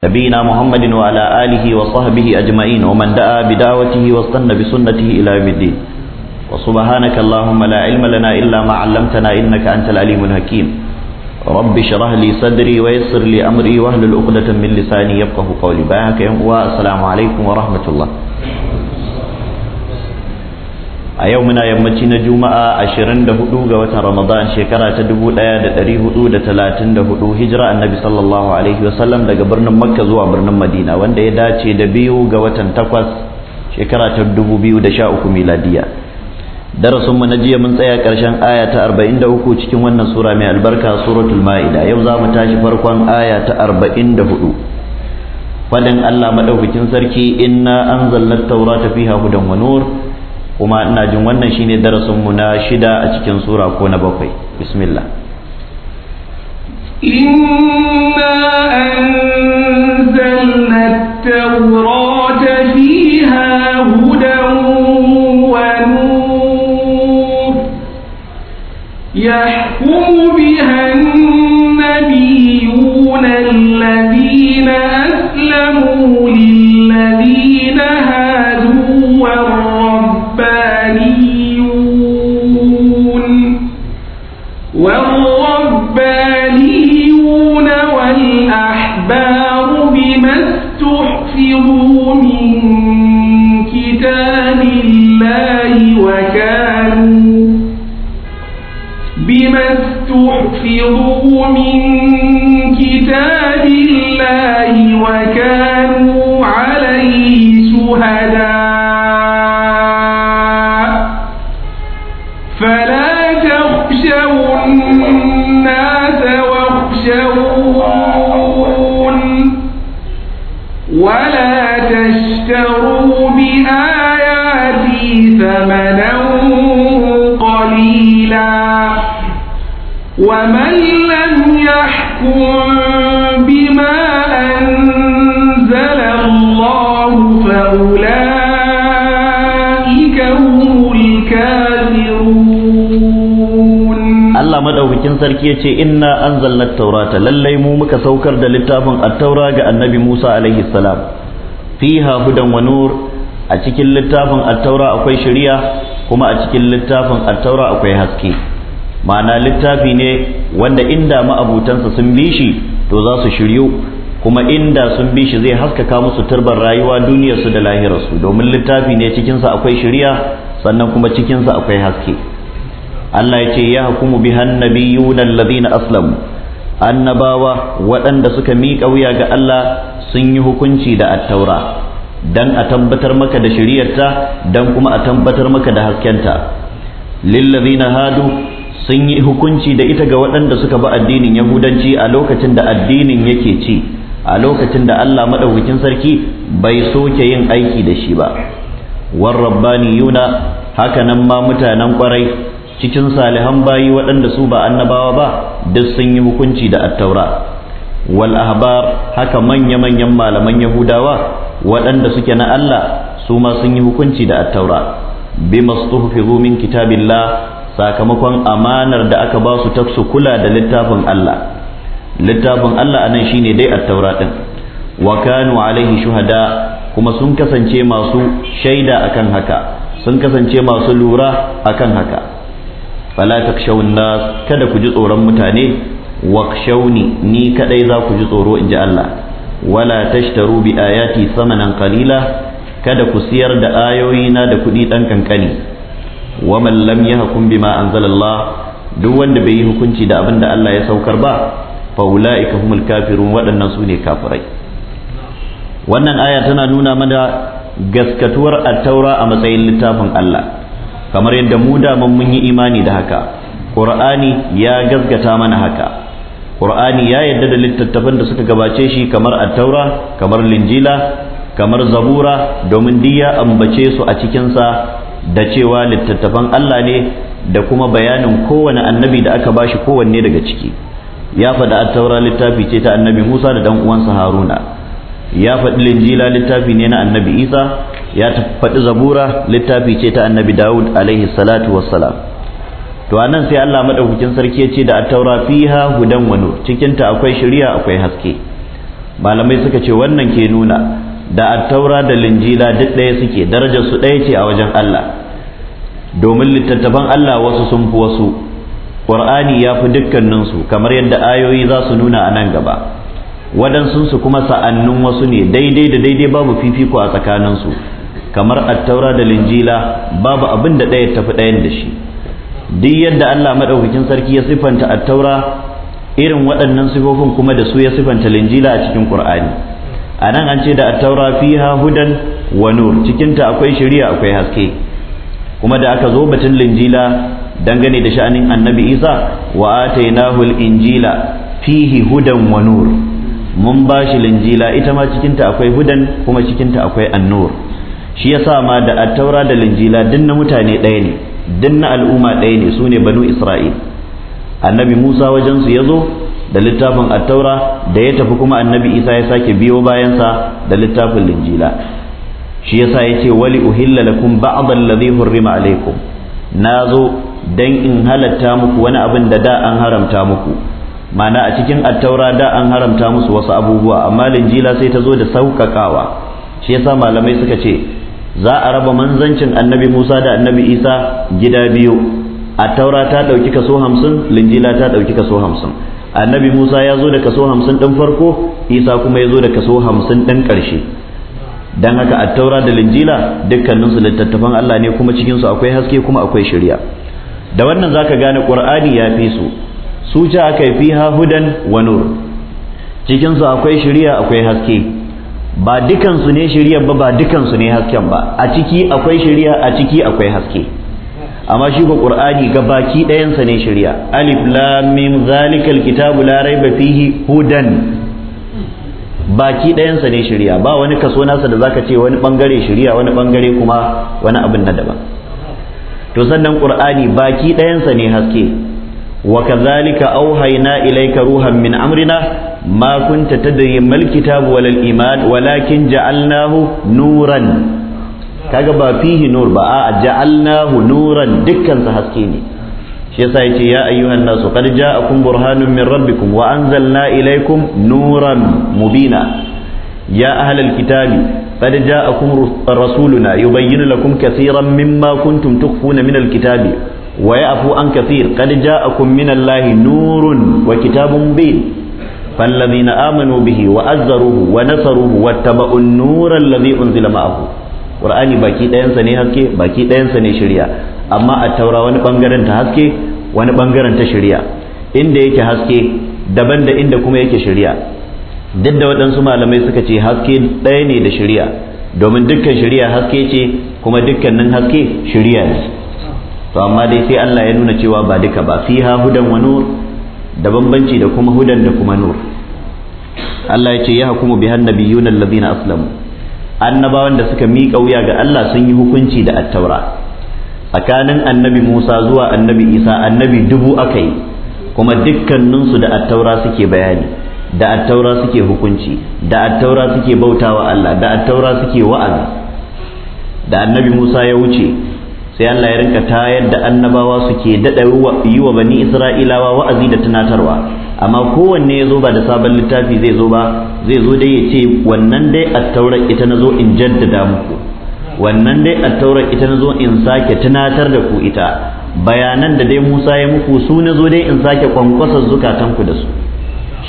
نبينا محمد وعلى آله وصحبه أجمعين ومن دعا بدعوته واستنى بسنته إلى يوم الدين وسبحانك اللهم لا علم لنا إلا ما علمتنا إنك أنت العليم الحكيم رب اشرح لي صدري ويسر لي أمري واهلل عقدة من لساني يفقه قولي بارك يا السلام عليكم ورحمة الله a yau muna yammaci na juma'a 24 ga watan ramadan shekara ta 1434 hijira annabi sallallahu alaihi wasallam daga birnin makka zuwa birnin madina wanda ya dace da biyu ga watan takwas shekara ta 2013 miladiya darasinmu na jiya mun tsaya karshen aya ta 43 cikin wannan sura mai albarka suratul ma'ida yau za mu tashi farkon aya ta 44 fadin Allah madaukakin sarki inna anzalna at-taurata fiha hudan wa nur kuma ina jin wannan shine darasin mu na shida a cikin sura ko na bakwai bismillah inna anzalna at-taurata fiha hudan wa nur من Allah madaukakin sarki ya ce inna an zallar taurata lallai mu muka saukar da littafin attaura ga annabi musa alaihi salam fi hudan wa nur a cikin littafin attaura akwai shari'a kuma a cikin littafin attaura akwai haske ma'ana littafi ne wanda inda ma'abutansa sun bi shi to za su shiryu kuma inda sun bi shi zai haskaka musu turbar rayuwa duniyarsu da lahirarsu domin littafi ne cikinsa akwai shirya sannan kuma cikinsa akwai haske Allah ya ce ya hukumu bi hannabiyuna alladhina aslamu annabawa waɗanda suka miƙa wuya ga Allah sun yi hukunci da attaura dan a tabbatar maka da shiriyarta dan kuma a tabbatar maka da haskenta lillazina hadu sun yi hukunci da ita ga waɗanda suka bi addinin yahudanci a lokacin da addinin yake ci a lokacin da Allah madaukakin sarki bai soke yin aiki da shi ba war rabbaniyuna haka nan ma mutanen kwarai cikin salihan bayi waɗanda su ba annabawa ba duk sun yi hukunci da attaura wal ahbar haka manya-manyan malaman yahudawa waɗanda suke na Allah su ma sun yi hukunci da attaura bi mastuhfizu min kitabillah sakamakon amanar da aka ba su ta su kula da littafin Allah littafin Allah anan shine dai at taurat din wa kanu alaihi shuhada kuma sun kasance masu shaida akan haka sun kasance masu lura akan haka fala takshawun nas kada ku ji tsoron mutane wakshawni ni kadai za ku ji tsoro inji Allah wala tashtaru bi ayati samanan qalila kada ku siyar da ayoyina da kuɗi ɗan kankani wa man lam yahkum bima anzalallah duk wanda bai yi hukunci da abin da Allah ya saukar ba fa ulaika humul kafirun waɗannan su ne kafirai wannan aya tana nuna mana gaskatuwar at-taura a matsayin littafin Allah kamar yadda mu da mun yi imani da haka qur'ani ya gaskata mana haka qur'ani ya yadda da littattafan da suka gabace shi kamar at-taura kamar linjila kamar zabura domin diya ambace su a cikinsa da cewa littattafan Allah ne da kuma bayanin kowane annabi da aka bashi kowanne daga ciki ya faɗi attaura littafi ce ta annabi Musa da dan uwansa Haruna ya faɗi linjila littafi ne na annabi Isa ya faɗi zabura littafi ce ta annabi Dawud alaihi salatu wassalam to anan sai Allah madaukakin sarki ya ce da attaura fiha hudan wa nur cikin akwai shari'a akwai haske malamai suka ce wannan ke nuna da attaura da linjila duk ɗaya suke darajar su ɗaya ce a wajen Allah domin littattafan Allah wasu sun fi wasu ƙur'ani ya fi dukkaninsu kamar yadda ayoyi za su nuna a nan gaba waɗansunsu kuma sa'annun wasu ne daidai da daidai babu fifiko a tsakaninsu kamar attaura da linjila babu abin da ɗaya tafi ɗayan da shi duk yadda Allah maɗaukakin sarki ya siffanta attaura irin waɗannan sifofin kuma da su ya siffanta linjila a cikin ƙur'ani a nan an ce da taura fiha hudan wa nur cikinta akwai shari'a akwai haske kuma da aka zo batun linjila dangane da sha'anin annabi isa wa atainahu injila fihi hudan wa nur mun ba shi linjila ita ma cikinta akwai hudan kuma cikinta akwai annur shi yasa ma da taura da linjila duk na mutane ɗaya ne duk na al'umma ɗaya ne su ne banu isra'il annabi musa wajensu ya zo da littafin attaura da ya tafi kuma annabi isa ya sake biyo bayansa da littafin linjila shi ya sa ya ce wali uhilla lakum ba'd alladhi hurrima alaikum zo dan in halatta muku wani abin da da an haramta muku mana a cikin attaura da an haramta musu wasu abubuwa amma linjila sai ta zo da sauƙaƙawa shi sa malamai suka ce za a raba manzancin annabi musa da annabi isa gida biyu attaura ta ɗauki kaso hamsin linjila ta ɗauki kaso hamsin annabi musa ya zo da kaso hamsin ɗin farko isa kuma ya zo da kaso hamsin ɗin ƙarshe don haka a taura da linjila dukkaninsu littattafan allah ne kuma cikinsu akwai haske kuma akwai shirya da wannan zaka gane ƙur'ani ya fi su su ce aka yi fiha hudan wa nur cikinsu akwai shirya akwai haske ba dukansu ne shirya ba ba dukansu ne hasken ba a ciki akwai shirya a ciki akwai haske amma shi kur'ani qur'ani ga baki ɗayansa ne shari'a alif lam mim zalikal kitabu la raiba fihi hudan baki ɗayansa ne shari'a ba wani kaso nasa da zaka ce wani bangare shari'a wani bangare kuma wani abin na daban to sannan qur'ani baki ɗayansa ne haske wa kadhalika auhayna ilayka ruhan min amrina ma kunta tadri mal kitabu wal iman walakin ja'alnahu nuran kaga ba fihi nur ba a ja'alnahu nuran dukkan haske ne shi yasa yace ya ayyuhan nasu qad ja'akum burhanun min rabbikum wa anzalna ilaykum nuran mubina ya ahlal kitabi qad ja'akum rasuluna yubayyinu lakum kasiran mimma kuntum tukhfuna min alkitabi wa ya'fu an kaseer qad ja'akum min allahi nurun wa kitabun mubin فالذين آمنوا به وأزروه ونصروه واتبعوا النور الذي أنزل معه qur'ani baki ɗayansa ne haske baki ɗayansa ne shirya amma a taura wani bangaren ta haske wani bangaren ta shirya inda yake haske daban da inda kuma yake shirya duk da waɗansu malamai suka ce haske ɗaya ne da shirya domin dukkan shirya haske ce kuma dukkanin haske shirya ne to amma dai sai Allah ya nuna cewa ba duka ba fiha hudan wa nur da bambanci da kuma hudan da kuma nur Allah ya ce ya hukumu bihan nabiyyun allazina aslamu annabawan da suka miƙa wuya ga Allah sun yi hukunci da attaura tsakanin annabi Musa zuwa annabi Isa annabi dubu aka yi kuma dukkaninsu da attaura suke bayani da attaura suke hukunci da attaura suke bautawa Allah da attaura suke wa'azi da annabi Musa ya wuce sai Allah ya rinka tayar da annabawa suke daɗa yi wa bani Isra'ilawa wa'azi da tunatarwa amma kowanne ya zo ba da sabon littafi zai zo ba zai zo dai ya ce wannan dai a taura ita na zo in jaddada muku wannan dai a taura ita na zo in sake tunatar da ku ita bayanan da dai musa ya muku su na zo dai in sake kwankwasa zukatanku da su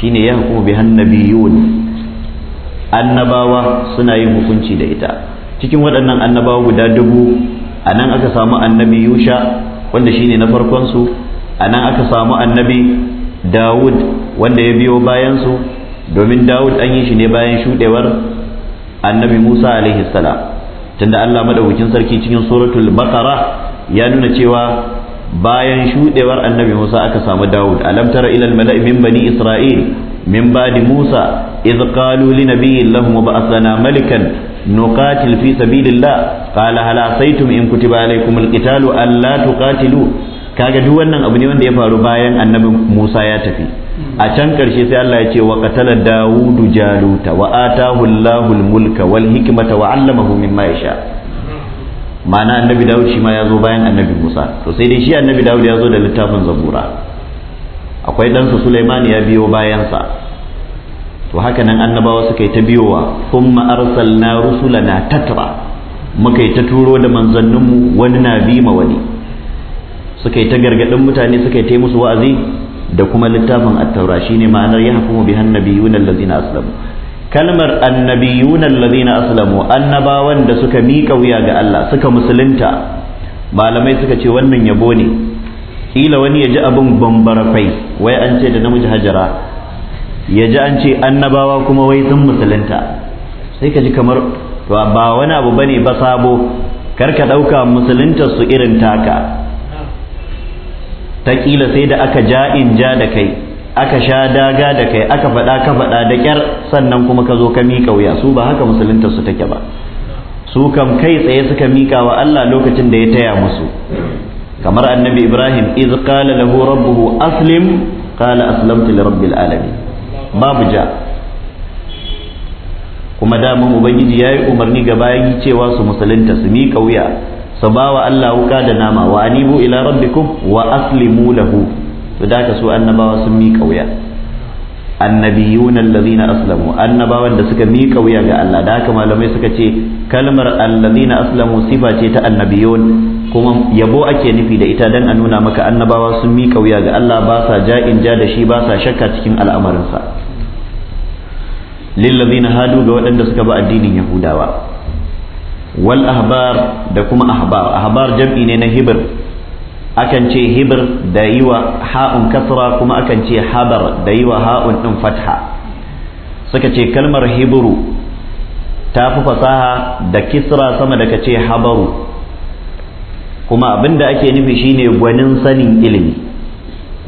shine ya hukumu bi hannabiyun annabawa suna yin hukunci da ita cikin waɗannan annabawa guda dubu a nan aka samu annabi yusha wanda shine na farkonsu a nan aka samu annabi dawud wanda ya biyo bayansu domin dawud an yi shi ne bayan shuɗewar annabi musa alaihi salam tunda allah madaukakin sarki cikin suratul baqara ya nuna cewa bayan shuɗewar annabi musa aka samu dawud alam tara ilal mala'i min bani isra'il min ba'di musa idh qalu li nabiyyin lahum ba'athana malikan نقاتل fi سبيل الله قال هل in kutiba كتب عليكم القتال ألا تقاتلوا kaga duk wannan abu ne wanda ya faru bayan annabi Musa ya tafi a can karshe sai Allah ya ce wa qatala Dawudu Jaluta wa atahu Allahul mulka wal hikmata wa 'allamahu mimma yasha ma'ana annabi Dawud shi ma ya zo bayan annabi Musa to sai dai shi annabi Dawud ya zo da littafin Zabura akwai ɗansa Sulaiman ya biyo bayansa to haka nan annabawa suka yi ta biyowa thumma arsalna rusulana tatra muka yi ta turo da manzanninmu wani na bi ma wani suka yi ta gargadin mutane suka yi ta musu wa'azi da kuma littafin attaura taura shine ma'anar ya yahkumu bihan nabiyuna allazina aslamu kalmar annabiyuna allazina aslamu annabawan da suka miƙa wuya ga Allah suka musulunta malamai suka ce wannan yabo ne kila wani ya ji abin bambarafai wai an ce da namiji hajara ya ji an ce annabawa kuma wai sun musulunta sai ka ji kamar ba wani abu bane ba sabo karka ɗauka musuluntar su irin taka ta kila sai da aka ja in ja da kai aka sha daga da kai aka faɗa ka faɗa da ƙyar sannan kuma ka zo ka miƙa wuya su ba haka musulunta su take ba su kam kai tsaye suka miƙa wa Allah lokacin da ya taya musu kamar annabi Ibrahim iz qala lahu rabbuhu aslim qala aslamtu li rabbil alamin babu ja kuma daman ubangiji ya yi umarni ga bayan cewa su musulunta su miƙa wuya su ba wa Allah wuka da nama wa anibu ila rabbikum wa aslimu lahu su da ka annabawa sun miƙa wuya annabiyun allazina aslamu annabawan da suka miƙa wuya ga Allah da haka malamai suka ce kalmar allazina aslamu sifa ce ta annabiyun kuma yabo ake nufi da ita dan a nuna maka annabawa sun miƙa wuya ga Allah ba sa ja'in ja da shi ba sa shakka cikin al'amarinsa lillazina hadu ga waɗanda suka ba addinin yahudawa wal ahbar da kuma ahbar ahbar jam'i ne na hibir akan ce hibir da yi wa ha'un kasra kuma akan ce habar da yi wa ha'un din fatha suka ce kalmar hibiru ta fi fasaha da kisra sama da kace habaru kuma abinda ake nufi shine gwanin sanin ilimi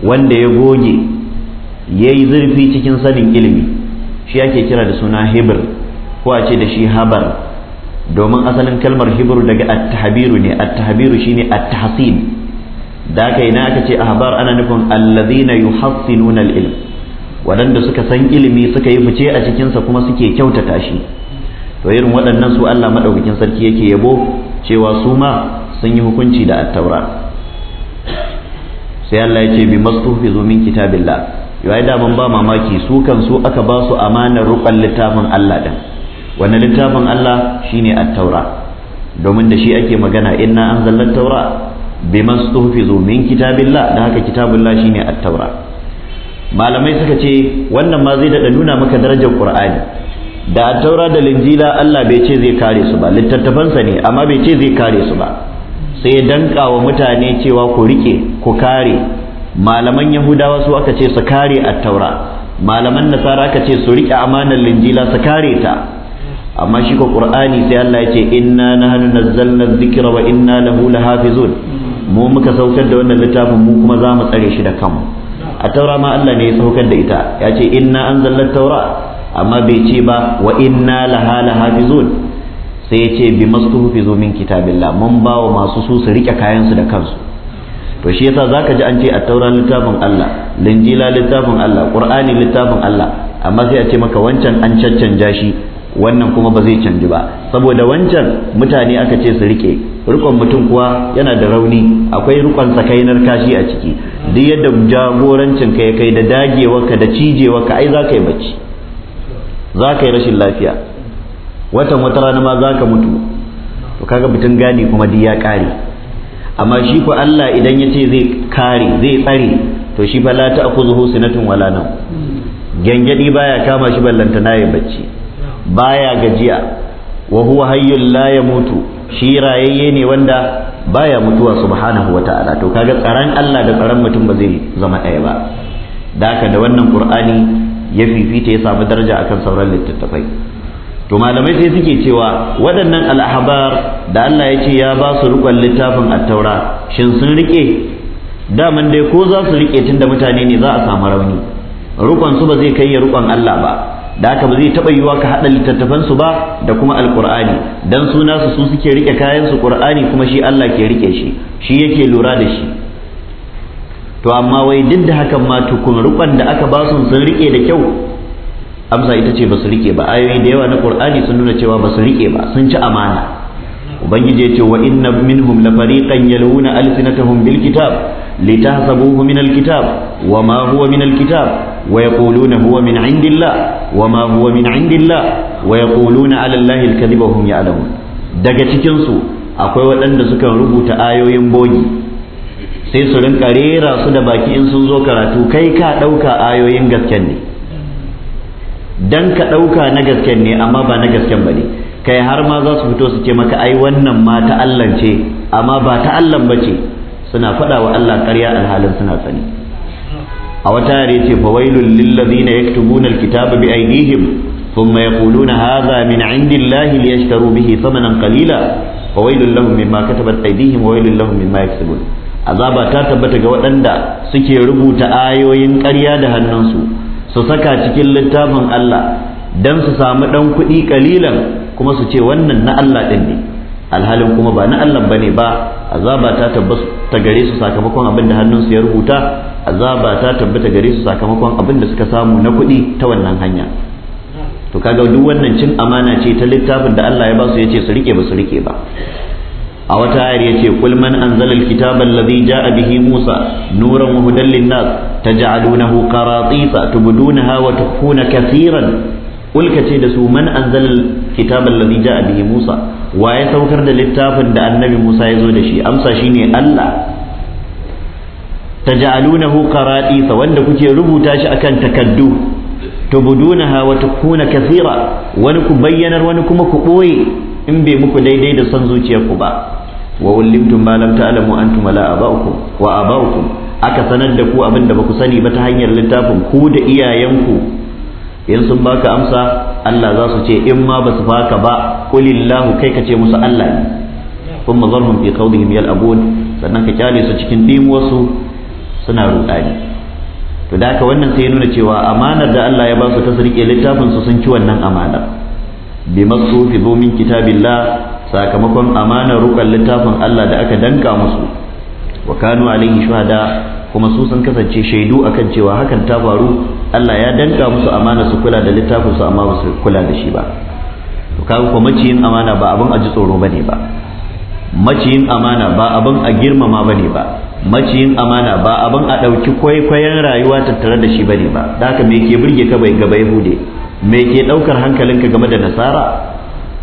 wanda ya goge ya yi zurfi cikin sanin ilimi shi ake kira da suna hibir ko a ce da shi habar domin asalin kalmar hibru daga at-tahbiru ne at-tahbiru shine at-tahsin da kai na aka ce ahbar ana nufin alladhina yuhassinuna al-ilm waɗanda suka san ilimi suka yi fice a cikinsa kuma suke kyautata shi to irin waɗannan su Allah madaukakin sarki yake yabo cewa su ma sun yi hukunci da attaura sai Allah ya ce bi mastufi min kitabillah yau da ban ba mamaki su kan su aka ba su amanar rukon littafin Allah din wannan littafin Allah shine at-taura domin da shi ake magana inna anzalna at-taura bima stuhfizu min kitabillah da haka kitabullah shine at-taura malamai suka ce wannan ma zai dada nuna maka darajar qur'ani da at-taura da linjila Allah bai ce zai kare su ba littattafansa ne amma bai ce zai kare su ba sai danka wa mutane cewa ku rike ku kare malaman yahudawa su aka ce su kare taura malaman nasara aka ce su rike amanar linjila su kare ta amma shi ko qur'ani sai Allah ya ce inna nahnu nazzalna dhikra wa inna lahu lahafizun mu muka saukar da wannan littafin mu kuma za mu tsare shi da kanmu a taura ma Allah ne ya saukar da ita ya ce inna anzalna taura amma bai ce ba wa inna laha lahafizun sai ya ce bi mastuhfizu min kitabillah mun ba wa masu su su rike kayan su da kansu to shi yasa zaka ji an ce a taura littafin Allah linjila littafin Allah qur'ani littafin Allah amma sai a ce maka wancan an caccanja shi wannan kuma ba zai canji ba saboda wancan mutane aka ce su rike rikon mutum kuwa yana da rauni akwai rikon sakainar kashi a ciki duk yadda jagorancin ka ya kai da dagewarka da cijewarka ai za ka yi bacci za ka yi rashin lafiya watan wata rana ma za ka mutu to kaga mutum gani kuma duk ya kare amma shi ku Allah idan ya ce zai kare zai tsare to shi fa la ta'khudhuhu sinatun wala nawm gengedi baya kama shi ballantana ya bacci baya gajiya wa huwa hayyul la yamutu shi rayayye ne wanda baya mutuwa subhanahu wata'ala to kaga tsaren Allah da tsaren mutum ba zai zama ɗaya ba da haka da wannan qur'ani ya fifita ya samu daraja akan sauran littattafai to malamai sai suke cewa waɗannan al'ahbar da Allah ya ce ya ba su rukun littafin attaura shin sun rike daman dai ko za su rike tunda mutane ne za a samu rauni rukun su ba zai kai ya rukon Allah ba da haka ba zai taɓa yiwuwa ka haɗa littattafansu ba da kuma alƙur'ani dan suna su suke rike kayan su ƙur'ani kuma shi Allah ke rike shi shi yake lura da shi to amma wai duk da hakan ma tukun ruban da aka ba su sun rike da kyau amsa ita ce ba su rike ba ayoyi da yawa na ƙur'ani sun nuna cewa ba su rike ba sun ci amana ubangiji ya ce wa inna minhum la fariqan yaluna alsinatahum bil kitab litahsabuhu min al kitab wa ma huwa min al kitab ويقولون هو من عند الله وما هو من عند الله ويقولون على الله الكذب وهم يعلمون daga cikin su akwai waɗanda suka rubuta ayoyin bogi sai su rinka rera su da baki in sun zo karatu kai ka ɗauka ayoyin gasken ne dan ka ɗauka na gasken ne amma ba na gasken ba ne kai har ma za su fito su ce maka ai wannan ma ta Allah ce amma ba ta Allah ba ce suna faɗa wa Allah ƙarya alhalin suna sani a wata yare ce fawailul lillazina yaktubuna alkitaba bi mai thumma na haza min indillahi liyashtaru bihi thamanan qalila fawailul lahum mimma katabat aydihim wa wailul lahum mimma yaksubun azaba ta tabbata ga waɗanda suke rubuta ayoyin ƙarya da hannunsu su saka cikin littafin Allah don su samu ɗan kuɗi kalilan kuma su ce wannan na Allah ɗin ne alhalin kuma ba na Allah bane ba azaba ta tabbas ta gare su sakamakon abin da hannunsu ya rubuta azaba ta tabbata gare su sakamakon abin da suka samu na kuɗi ta wannan hanya to kaga duk wannan cin amana ce ta littafin da Allah ya ba su yace su rike ba su rike ba a wata ayar yace kul man anzala kitaban alladhi jaa bihi Musa nuran wa hudan ta taj'alunahu qaratisa tubdunaha wa tukhuna katiran kul kace da su man anzala kitab allazi ja'a bihi Musa wa ya saukar da littafin da annabi Musa ya zo da shi amsa shine Allah taj'alunahu qaradisa wanda kuke rubuta shi akan takaddu tubudunaha wa takuna kathira wani ku bayyanar wani kuma ku boye in bai muku daidai da son zuciyarku ba wa wallimtum ma lam ta'lamu antum la aba'ukum wa aba'ukum aka sanar da ku abinda ba baku sani ba ta hanyar littafin ku da iyayenku in sun baka amsa Allah za su ce in ma ba su baka ba kulillahu kai ka ce musu Allah ne kun mazarhum fi qawlihim yal'abun sannan ka kyale su cikin dimuwarsu suna rudani to da haka wannan sai ya nuna cewa amanar da Allah ya ba su ta su rike littafin su sun ci wannan amana bi masu fi min kitabillah sakamakon amanar rukan littafin Allah da aka danka musu wa kanu alaihi shuhada kuma su sun kasance shaidu akan cewa hakan ta faru Allah ya danka musu amana su kula da littafin su amma ba su kula da shi ba to kaga ko maciyin amana ba abin a ji tsoro bane ba maciyin amana ba abin a girmama bane ba maciyin amana ba abin a ɗauki kwaikwayon rayuwa tattare da shi bane ba da haka me ke burge ka bai gaba yahude me ke ɗaukar hankalinka game da nasara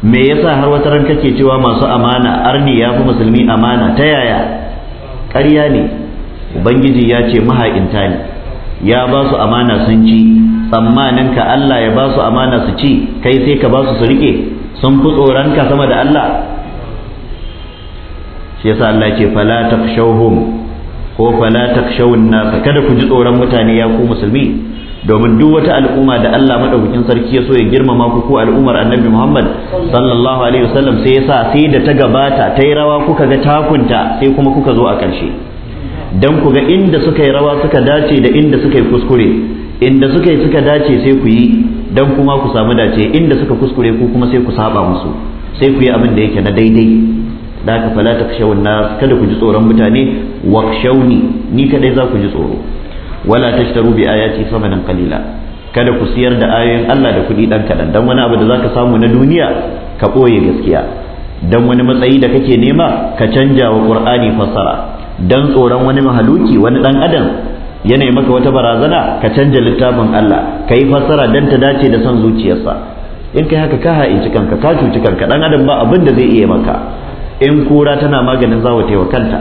me yasa har wata ran kake cewa masu amana arni ya fi musulmi amana ta yaya ƙarya ne ubangiji ya ce maha'inta ne ya ba su amana sun ci tsammanin ka Allah ya ba su amana su ci kai sai ka ba su su rike sun fi tsoron ka sama da Allah shi yasa Allah ce fala takshawhum ko fala takshawun nas kada ku ji tsoron mutane ya ku musulmi domin duk wata al'umma da Allah madaukakin sarki ya so ya girmama ku ko al'ummar Annabi Muhammad sallallahu alaihi wasallam sai yasa sai da ta gabata ta rawa kuka ga takunta sai kuma kuka zo a ƙarshe don ku ga inda suka yi rawa suka dace da inda suka yi kuskure inda suka yi suka dace sai ku yi don kuma ku samu dace inda suka kuskure ku kuma sai ku saba musu sai ku yi abin da yake na daidai da ka fala ta kashe nas kada ku ji tsoron mutane wa shauni ni kadai za ku ji tsoro wala tashtaru bi ayati samanan kalila. kada ku siyar da ayoyin Allah da kuɗi dan kaɗan dan wani abu da za ka samu na duniya ka ɓoye gaskiya dan wani matsayi da kake nema ka canja wa Qur'ani fassara dan tsoron wani mahaluki wani dan adam ya yana maka wata barazana ka canja littafin Allah ka yi fassara dan ta dace da son zuciyarsa in kai haka ka ha'inci kanka ka cuci kanka dan adam ba abin da zai iya maka in kura tana maganin zawo wa kanta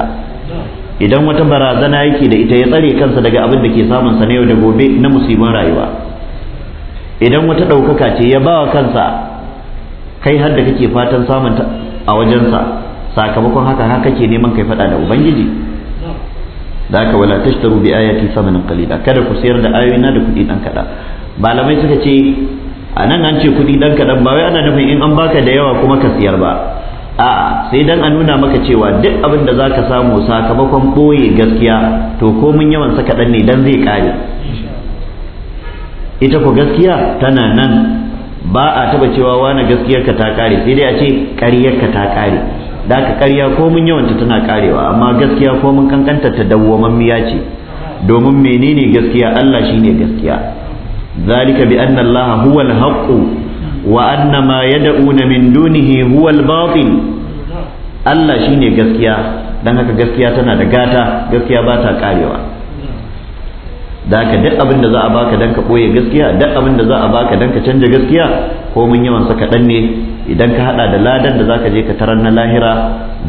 idan wata barazana yake da ita ya tsare kansa daga abin da ke samun sa na yau da gobe na musibin rayuwa idan wata ɗaukaka ce ya bawa kansa kai har da kake fatan samun a wajensa sakamakon haka haka ke neman kai faɗa da ubangiji da haka wala tashtaru bi ayati samanin qalila kada ku sayar da na da kuɗi dan kaɗan malamai suka ce a nan an ce kuɗi dan kaɗan ba wai ana nufin in an baka da yawa kuma ka sayar ba a'a sai dan a nuna maka cewa duk abin da zaka samu sakamakon ɓoye gaskiya to komin yawan saka kaɗan ne dan zai ƙare ita ko gaskiya tana nan ba a taba cewa wani gaskiyarka ta kare sai dai a ce ƙaryarka ta kare da ka karya ko mun yawanta tana karewa amma gaskiya ko mun kankanta ta miya ce domin menene gaskiya Allah shine gaskiya zalika bi anna Allah huwa al-haqq wa anna ma yad'una min dunihi huwa al-batil Allah shine gaskiya dan haka gaskiya tana da gata gaskiya ba ta karewa da haka duk abin da za a baka dan ka ɓoye gaskiya duk abin da za a baka dan ka canja gaskiya ko mun yawan sa kaɗan ne idan ka hada da ladan da zaka je ka tarar na lahira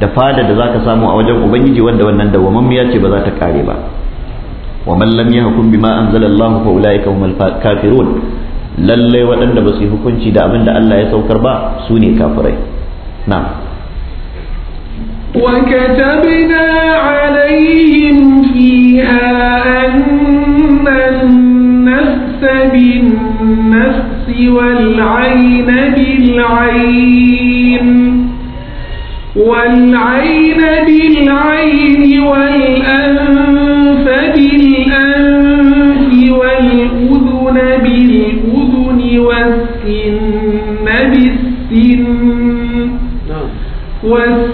da fada da zaka samu a wajen ubangiji wanda wannan dawwamammiya ce ba za ta kare ba wa man lam yahkum bima anzalallahu fa ulaika humul kafirun lalle waɗanda ba su yi hukunci da abin da Allah ya saukar ba su ne kafirai na'am وكتبنا عليهم فيها أن النفس بالنفس والعين بالعين والعين بالعين والأنف بالأنف والأذن بالأذن والسن بالسن نعم. والسن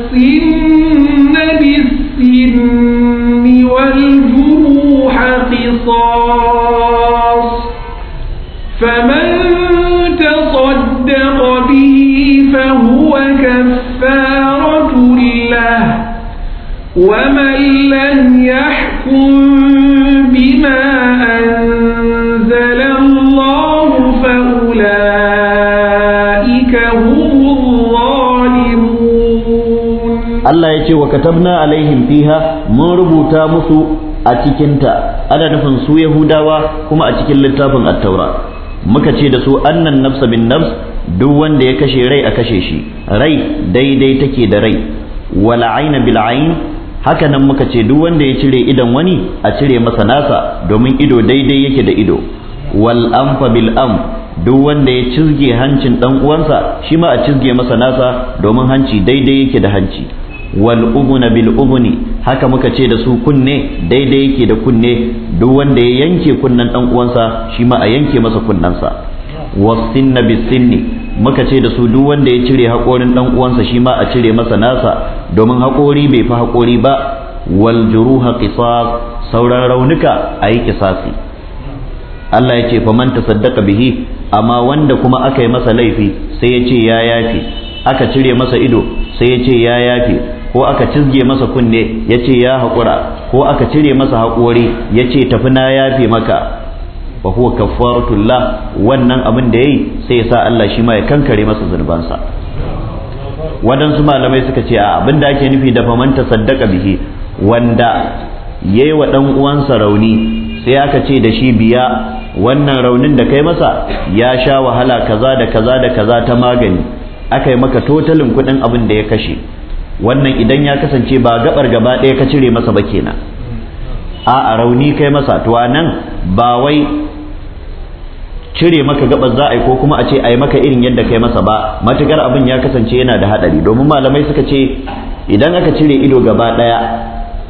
Allah ya ce wa katabna alaihim fiha mun rubuta musu a cikinta ana nufin su yahudawa kuma a cikin littafin attaura muka ce da su annan nafsa bin nafs duk wanda ya kashe rai a kashe shi rai daidai take da rai wal aina bil ain haka nan muka ce duk wanda ya cire idon wani a cire masa nasa domin ido daidai yake da ido wal anfa bil am duk wanda ya cizge hancin dan uwansa shi ma a cizge masa nasa domin hanci daidai yake da hanci wal ubuna bil haka muka ce da su kunne daidai yake da kunne duk wanda ya yanke kunnen dan uwansa shi ma a yanke masa kunnensa wasinna bis sinni muka ce da su duk wanda ya cire haƙorin dan uwansa shi ma a cire masa nasa domin haƙori bai fi haƙori ba wal juruha qisas sauran raunuka ayi kisasi Allah ya ce manta tasaddaqa bihi amma wanda kuma aka yi masa laifi sai ya ce ya yafi aka cire masa ido sai ya ce ya yafi ko aka cizge masa kunne ya ce ya haƙura ko aka cire masa haƙori ya ce tafi na yafe maka fa kafuwar kafaratullah wannan abin da ya yi sai ya sa Allah shi ma ya kankare masa zunubansa wadansu malamai suka ce a abin da ake nufi da famanta saddaka bihi wanda yi wa ɗan'uwansa uwansa rauni sai aka ce da shi biya wannan raunin da kai masa ya sha wahala kaza da kaza da kaza ta magani aka yi maka totalin kudin abin da ya kashe wannan idan ya kasance ba gabar gaba ɗaya ka cire masa ba kenan a a rauni kai masa to nan ba wai cire maka gabar za a yi ko kuma a ce a yi maka irin yadda kai masa ba matukar abin ya kasance yana da haɗari domin malamai suka ce idan aka cire ido gaba ɗaya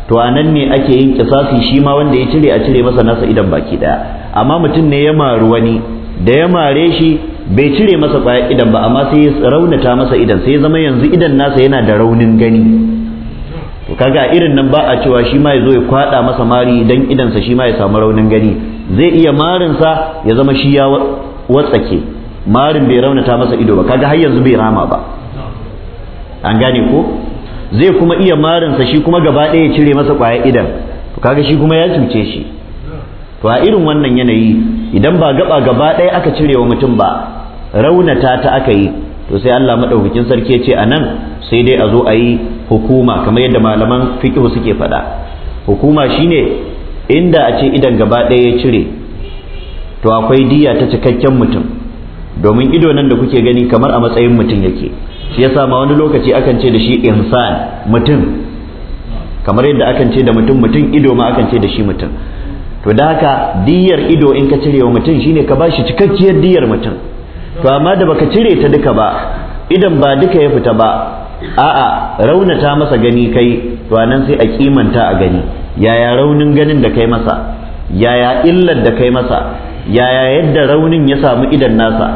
to a nan ne ake yin kisasi shi ma wanda ya cire a cire masa nasa idan baki ɗaya amma mutum ne ya maru wani da ya mare shi bai cire masa kwaya idan ba amma sai ya raunata masa idan sai ya zama yanzu idan nasa yana da raunin gani to kaga irin nan ba a cewa shi ma ya zo ya kwada masa mari dan idansa shi ma ya samu raunin gani zai iya marinsa ya zama shi ya watsake marin bai raunata masa ido ba kaga har yanzu bai rama ba an gane ko zai kuma iya marinsa shi kuma gaba ɗaya ya cire masa kwaya idan to kaga shi kuma ya cuce shi to a irin wannan yanayi idan ba gaba gaba ɗaya aka cire wa mutum ba raunata ta aka yi to sai Allah madaukakin sarki ya ce anan sai dai a zo a yi hukuma kamar yadda malaman fiqh suke faɗa hukuma shine inda a ce idan gaba ɗaya ya cire to akwai diya ta cikakken mutum domin ido nan da kuke gani kamar a matsayin mutum yake shi yasa ma wani lokaci akan ce da shi insan mutum kamar yadda akan ce da mutum mutum ido ma akan ce da shi mutum to da haka diyar ido in ka cire wa mutum shine ka bashi cikakkiyar diyar mutum to amma da baka cire ta duka ba idan ba duka ya fita ba a'a raunata masa gani kai to nan sai a kimanta a gani yaya raunin ganin da kai masa yaya illar da kai masa yaya yadda raunin ya samu idan nasa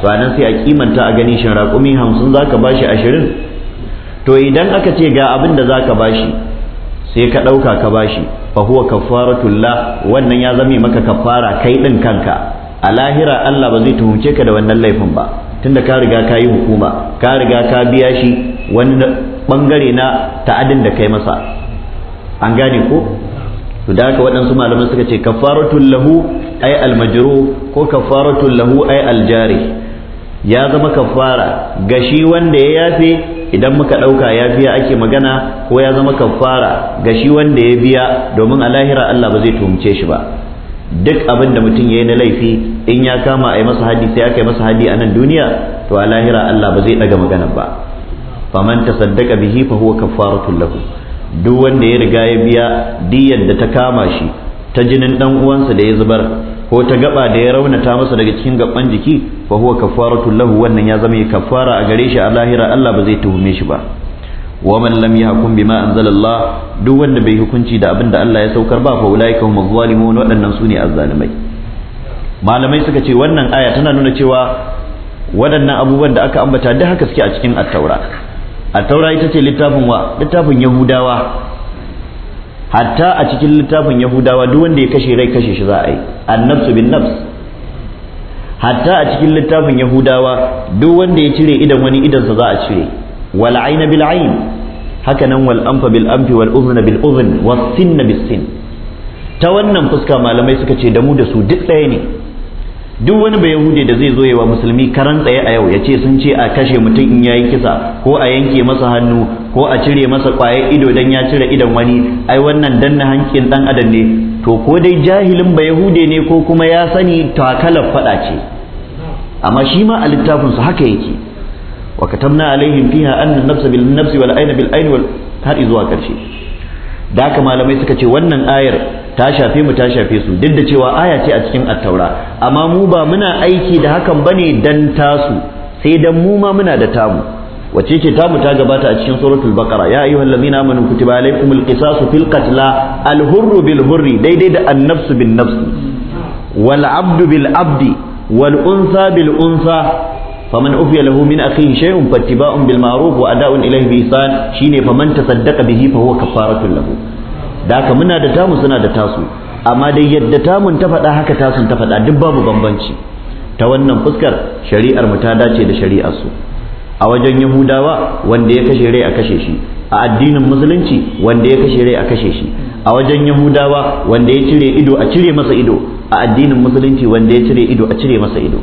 to nan sai a kimanta a gani shin raƙumi hamsin zaka bashi ashirin to idan aka ce ga abin da zaka bashi sai ka ɗauka ka bashi fa huwa kaffaratullah wannan ya zame maka kaffara kai ɗin kanka a lahira Allah ba zai tuhumce ka da wannan laifin ba tunda ka riga ka yi hukuma ka riga ka biya shi wani bangare na ta'adin da kai masa an gane ko to da haka waɗansu malaman suka ce kafaratul lahu ay majru ko kafaratul lahu ay aljari ya zama kafara ga shi wanda ya yafe idan muka ɗauka ya biya ake magana ko ya zama kafara ga shi wanda ya biya domin a lahira Allah ba zai tuhumce shi ba duk abin da mutum ya yi na laifi in ya kama a yi masa hadi sai aka yi masa hadi a nan duniya to a lahira Allah ba zai daga magana ba faman saddaka bihi fa huwa kafaratul lahu duk wanda ya riga ya biya diyyar da ta kama shi ta jinin dan uwansa da ya zubar ko ta gaba da ya raunata masa daga cikin gaban jiki fa huwa kafaratul lahu wannan ya zama kafara a gare shi a lahira Allah ba zai tuhume shi ba wa man lam yahkum bima anzalallah duk wanda bai hukunci da abin da Allah ya saukar ba fa ka humuz zalimun waɗannan sune azzalimai malamai suka ce wannan aya tana nuna cewa waɗannan abubuwan da aka ambata duk haka suke a cikin at-taura at-taura ita ce littafin wa littafin yahudawa hatta a cikin littafin yahudawa duk wanda ya kashe rai kashe shi za a yi annabsu bin nafs hatta a cikin littafin yahudawa duk wanda ya cire idan wani idansa za a cire wal aina bil ain haka nan wal anfa bil anfi wal udhna bil was sinna bis sin ta wannan fuska malamai suka ce da mu da su duk ɗaya ne duk wani bai yahude da zai zo ya wa musulmi karan tsaye a yau ya ce sun ce a kashe mutum in yayi kisa ko a yanke masa hannu ko a cire masa kwaye ido dan ya cire idon wani ai wannan danna hankin dan adam ne to ko dai jahilin ba yahude ne ko kuma ya sani takalar fada ce amma shi ma a su haka yake wa na alaihim fiha anna nafsa bil nafsi wal ayna bil ayn wal har zuwa karshe da haka malamai suka ce wannan ayar ta shafe mu ta shafe su duk da cewa aya ce a cikin attaura amma mu ba muna aiki da hakan bane dan tasu sai dan mu ma muna da tamu wace ce tamu ta gabata a cikin suratul baqara ya ayyuhal ladina amanu kutiba alaykumul qisasu fil qatla al hurru bil hurri daidai da an nafsu bin nafsi wal abdu bil abdi wal unsa bil unsa faman ufiya lahu min akhihi shay'un fattiba'un bil ma'ruf wa ada'un ilayhi bi ihsan shine faman tasaddaqa bihi fa huwa kafaratun lahu da muna da tamu suna da tasu amma dai yadda tamun ta faɗa haka tasun ta fada duk babu bambanci ta wannan fuskar shari'ar mu ta dace da shari'ar su a wajen yahudawa wanda ya kashe rai a kashe shi a addinin musulunci wanda ya kashe rai a kashe shi a wajen yahudawa wanda ya cire ido a cire masa ido a addinin musulunci wanda ya cire ido a cire masa ido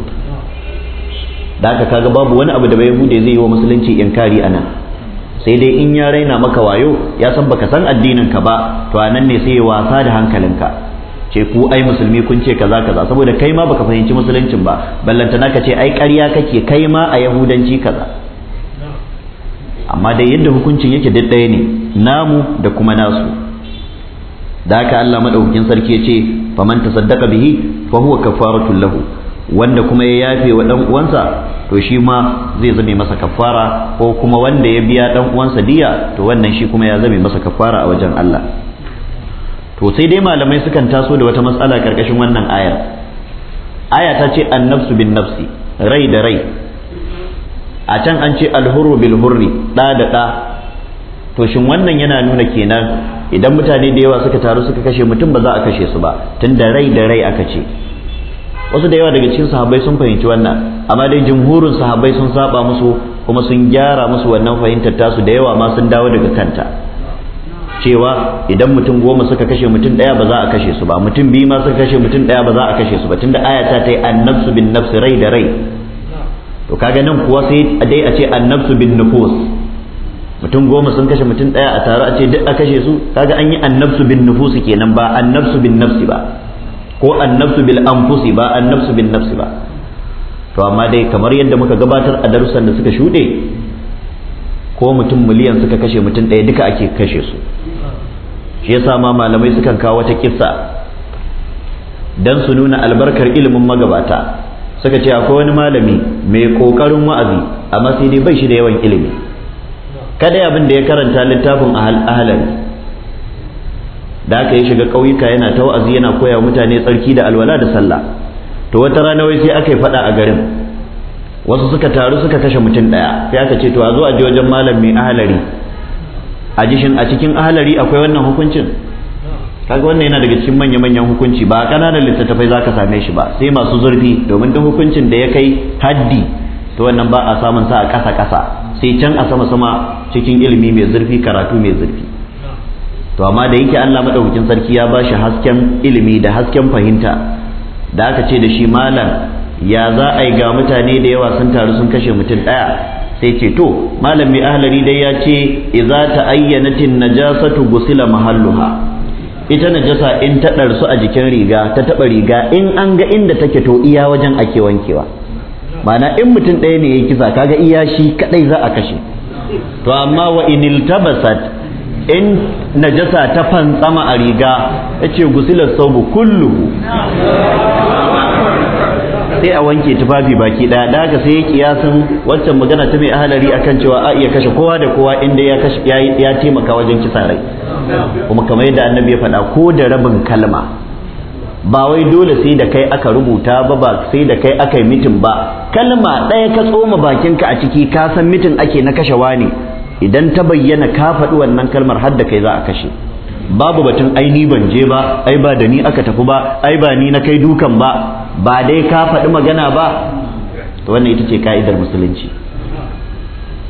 da haka kaga babu wani abu da bai bude zai yi wa musulunci inkari anan sai dai in ya raina maka wayo ya san baka san addinin ka ba to anan ne sai ya wasa da hankalinka ce ku ai musulmi kun ce kaza kaza saboda kai ma baka fahimci musuluncin ba ballanta naka ce ai ƙarya kake kai ma a yahudanci kaza amma dai yadda hukuncin yake duk ɗaya ne namu da kuma nasu da haka Allah madaukakin sarki ya ce faman tasaddaqa bihi fa huwa kafaratul lahu wanda kuma ya yafe wa dan uwansa to shi ma zai zame masa kafara ko kuma wanda ya biya ɗan uwansa diya to wannan shi kuma ya zame masa kafara a wajen Allah to sai dai malamai sukan taso da wata matsala karkashin wannan ayar aya ta ce annafsu bin nafsi rai da rai a can an ce alhuru bil hurri da da da to shin wannan yana nuna kenan idan mutane da yawa suka taru suka kashe mutum ba za a kashe su ba tunda rai da rai aka ce wasu da yawa daga cikin sahabbai sun fahimci wannan amma dai jumhurin sahabbai sun saba musu kuma sun gyara musu wannan fahimtar tasu da yawa ma sun dawo daga kanta cewa idan mutum goma suka kashe mutum daya ba za a kashe su ba mutum biyu ma suka kashe mutum daya ba za a kashe su ba tunda aya ta ta yi annabsu bin nafsi rai da rai to kaga nan kuwa sai dai a ce annabsu bin nufus mutum goma sun kashe mutum daya a tare a ce duk a kashe su kaga an yi annabsu bin nufus kenan ba annabsu bin nafsi ba ko nafsu bil anfusi ba nafsu bin nafsi ba to amma dai kamar yadda muka gabatar a darussan da suka shuɗe ko mutum miliyan suka kashe mutum ɗaya duka ake kashe su shi yasa ma malamai sukan kawo wata kissa dan su nuna albarkar ilimin magabata suka ce akwai wani malami mai kokarin wa'azi amma sai dai bai shi da yawan ilimi kada abin da ya karanta littafin ahalari da aka yi shiga ƙauyuka yana ta wa'azi yana koya mutane tsarki da alwala da sallah to wata rana wai sai aka yi faɗa a garin wasu suka taru suka kashe mutum ɗaya sai aka ce to a zo a je wajen malam mai ahalari a jishin a cikin ahalari akwai wannan hukuncin kaga wannan yana daga cikin manya manyan hukunci ba kananan littattafai zaka same shi ba sai masu zurfi domin duk hukuncin da ya kai haddi to wannan ba a samun sa a kasa kasa sai can a sama sama cikin ilimi mai zurfi karatu mai zurfi to amma da yake Allah madaukakin sarki ya shi hasken ilimi da hasken fahimta da aka ce da shi malam ya za a yi ga mutane da yawa sun taru sun kashe mutum ɗaya sai ce to malam mai ahlari dai ya ce idza ayyanatin najasatu gusila mahalluha ita najasa in ta ɗarsu a jikin riga ta taɓa riga in an ga inda take to iya wajen ake wankewa mana in mutum ɗaya ne ya kisa kaga iya shi kaɗai za a kashe to amma wa inil tabasat in najasa ta fantsama a riga ya ce gusilar saubu kullu sai a wanke tufafi baki ɗaya da sai ya kiyasin waccan magana ta mai ahalari akan cewa a iya kashe kowa da kowa inda ya kashe ya taimaka wajen kisa rai kuma kamar yadda annabi ya faɗa ko da rabin kalma ba wai dole sai da kai aka rubuta ba ba sai da kai aka yi mitin ba kalma ɗaya ka tsoma bakinka a ciki kasan mitin ake na kashewa ne idan ta bayyana ka faɗi wannan kalmar har da kai za a kashe babu batun ai ban je ba ai ba da ni aka tafi ba ai ba ni na kai dukan ba ba dai ka faɗi magana ba wannan ita ce ka'idar musulunci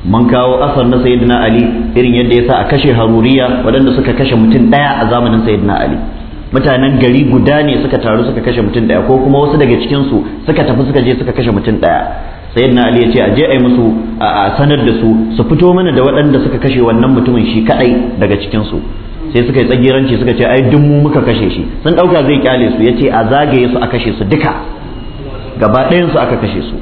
mun kawo asar na sayyidina ali irin yadda ya sa a kashe haruriya waɗanda suka kashe mutum ɗaya a zamanin sayyidina ali mutanen gari guda ne suka taru suka kashe mutum ɗaya ko kuma wasu daga cikinsu suka tafi suka je suka kashe mutum ɗaya sayyidina ali ya ce a je a yi musu a sanar da su su fito mana da waɗanda suka kashe wannan mutumin shi kaɗai daga cikin su sai suka yi tsagiranci suka ce ai duk mu muka kashe shi sun ɗauka zai kyale su yace a zagaye su a kashe su duka gaba ɗayan su aka kashe su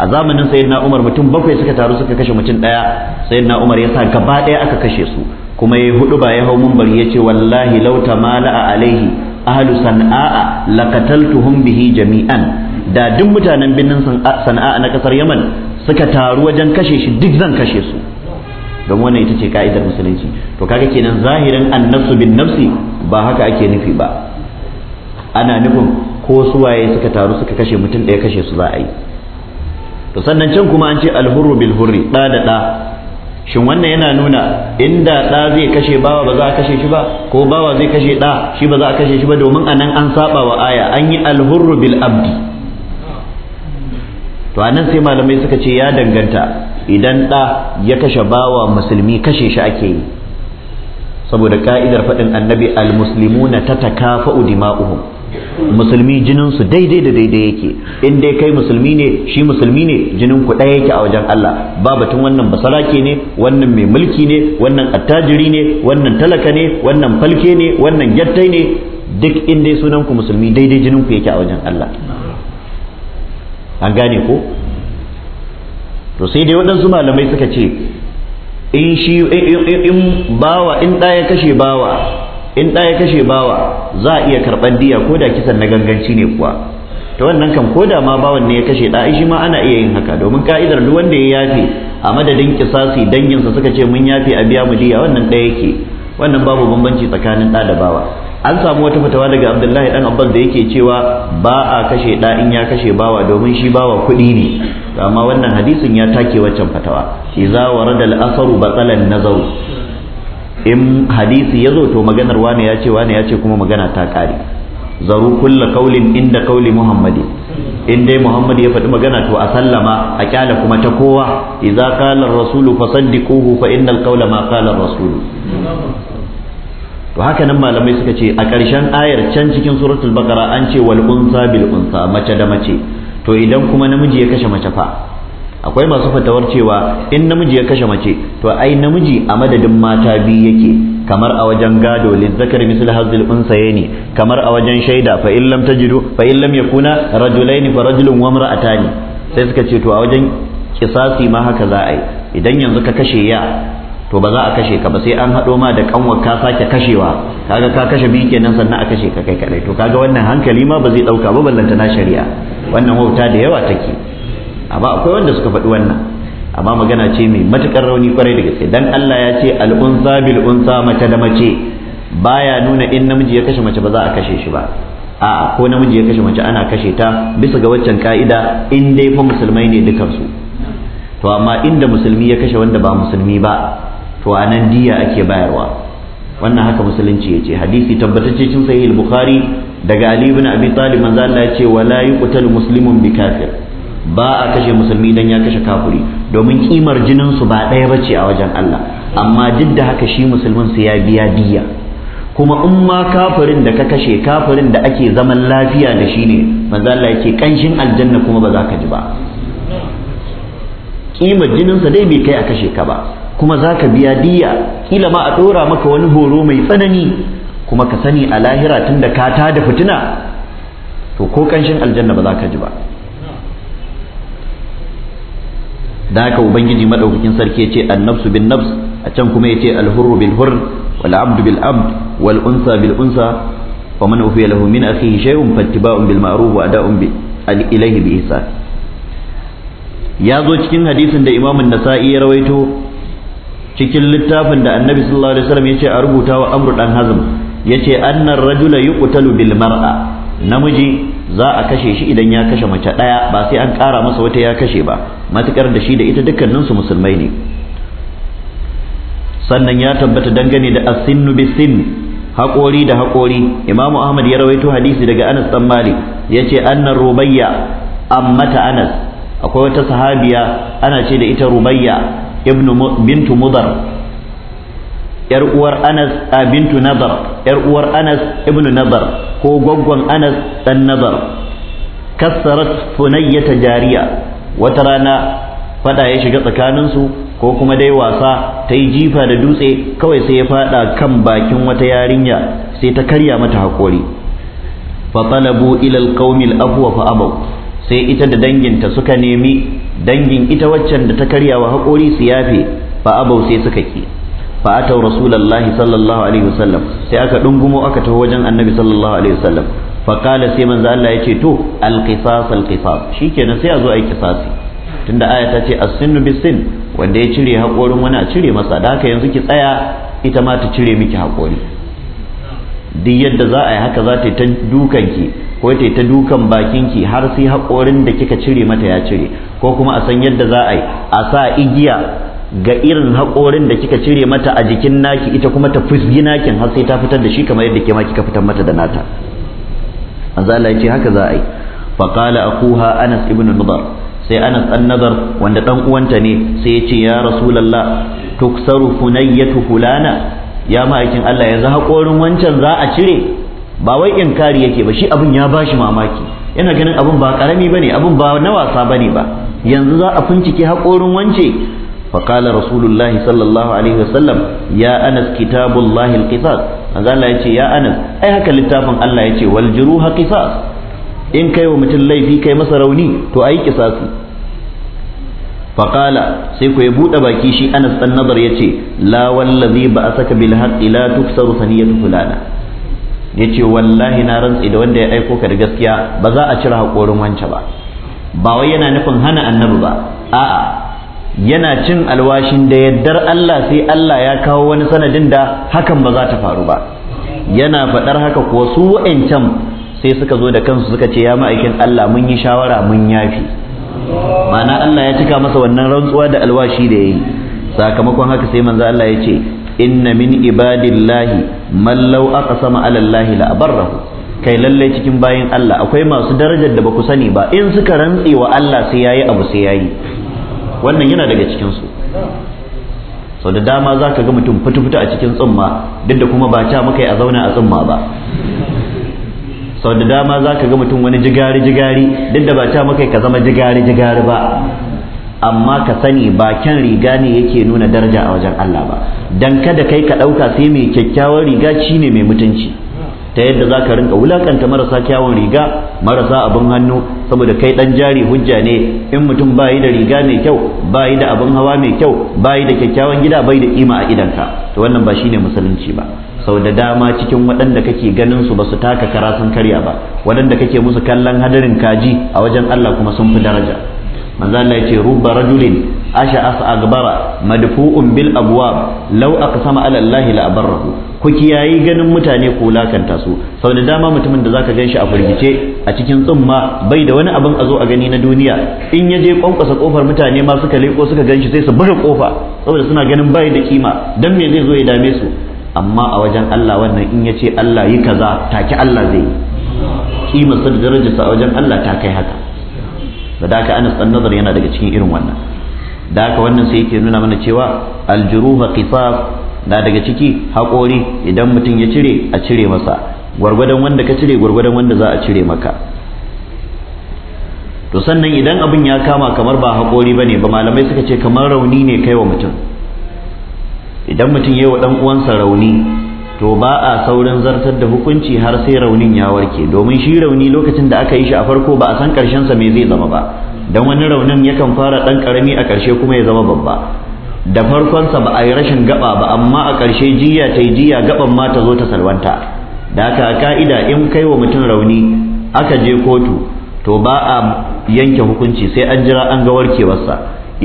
a zamanin sayyidina umar mutum bakwai suka taru suka kashe mutum ɗaya sayyidina umar ya sa gaba ɗaya aka kashe su kuma ya hudu ba ya hau mumbari ya ce wallahi lauta mala a alaihi ahlu san'a laqataltuhum bihi jami'an da duk mutanen birnin sana'a na kasar yaman suka taru wajen kashe shi duk zan kashe su don wannan ita ce ka'idar musulunci to kaga kenan zahirin annafsu bin nafsi ba haka ake nufi ba ana nufin ko suwaye suka taru suka kashe mutum ɗaya kashe su za a yi to sannan can kuma an ce alhurru bil hurri ɗa da ɗa shin wannan yana nuna inda ɗa zai kashe bawa ba za a kashe shi ba ko bawa zai kashe ɗa shi ba za a kashe shi ba domin anan an saba wa aya an yi alhurru bil abdi to anan sai malamai suka ce ya danganta idan ɗa ya kashe bawa musulmi kashe shi ake yi saboda ka'idar faɗin annabi almuslimuna ta takafa'u dima'uhum musulmi jininsu daidai da daidai yake in dai kai musulmi ne shi musulmi ne jinin ku ɗaya yake a wajen Allah ba batun wannan basarake ne wannan mai mulki ne wannan attajiri ne wannan talaka ne wannan falke ne wannan gyattai ne duk in dai sunan ku musulmi daidai jinin ku yake a wajen Allah an gane ko to sai dai waɗansu malamai suka ce in shi in bawa in ɗaya kashe bawa in ya kashe bawa za a iya karɓar diya ko da kisan na ganganci ne kuwa ta wannan kan ko da ma bawan ne ya kashe da shi ma ana iya yin haka domin ka'idar duk wanda ya yafe a madadin kisasi danginsa suka ce mun yafe a biya mu diya wannan ɗaya yake wannan babu bambanci tsakanin ɗa da bawa an samu wata fatawa daga abdullahi dan abbas da yake cewa ba a kashe da in ya kashe bawa domin shi bawa kuɗi ne amma wannan hadisin ya take waccan fatawa iza warada al-asaru batala an-nazar in hadisi ya zo to maganar wani ya ce wani ya ce kuma magana ta kare zaru kulla qaulin inda qauli muhammadi in dai muhammad ya faɗi magana to a sallama a kyala kuma ta kowa iza qala ar-rasulu saddiquhu fa innal qawla ma qala ar-rasulu to haka nan malamai suka ce a ƙarshen ayar can cikin suratul baqara an ce wal unsa bil unsa mace da mace to idan kuma namiji ya kashe mace fa akwai masu fatawar cewa in namiji ya kashe mace to ai namiji a madadin mata biyu yake kamar a wajen gado lizzakar misli hazil yani kamar a wajen shaida fa in lam tajidu fa in lam yakuna rajulain fa rajulun wa imra'atani sai suka ce to a wajen kisasi ma haka za a yi idan yanzu ka kashe ya to ba za a kashe ka ba sai an haɗo ma da kanwar ka sake kashewa kaga ka kashe biyu kenan sannan a kashe ka kai kadai to kaga wannan hankali ma ba zai ɗauka ba ballanta na shari'a wannan wauta da yawa take amma akwai wanda suka faɗi wannan amma magana ce mai matukar rauni kwarai da gaske dan Allah ya ce al'unsa bil unsa mace da mace baya nuna in namiji ya kashe mace ba za a kashe shi ba a'a ko namiji ya kashe mace ana kashe ta bisa ga waccan ka'ida in dai fa musulmai ne dukansu to amma inda musulmi ya kashe wanda ba musulmi ba to a nan diya ake bayarwa wannan haka musulunci ya ce hadisi tabbatacce cin sahih bukhari daga ali ibn abi talib manzo Allah ya ce wala yuqtal muslimun bi kafir ba a kashe musulmi dan ya kashe kafiri domin kimar jinin su ba ɗaya bace a wajen Allah amma duk da haka shi musulmin su ya biya diya kuma in ma kafirin da ka kashe kafirin da ake zaman lafiya da shi ne manzo Allah yake kanshin aljanna kuma ba za ka ji ba kimar jinin sa dai bai kai a kashe ka ba kuma za ka biya diya kila ma a ɗora maka wani horo mai tsanani kuma ka sani a lahira tun da ka tada da fitina to ko ƙanshin aljanna ba za ka ji ba da haka ubangiji madaukakin sarki yace annafsu bin nafs a can kuma yace alhurru bil hurr wal abdu bil abd wal unsa bil unsa wa man ufiya lahu min akhihi shay'un fattiba'un bil ma'ruf wa ada'un bi ilayhi bi ihsan ya zo cikin hadisin da imamun nasa'i ya rawaito cikin littafin da annabi sallallahu alaihi wasallam yace a rubuta wa amru dan hazm yace annar rajula yuqtalu bil mar'a namiji za a kashe shi idan ya kashe mace daya ba sai an kara masa wata ya kashe ba matukar da shi da ita dukkanin su musulmai ne sannan ya tabbata dangane da as-sinnu bis-sinn haƙori da haƙori imamu ahmad ya rawaito hadisi daga anas dan malik yace annar rubayya ammata anas akwai wata sahabiya ana ce da ita rubayya ibn bintu mudar yar uwar anas a bintu nazar yar uwar anas ibn nazar ko gwaggon anas dan nazar kassarat funayyata jariya wata rana fada ya shiga tsakaninsu ko kuma dai wasa ta yi jifa da dutse kawai sai ya fada kan bakin wata yarinya sai ta karya mata haƙori fatalabu ilal qaumil afwa fa abaw sai ita da danginta suka nemi dangin ita waccan da ta karya wa haƙori su yafe fa abau sai suka ki fa ata rasulullahi sallallahu alaihi wasallam sai aka dungumo aka taho wajen annabi sallallahu alaihi wasallam fa qala sai manzo Allah yace to alqisas alqisas shikenan sai a zo ai kisasi tunda aya ta ce as-sinnu bis-sin wanda ya cire haƙorin wani a cire masa da haka yanzu ki tsaya ita ma ta cire miki haƙori duk yadda za a yi haka za ta dukanki dukan ki ko ta ta dukan bakin har sai haƙorin da kika cire mata ya cire ko kuma a san yadda za a yi a sa igiya ga irin haƙorin da kika cire mata a jikin naki ita kuma ta fusgi nakin har sai ta fitar da shi kamar yadda ke ma kika fitar mata da nata manzo Allah ya ce haka za a yi a akuha Anas ibn Nadar sai anas an nazar wanda dan uwanta ne sai ya ce ya rasulullah tuksaru funayyatu fulana ya ma'aikin Allah yanzu haƙorin wancan za a cire ba wai inkari yake ba shi abin ya bashi mamaki yana ganin abin ba karami bane abin ba na wasa bane ba yanzu za a fincike haƙorin wance فقال رسول sallallahu alaihi الله عليه وسلم يا أنس manzo Allah yace ya Anas ai haka littafin Allah yace wal juruha qisas in kai wa mutum laifi kai masa rauni to ayi kisasi faƙala sai ku ya buɗe baki shi anas ɗan nazar ya ce lawan lazi ba a saka bil haqqi la tuksaru saniyatu fulana ya ce wallahi na rantsi da wanda ya aiko ka da gaskiya ba za a cire haƙorin wancan ba ba wai yana nufin hana annabi ba a'a yana cin alwashin da yaddar Allah sai Allah ya kawo wani sanadin da hakan ba za ta faru ba yana faɗar haka ko su wa'ancan sai suka zo da kansu suka ce ya ma'aikin Allah mun yi shawara mun yafi ma'ana Allah ya cika masa wannan rantsuwa da alwashi da yayi sakamakon haka sai manzo Allah ya ce inna min ibadillahi man law aqsama ala Allahi la abarrahu kai lalle cikin bayin Allah akwai masu darajar da baku sani ba in suka rantse wa Allah sai yayi abu sai yayi wannan yana daga cikin su sau da dama za ka ga mutum futu-futu a cikin tsumma duk da kuma ba ca muka yi a zauna a tsumma ba sau da dama za ka ga mutum wani jigari-jigari duk da ba ta maka ka zama jigari-jigari ba amma ka sani bakin riga ne yake nuna daraja a wajen Allah ba don kada kai ka ɗauka sai mai kyakkyawar riga shi ne mai mutunci ta yadda za ka rinka wulakanta marasa kyawun riga marasa abin hannu saboda kai ɗan jari hujja ne in mutum bayi da riga mai kyau bayi da abin hawa mai kyau bayi da kyakkyawan gida bai da kima a idanka to wannan ba shine musulunci ba sau da dama cikin waɗanda kake ganin su ba su taka kara sun karya ba waɗanda kake musu kallon hadarin kaji a wajen Allah kuma sun fi daraja manzo Allah yace rubba rajulin asha asa agbara madfu'un bil abwab law aqsama ala Allah la abarrahu ku kiyayi ganin mutane ko lakanta su sau da dama mutumin da zaka ganshi a firgice a cikin tsumma bai da wani abin a zo a gani na duniya in ya je kwankwasa kofar mutane ma suka leko suka ganshi sai su buga kofa saboda suna ganin bai da kima dan me zai zo ya dame su amma a wajen Allah wannan in ya ce Allah yi kaza take Allah zai yi kima sa da darajarsa a wajen Allah ta kai haka da haka anas dan nazar yana daga cikin irin wannan da haka wannan sai yake nuna mana cewa aljuruha qisas na daga ciki haƙori idan mutum ya cire a cire masa gwargwadon wanda ka cire gwargwadon wanda za a cire maka to sannan idan abin ya kama kamar ba haƙori ba ba malamai suka ce kamar rauni ne kai wa mutum idan mutum yi wa dan uwansa rauni to ba a saurin zartar da hukunci har sai raunin ya warke domin shi rauni lokacin da aka yi shi a farko ba a san karshen sa me zai zama ba dan wani raunin yakan fara ɗan karami a karshe kuma ya zama babba da farkon sa ba a yi rashin gaba ba amma a karshe jiya ta jiya gaban ma ta zo ta salwanta da aka ka'ida in kai wa mutum rauni aka je kotu to ba a yanke hukunci sai an jira an ga warkewarsa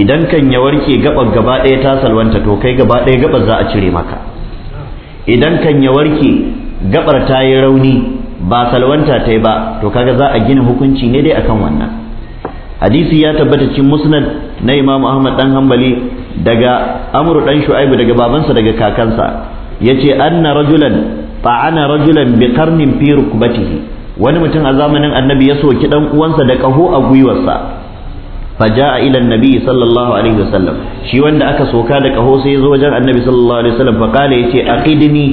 idan kan ya warke gaban gaba ɗaya ta salwanta to kai gaba ɗaya gaban za a cire maka idan kan ya warke gabar ta yi rauni ba salwanta ta yi ba to kaga za a gina hukunci ne dai akan wannan hadisi ya tabbata cikin musnad na imam ahmad dan hambali daga amru dan shu'aibu daga babansa daga kakansa yace anna rajulan fa'ana rajulan bi qarnin fi rukbatihi wani mutum a zamanin annabi ya soki dan uwansa da kaho a gwiwarsa faja'a ila annabi sallallahu alaihi wasallam shi wanda aka soka da kaho sai ya zo wajen annabi sallallahu alaihi wasallam fa kala yace aqidni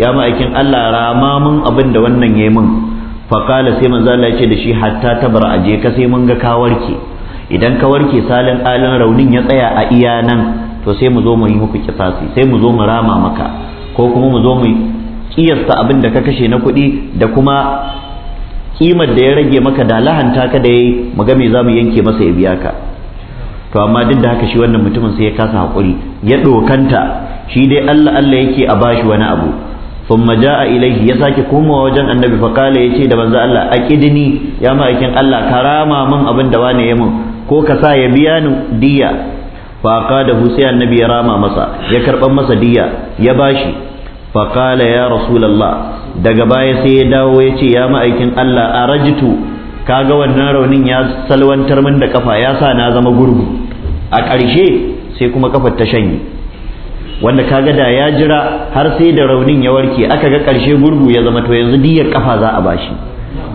ya ma'aikin Allah rama mun abin da wannan yayi mun fa kala sai manzo Allah yace da shi hatta tabra aje ka sai mun ga ka warke idan ka warke salin alin raunin ya tsaya a iya nan to sai mu zo mu yi muku kisasi sai mu zo mu rama maka ko kuma mu zo mu kiyasta abin da ka kashe na kuɗi da kuma kimar da ya rage maka da lahanta ka da yayi mu ga me mu yanke masa ya biya ka to amma duk da haka shi wannan mutumin sai ya kasa hakuri ya dokanta shi dai Allah Allah yake a bashi wani abu maja a ilaihi ya sake komawa wajen annabi fa ya yace da banza Allah ƙidini ya ma'aikin Allah karama min abin da wani ya mun ko ka sa ya biya ni diya fa da sai annabi ya rama masa ya karban masa diya ya bashi fa ya rasulullah daga baya sai ya dawo ya ce ya ma'aikin Allah a rajitu kaga wannan raunin ya salwantar min da kafa ya sa na zama gurgu a ƙarshe sai kuma kafar ta shanye wanda kaga da ya jira har sai da raunin ya warke aka ga ƙarshe gurgu ya zama to yanzu diyar kafa za a bashi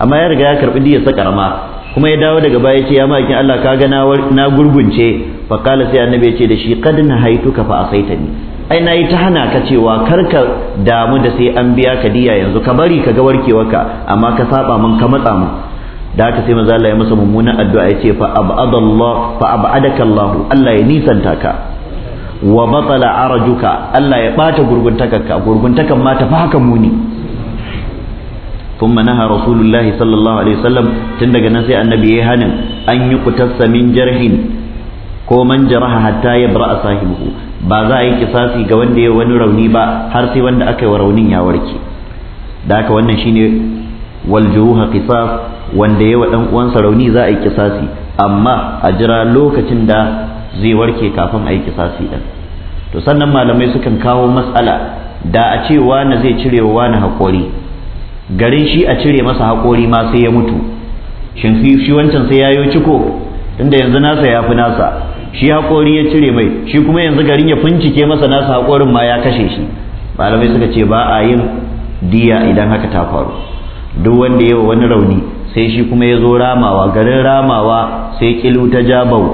amma ya riga ya karbi diyar sa karama kuma ya dawo daga baya ya ce ya ma'aikin Allah kaga na gurgunce fa sai annabi ya ce da shi qad haituka fa asaitani ai yi ta hana ka cewa kar ka damu da sai an biya ka diya yanzu ka bari ka ga warkewarka amma ka saba min ka matsa mu da haka sai manzo Allah ya masa mummunan addu'a ya ce fa abadallah fa abadaka Allah Allah ya nisanta ka wa batala arajuka Allah ya bata gurguntakarka gurguntakan ma ta fa haka muni ثم نهى رسول الله صلى الله عليه وسلم تندق نسي النبي هانم أن يقتص من جرح ko man jaraha hatta ya bara sahibihi ba za a yi kisasi ga wanda ya wani rauni ba har sai wanda aka yi wa raunin ya warke da haka wannan shine wal juruha qisas wanda ya wa dan uwansa rauni za a yi kisasi amma a jira lokacin da zai warke kafin a yi kisasi din to sannan malamai sukan kawo matsala da a ce wani zai cire wa wani haƙori garin shi a cire masa haƙori ma sai ya mutu shin shi wancan sai yayo ciko tunda yanzu nasa ya fi nasa shi haƙori ya cire mai shi kuma yanzu garin ya fincike masa nasa haƙorin ma ya kashe shi malamai suka ce ba a yin diya idan haka ta faru duk wanda yawa wani rauni sai shi kuma ya zo ramawa garin ramawa sai kilu ta jabau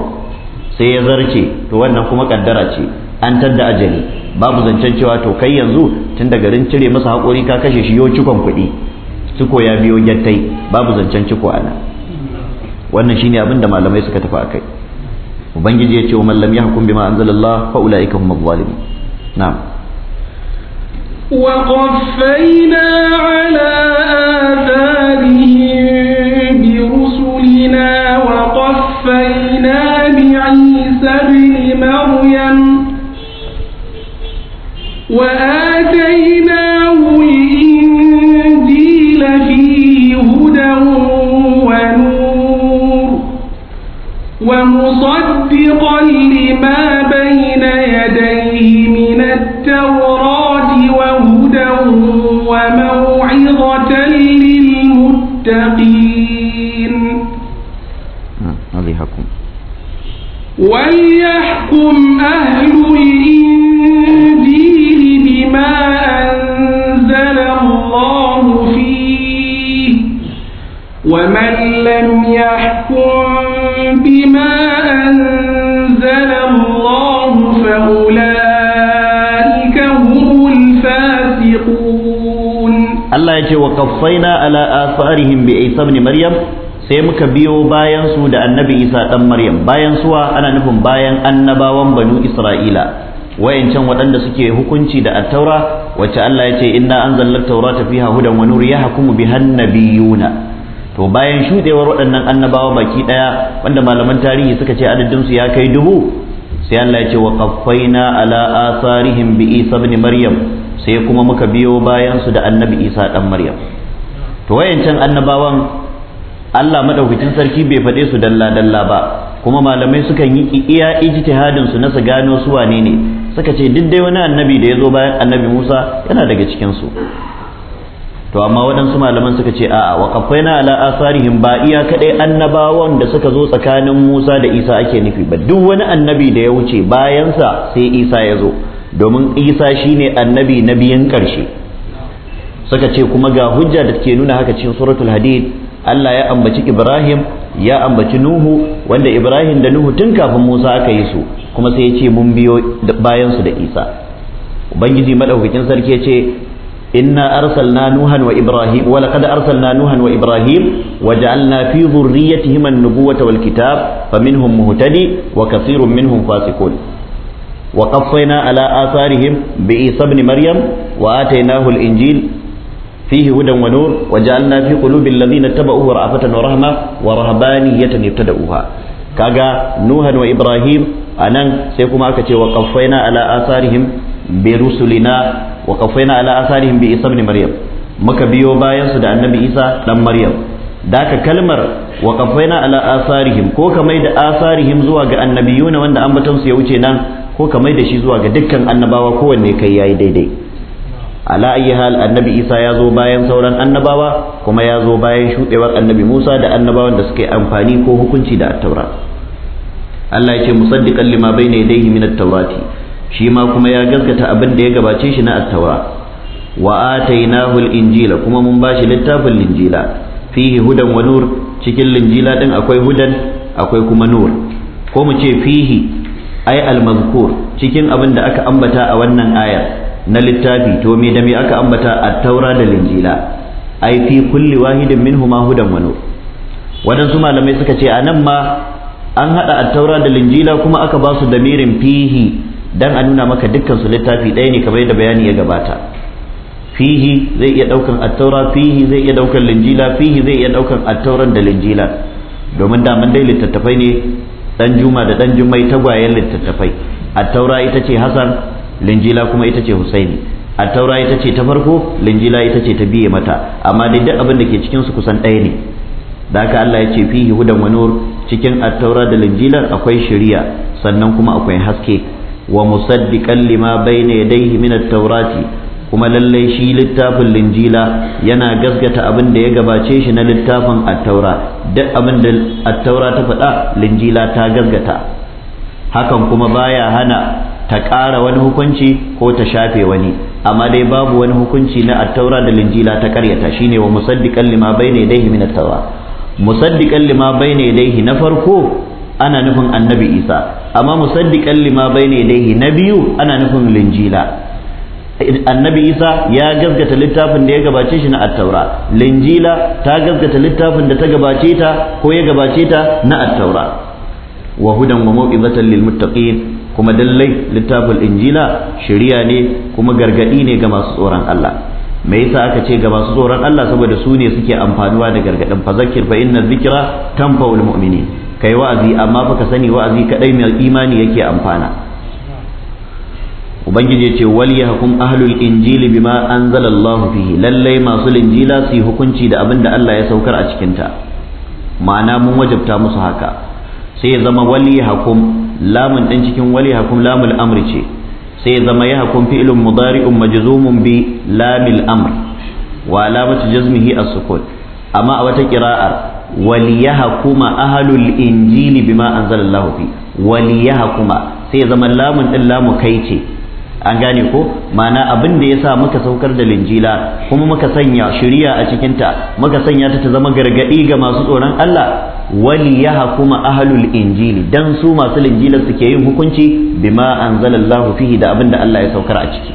sai ya zarce to wannan kuma kaddara ce an tadda ajali babu zancen cewa to kai yanzu tun da garin cire masa haƙori ka kashe shi yo cikon kuɗi ciko ya biyo gyattai babu zancen ciko ana wannan shine abin da malamai suka tafi a kai. ubangiji ya ce wa man lam yahkum bima anzalallah fa ulaika humuz zalimun na'am وقفينا على آثارهم برسلنا وقفينا بعيسى ابن مريم وآتيناه الإنجيل فيه هدى ونور ومصدق مصدقا لما بين يديه من التوراة وهدى وموعظة للمتقين وليحكم أهل الإنجيل بما أنزل الله فيه ومن لم يحكم بما أنزل الله فأولئك هم الفاسقون الله يجي وقفينا على آثارهم بعيسى بن مريم sai muka biyo bayan su da annabi isa dan maryam bayan suwa ana nufin bayan annabawan banu isra'ila wayancan waɗanda suke hukunci da attaura wacce allah ya ce inna anzalna taurata fiha hudan wa nur yahkumu bihan nabiyuna to bayan shudewar waɗannan annabawa baki ɗaya wanda malaman tarihi suka ce su ya kai dubu sai Allah ya ce wa qaffaina ala asarihim bi Isa ibn Maryam sai kuma muka biyo bayan su da annabi Isa dan Maryam to wayancan annabawan Allah madaukakin sarki bai faɗe su dalla dalla ba kuma malamai sukan yi iya ijtihadin su na su gano su wane ne suka ce duk dai wani annabi da ya zo bayan annabi Musa yana daga cikin su to amma waɗansu malaman suka ce a'a wa na ala asarihim ba iya kadai annabawan da suka zo tsakanin Musa da Isa ake nufi ba duk wani annabi da ya wuce bayan sa sai Isa ya zo domin Isa shine annabi na biyan karshe suka ce kuma ga hujja da take nuna haka cikin suratul hadid Allah ya ambaci Ibrahim ya ambaci Nuhu wanda Ibrahim da Nuhu tun kafin Musa aka yi su kuma sai ya ce mun biyo bayan su da Isa ubangiji madaukakin sarki ya ce inna arsalna nuhan wa ibrahim wa laqad arsalna nuhan wa ibrahim wa ja'alna fi himan an-nubuwata wal kitab faminhum muhtadi wa katsirun minhum fasiqun wa qaffayna ala atharihim bi isa maryam wa atainahu al-injil fihi hudan wa nur wa ja'alna fi qulubi alladhina tabauhu ra'afatan wa rahma wa da yabtada'uha kaga nuhan wa ibrahim anan sai kuma aka ce wa qaffayna ala atharihim bi wa kafaina ala asarihim bi isa ibn maryam muka biyo bayan su da annabi isa dan maryam daka kalmar wa kafaina ala asarihim ko kamai da asarihim zuwa ga annabiyuna wanda ambaton su ya wuce nan ko kamai da shi zuwa ga dukkan annabawa kowanne kai yayi daidai ala ayi hal annabi isa ya zo bayan sauran annabawa kuma ya zo bayan shuɗewar annabi musa da annabawan da suka yi amfani ko hukunci da attaura allah ya ce musaddiqan lima bayna yadayhi min at-taurati shi ma kuma ya gaskata abin da ya gabace shi na attaura wa atainahu al-injila kuma mun ba shi littafin linjila fihi hudan wa nur cikin linjila din akwai hudan akwai kuma nur ko mu ce fihi ay al-mazkur cikin abin da aka ambata a wannan aya na littafi to me da me aka ambata attaura taura da linjila ay fi kulli wahidin minhuma hudan wa nur wadansu malamai suka ce anan ma an hada attaura da linjila kuma aka ba su damirin fihi dan a nuna maka dukkan su littafi ɗaya ne kamar yadda bayani ya gabata fihi zai iya daukan attaura fihi zai iya daukan linjila fihi zai iya daukan attauran da linjila domin daman dai littattafai ne dan juma da dan tagwayen littattafai attaura ita ce hasan linjila kuma ita ce husaini attaura ita ce ta farko linjila ita ce ta biye mata amma dai duk abin da ke cikin su kusan ɗaya ne da haka Allah ya ce fihi hudan wa nur cikin attaura da linjilar akwai shari'a sannan kuma akwai haske wa musaddiqan lima bayna yadayhi min at-taurati kuma lallai shi littafin linjila yana gaskata abin da ya gabace shi na littafin attaura duk abin da attaura ta faɗa linjila ta gaskata hakan kuma baya hana ta ƙara wani hukunci ko ta shafe wani amma dai babu wani hukunci na attaura da linjila ta karyata shine wa musaddiqan lima bayna yadayhi min at-taura musaddiqan lima bayna yadayhi na farko ana nufin annabi isa amma limamai lima dai na biyu ana nufin linjila annabi isa ya gaskata littafin da ya gabace shi na attaura linjila ta gaskata littafin da ta gabace ta ko ya gabace ta na attaura wa hudan wa mau'izatan lil muttaqin kuma dallai littafin injila shari'a ne kuma gargadi ne ga masu tsoron Allah me yasa aka ce ga masu tsoron Allah saboda su ne suke amfanuwa da gargadin fazakir fa inna dhikra tanfa'ul mu'minin kai wa'azi amma fa ka sani wa'azi kadai mai imani yake amfana ubangiji ce wal yahkum ahlul injili bima anzala Allah fihi lallai masu linjila su yi hukunci da abin da Allah ya saukar a cikin ta ma'ana mun wajabta musu haka sai ya zama wal yahkum lamun din cikin wal yahkum lamul amri ce sai ya zama yahkum fi'lun mudari'un majzumun bi lamil amr wa alamatu jazmihi as-sukun amma a wata qira'ar waliyahkuma ahlul injili bima anzalallahu fi kuma sai zama lamun din lamu kai ce an gane ko ma'ana abin da ya sa muka saukar da linjila kuma muka sanya shari'a a cikinta muka sanya ta ta zama gargaɗi ga masu tsoron Allah waliyahkuma ahalul injili dan su masu linjila suke yin hukunci bima anzalallahu fihi da abin da Allah ya saukar a ciki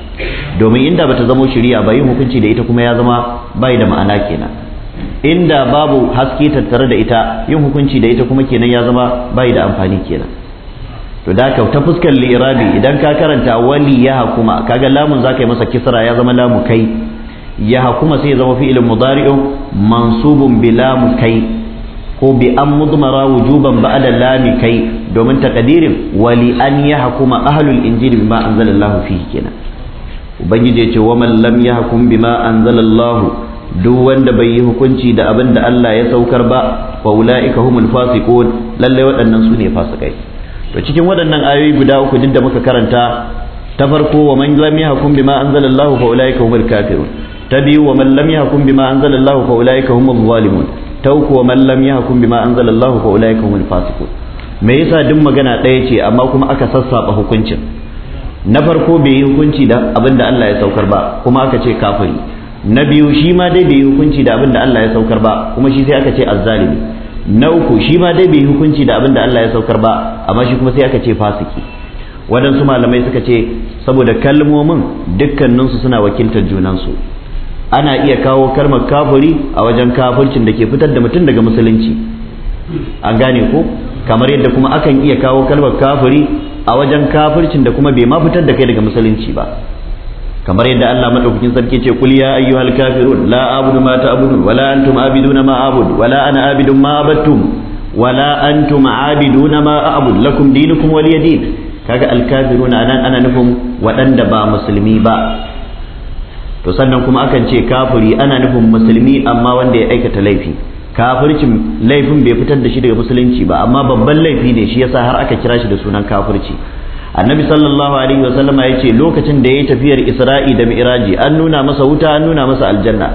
domin inda bata zama shari'a ba yin hukunci da ita kuma ya zama bai da ma'ana kenan inda babu haske tattare da ita yin hukunci da ita kuma kenan ya zama bai da amfani kenan to da ka ta fuskar lirabi idan ka karanta wali ya hakuma kaga lamun zaka yi masa kisra ya zama lamu kai ya hakuma sai ya zama fi'ilin mudari'un mansubun bi lamu kai ko bi an mudmara wujuban ba'da lami kai domin takadirin wali an ya hakuma ahlul injili bima anzalallahu fihi kenan ubangiji ya ce wa man lam yahkum bima anzalallahu duk wanda bai yi hukunci da abin da Allah ya saukar ba fa ulaika humul fasiqun lalle waɗannan su ne fasikai to cikin waɗannan ayoyi guda uku duk da muka karanta ta farko wa man lam yahkum bima anzalallahu fa ulaika humul kafirun ta biyu wa man lam yahkum bima anzalallahu fa ulaika humul zalimun ta uku wa man lam yahkum bima anzalallahu fa ulaika humul fasiqun me yasa duk magana ɗaya ce amma kuma aka sassaɓa hukuncin na farko bai yi hukunci da abin da Allah ya saukar ba kuma aka ce kafiri na biyu shi ma dai bai hukunci da abin da Allah ya saukar ba kuma shi sai aka ce azzalimi na uku shi ma dai bai hukunci da abin da Allah ya saukar ba amma shi kuma sai aka ce fasiki waɗansu malamai suka ce saboda kalmomin dukkaninsu suna wakiltar junansu ana iya kawo kalmar kafiri a wajen kafircin da ke fitar da mutum daga musulunci an gane ko kamar yadda kuma akan iya kawo kalmar kafuri a wajen kafircin da kuma bai ma fitar da kai daga musulunci ba kamar yadda Allah madaukakin sarki ce kul ya ayyuhal kafirun la abudu ma ta'budun wala antum abiduna ma abudu wala ana abidun ma abattum wala antum abiduna ma a'bud lakum dinukum waliya din kaga kafiruna anan ana nufin waɗanda ba musulmi ba to sannan kuma akan ce kafiri ana nufin musulmi amma wanda ya aikata laifi kafircin laifin bai fitar da shi daga musulunci ba amma babban laifi ne shi yasa har aka kira shi da sunan kafirci annabi sallallahu alaihi wa sallama ya ce lokacin da ya yi tafiyar isra'i da mi'raji an nuna masa wuta an nuna masa aljanna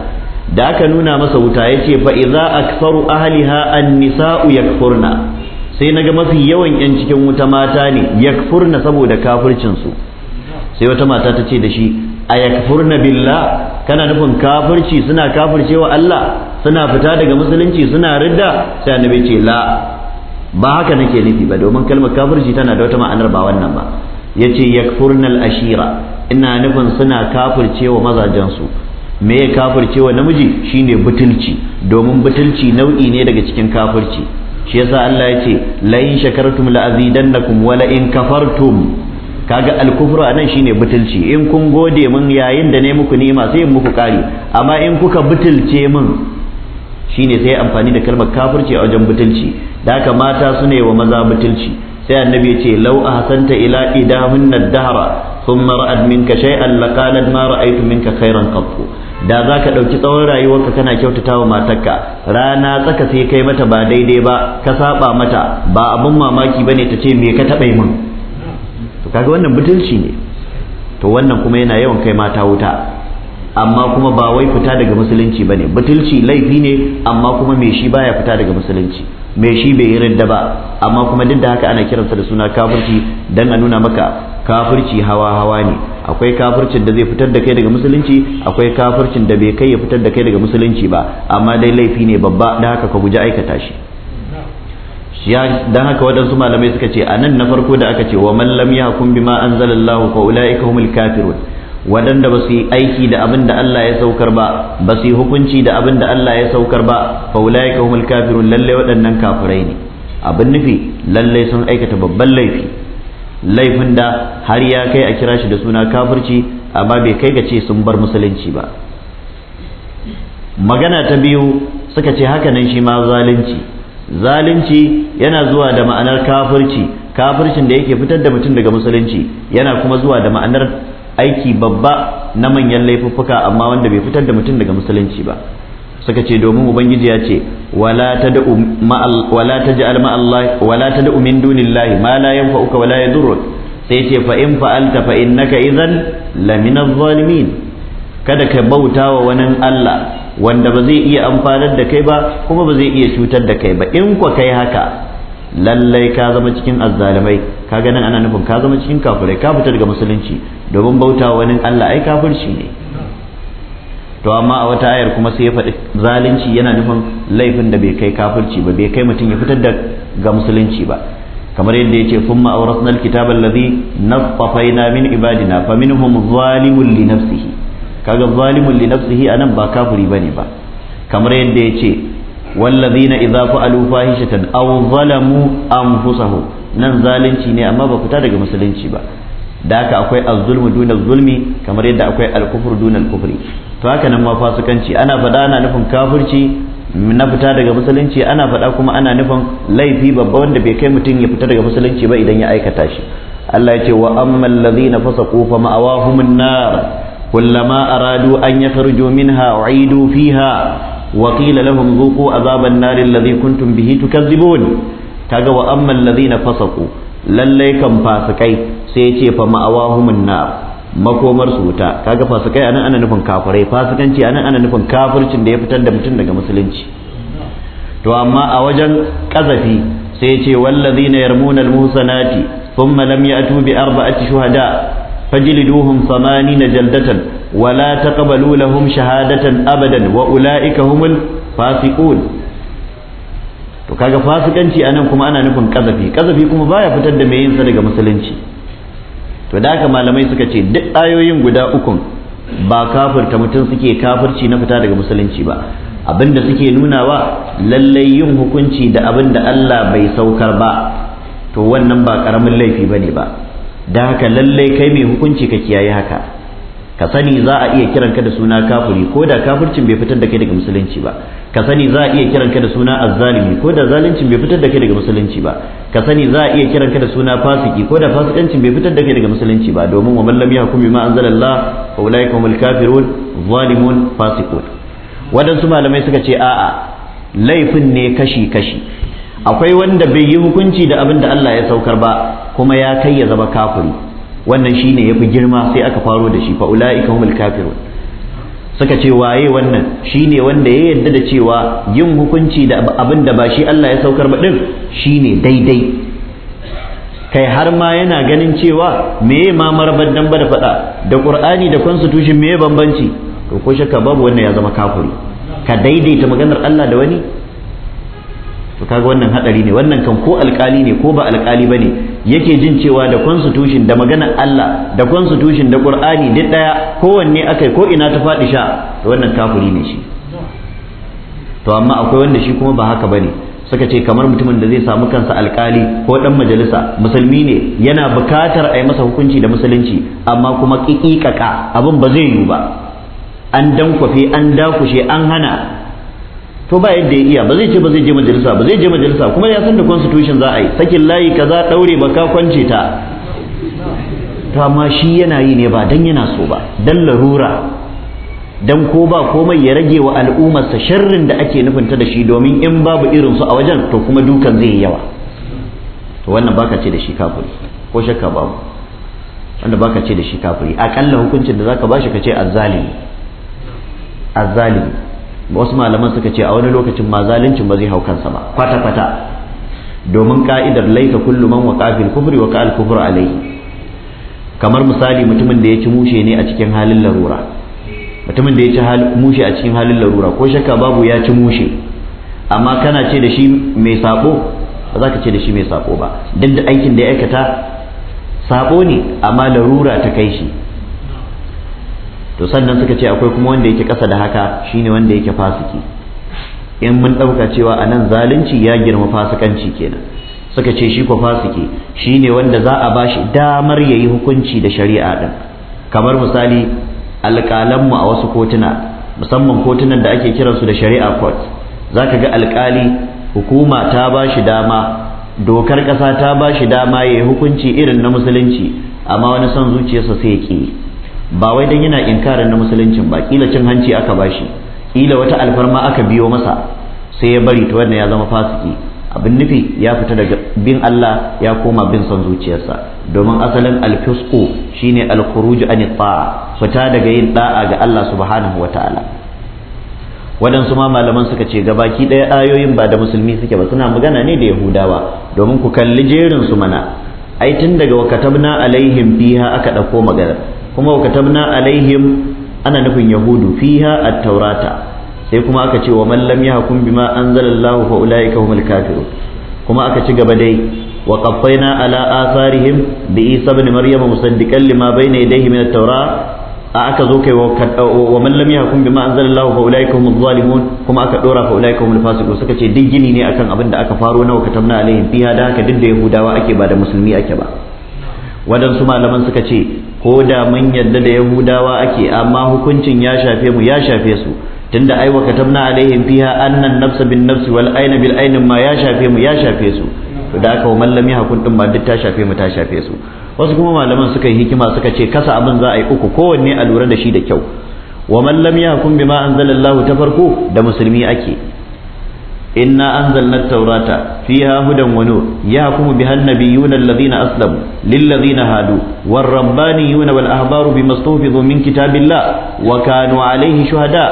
da aka nuna masa wuta ya ce fa'iza aksaru ahliha an nisa'u yakfurna sai naga mafi yawan 'yan cikin wuta mata ne yakfurna saboda kafircinsu sai wata mata ta ce da shi a yakfurna billah kana nufin kafirci suna kafircewa Allah suna fita daga musulunci suna ridda sai annabi ce la ba haka nake nufi ba domin kalmar kafirci tana da wata ma'anar ba wannan ba ya ce ya furnal ashira ina nufin suna kafircewa mazajensu me ya kafircewa namiji shine butulci domin butulci nau'i ne daga cikin kafirci shi yasa Allah ya ce la in shakartum la azidannakum wa la in kafartum kaga alkufru anan shine butulci in kun gode min yayin da ne muku nema sai in muku kare amma in kuka butulce min shine sai amfani da kalmar kafirci a wajen butulci da haka mata su ne wa maza butulci sai annabi ya ce lau a hasanta ila idahunna dahara thumma ra'ad minka shay'an allakalar ma ra'aytu minka khairan kanku. da za ka ɗauki tsawon rayuwarka kana kyautata wa matarka rana tsaka sai kai mata ba daidai ba ka saba mata ba abin mamaki ba ne ta ce me ka taɓa min to kaga wannan butulci ne to wannan kuma yana yawan kai mata wuta amma kuma ba wai fita daga musulunci ba ne butulci laifi ne amma kuma me shi baya fita daga musulunci me shi bai yi radda ba amma kuma duk da haka ana kiransa da suna kafirci dan a nuna maka kafirci hawa hawa ne akwai kafircin da zai fitar da kai daga musulunci akwai kafircin da bai kai ya fitar da kai daga musulunci ba amma dai laifi ne babba da haka ka guji aikata shi dan haka waɗansu malamai suka ce a nan na farko da aka ce wa man lam yahkum bima anzalallahu fa ulaika humul kafirun waɗanda ba su yi aiki da abin da Allah ya saukar ba ba su yi hukunci da abin da Allah ya saukar ba fa ka humul kafirun lalle waɗannan kafirai ne abin nufi lalle sun aikata babban laifi laifin da har ya kai a kira shi da suna kafirci amma bai kai ga ce sun bar musulunci ba magana ta biyu suka ce haka nan shi ma zalunci zalunci yana zuwa da ma'anar kafirci kafircin da yake fitar da mutum daga musulunci yana kuma zuwa da ma'anar aiki babba na manyan laifuffuka amma wanda bai fitar da mutum daga musulunci ba suka ce domin ubangiji ya ce wala tad'u ma Allah wala tad'u min dunillahi ma la wala sai ce fa in fa'alta fa innaka lamina zalimin kada ka bauta wa wani Allah wanda ba zai iya amfanar da kai ba kuma ba zai iya cutar da kai ba in ka kai haka lallai ka zama cikin azzalimai ka ganin ana nufin ka zama cikin kafirai ka fita daga musulunci domin bauta wani Allah ai kafirci ne to amma a wata ayar kuma sai ya faɗi zalunci yana nufin laifin da bai kai kafirci ba bai kai mutum ya fitar da ga musulunci ba kamar yadda ya ce sun alkitaba allazi lazi min ibadina fa zalimun li nafsihi kaga zalimun li nafsihi anan ba kafiri bane ba kamar yadda ya ce wallazina idza fa'alu fahishatan aw zalamu anfusahum nan zalunci ne amma ba fita daga musulunci ba da haka akwai az-zulmu duna zulmi kamar yadda akwai al-kufru duna al-kufri to haka nan fasikanci ana faɗa ana nufin kafirci na fita daga musulunci ana faɗa kuma ana nufin laifi babba wanda bai kai mutum ya fita daga musulunci ba idan ya aikata shi Allah ya ce wa ammal ladhina fasaqu fa ma'awahumun nar kullama aradu an yakhruju minha u'idu fiha وقيل لهم ذوقوا عذاب النار الذي كنتم به تكذبون kaga wa amman ladina fasaku lallai kan fasikai sai ce fa ma'awahumun nar makomar su wuta kaga fasikai anan ana nufin kafirai fasikanci anan ana nufin kafircin da ya fitar da mutum daga musulunci to amma a wajen kazafi sai ce wallazina yarmuna almuhsanati thumma lam ya'tu bi arba'ati shuhada fajliduhum 80 jaldatan ولا تقبلوا لهم شهادة أبدا وأولئك هم الفاسقون to kaga fasikanci anan kuma ana nufin kazafi kazafi kuma baya fitar da mai yinsa daga musulunci to da haka malamai suka ce duk ayoyin guda ukun ba kafirta mutum suke kafirci na fita daga musulunci ba abinda suke nuna nunawa lallai yin hukunci da abinda Allah bai saukar ba to wannan ba karamin laifi bane ba da haka lallai kai mai hukunci ka kiyaye haka ka sani za a iya kiranka da suna kafiri ko da kafircin bai fitar da kai daga musulunci ba ka sani za a iya kiranka da suna azzalimi ko da zalincin bai fitar da kai daga musulunci ba ka sani za a iya kiranka da suna fasiki ko da fasikancin bai fitar da kai daga musulunci ba domin wa mallam lam yahkum bima anzalallah fa ulaika humul kafirun zalimun fasiqun wadansu malamai suka ce a'a laifin ne kashi kashi akwai wanda bai yi hukunci da abin da Allah ya saukar ba kuma ya kai ya zama kafiri wannan ya fi girma sai aka faro da shi fa ulaika humul kafirun suka ce waye wannan shine wanda ya yadda da cewa yin hukunci da abin da ba shi Allah ya saukar baɗin shi ne daidai kai har ma yana ganin cewa meye ma marabar dan ba da faɗa? da ƙur'ani da constitution meye bambanci to ko shakka babu wannan ya zama kafuri? ka daidaita maganar Allah da wani to kaga wannan hadari ne wannan kan ko alkali ne ko ba alkali bane yake jin cewa da constitution da maganar Allah da constitution da Qur'ani duk daya kowanne akai ko ina ta faɗi sha to wannan kafiri ne shi to amma akwai wanda shi kuma ba haka bane suka ce kamar mutumin da zai samu kansa alkali ko dan majalisa musulmi ne yana bukatar a yi masa hukunci da musulunci amma kuma kikikaka abin ba zai yiwu ba an dankwafe an dakushe an hana to ba yadda ya iya ba zai ce ba zai je majalisa ba zai je majalisa kuma ya san da constitution za a yi sakin layi kaza daure ka kwance ta ta amma shi yana yi ne ba dan yana so ba dan larura dan ko ba komai ya rage wa al'ummarsa sharrin da ake nufinta da shi domin in babu irin su a wajen to kuma dukan zai yi yawa to wannan baka ce da shi kafiri ko shakka babu wanda baka ce da shi kafiri akalla hukuncin da zaka bashi ka ce azzalimi azzalimi wasu malaman suka ce a wani lokacin ma zaluncin ba zai hau kansa ba kwata kwata domin ka'idar laika kullu man wa fil kufri wa ka'al kufru alayhi kamar misali mutumin da ya ci mushe ne a cikin halin larura mutumin da ya ci mushe a cikin halin larura ko shakka babu ya ci mushe amma kana ce da shi mai sako ba za ka ce da shi mai sako ba duk da aikin da ya aikata sako ne amma larura ta kai shi to sannan suka ce akwai kuma wanda yake kasa da haka shine wanda yake fasiki in mun ɗauka cewa a nan zalunci ya girma fasikanci kenan suka ce shi ko fasiki shine wanda za a bashi damar ya yi hukunci da shari'a din kamar misali mu a wasu kotuna musamman kotunan da ake su da shari'a court zaka ga alƙali hukuma ta bashi dama dokar ƙasa ta bashi dama ya yi hukunci irin na musulunci amma wani son zuciyarsa sai ya ƙi ba wai dan yana inkarin na musuluncin ba kila cin hanci aka bashi kila wata alfarma aka biyo masa sai ya bari to wannan ya zama fasiki abin nufi ya fita daga bin Allah ya koma bin son zuciyarsa domin asalin alfisqu shine alkhuruj an ta'a fita daga yin da'a ga Allah subhanahu wataala waɗansu ma malaman suka ce gabaki ɗaya ayoyin ba da musulmi suke ba suna magana ne da yahudawa domin ku kalli jerin su mana ai tun daga wakatabna alaihim fiha aka ɗauko magana kuma wa katabna alaihim ana nufin yahudu fiha at-taurata sai kuma aka ce wa man lam yahkum bima anzalallahu fa ulaika humul kafirun kuma aka ci gaba dai wa qaffayna ala atharihim bi isa ibn maryam musaddiqan lima bayna yadayhi min at-taura a aka zo kai wa man lam yahkum bima anzalallahu fa ulaika humul zalimun kuma aka dora fa ulaika humul fasiqun suka ce duk gini ne akan abin da aka faro na katamna alaihim fiha da haka duk da yahudawa ake ba da musulmi ake ba wadansu malaman suka ce ko da mun yadda da yahudawa ake amma hukuncin ya shafe mu ya shafe su tunda ai wakatabna alaihim fiha annan nafsa bin nafsi wal aina bil aini ma ya shafe mu ya shafe su to da aka wa lam yahkun din ma duk ta shafe mu ta shafe su wasu kuma malaman suka yi hikima suka ce kasa abin za a yi uku kowanne a lura da shi da kyau wa man lam yahkum bima anzalallahu ta farko da musulmi ake inna anzalna taurata fiha hudan wa nur yahkumu biha an-nabiyyun alladhina aslamu lilladhina hadu war-rabbaniyun wal-ahbaru bima stufidu min kitabillah wa kanu alayhi shuhada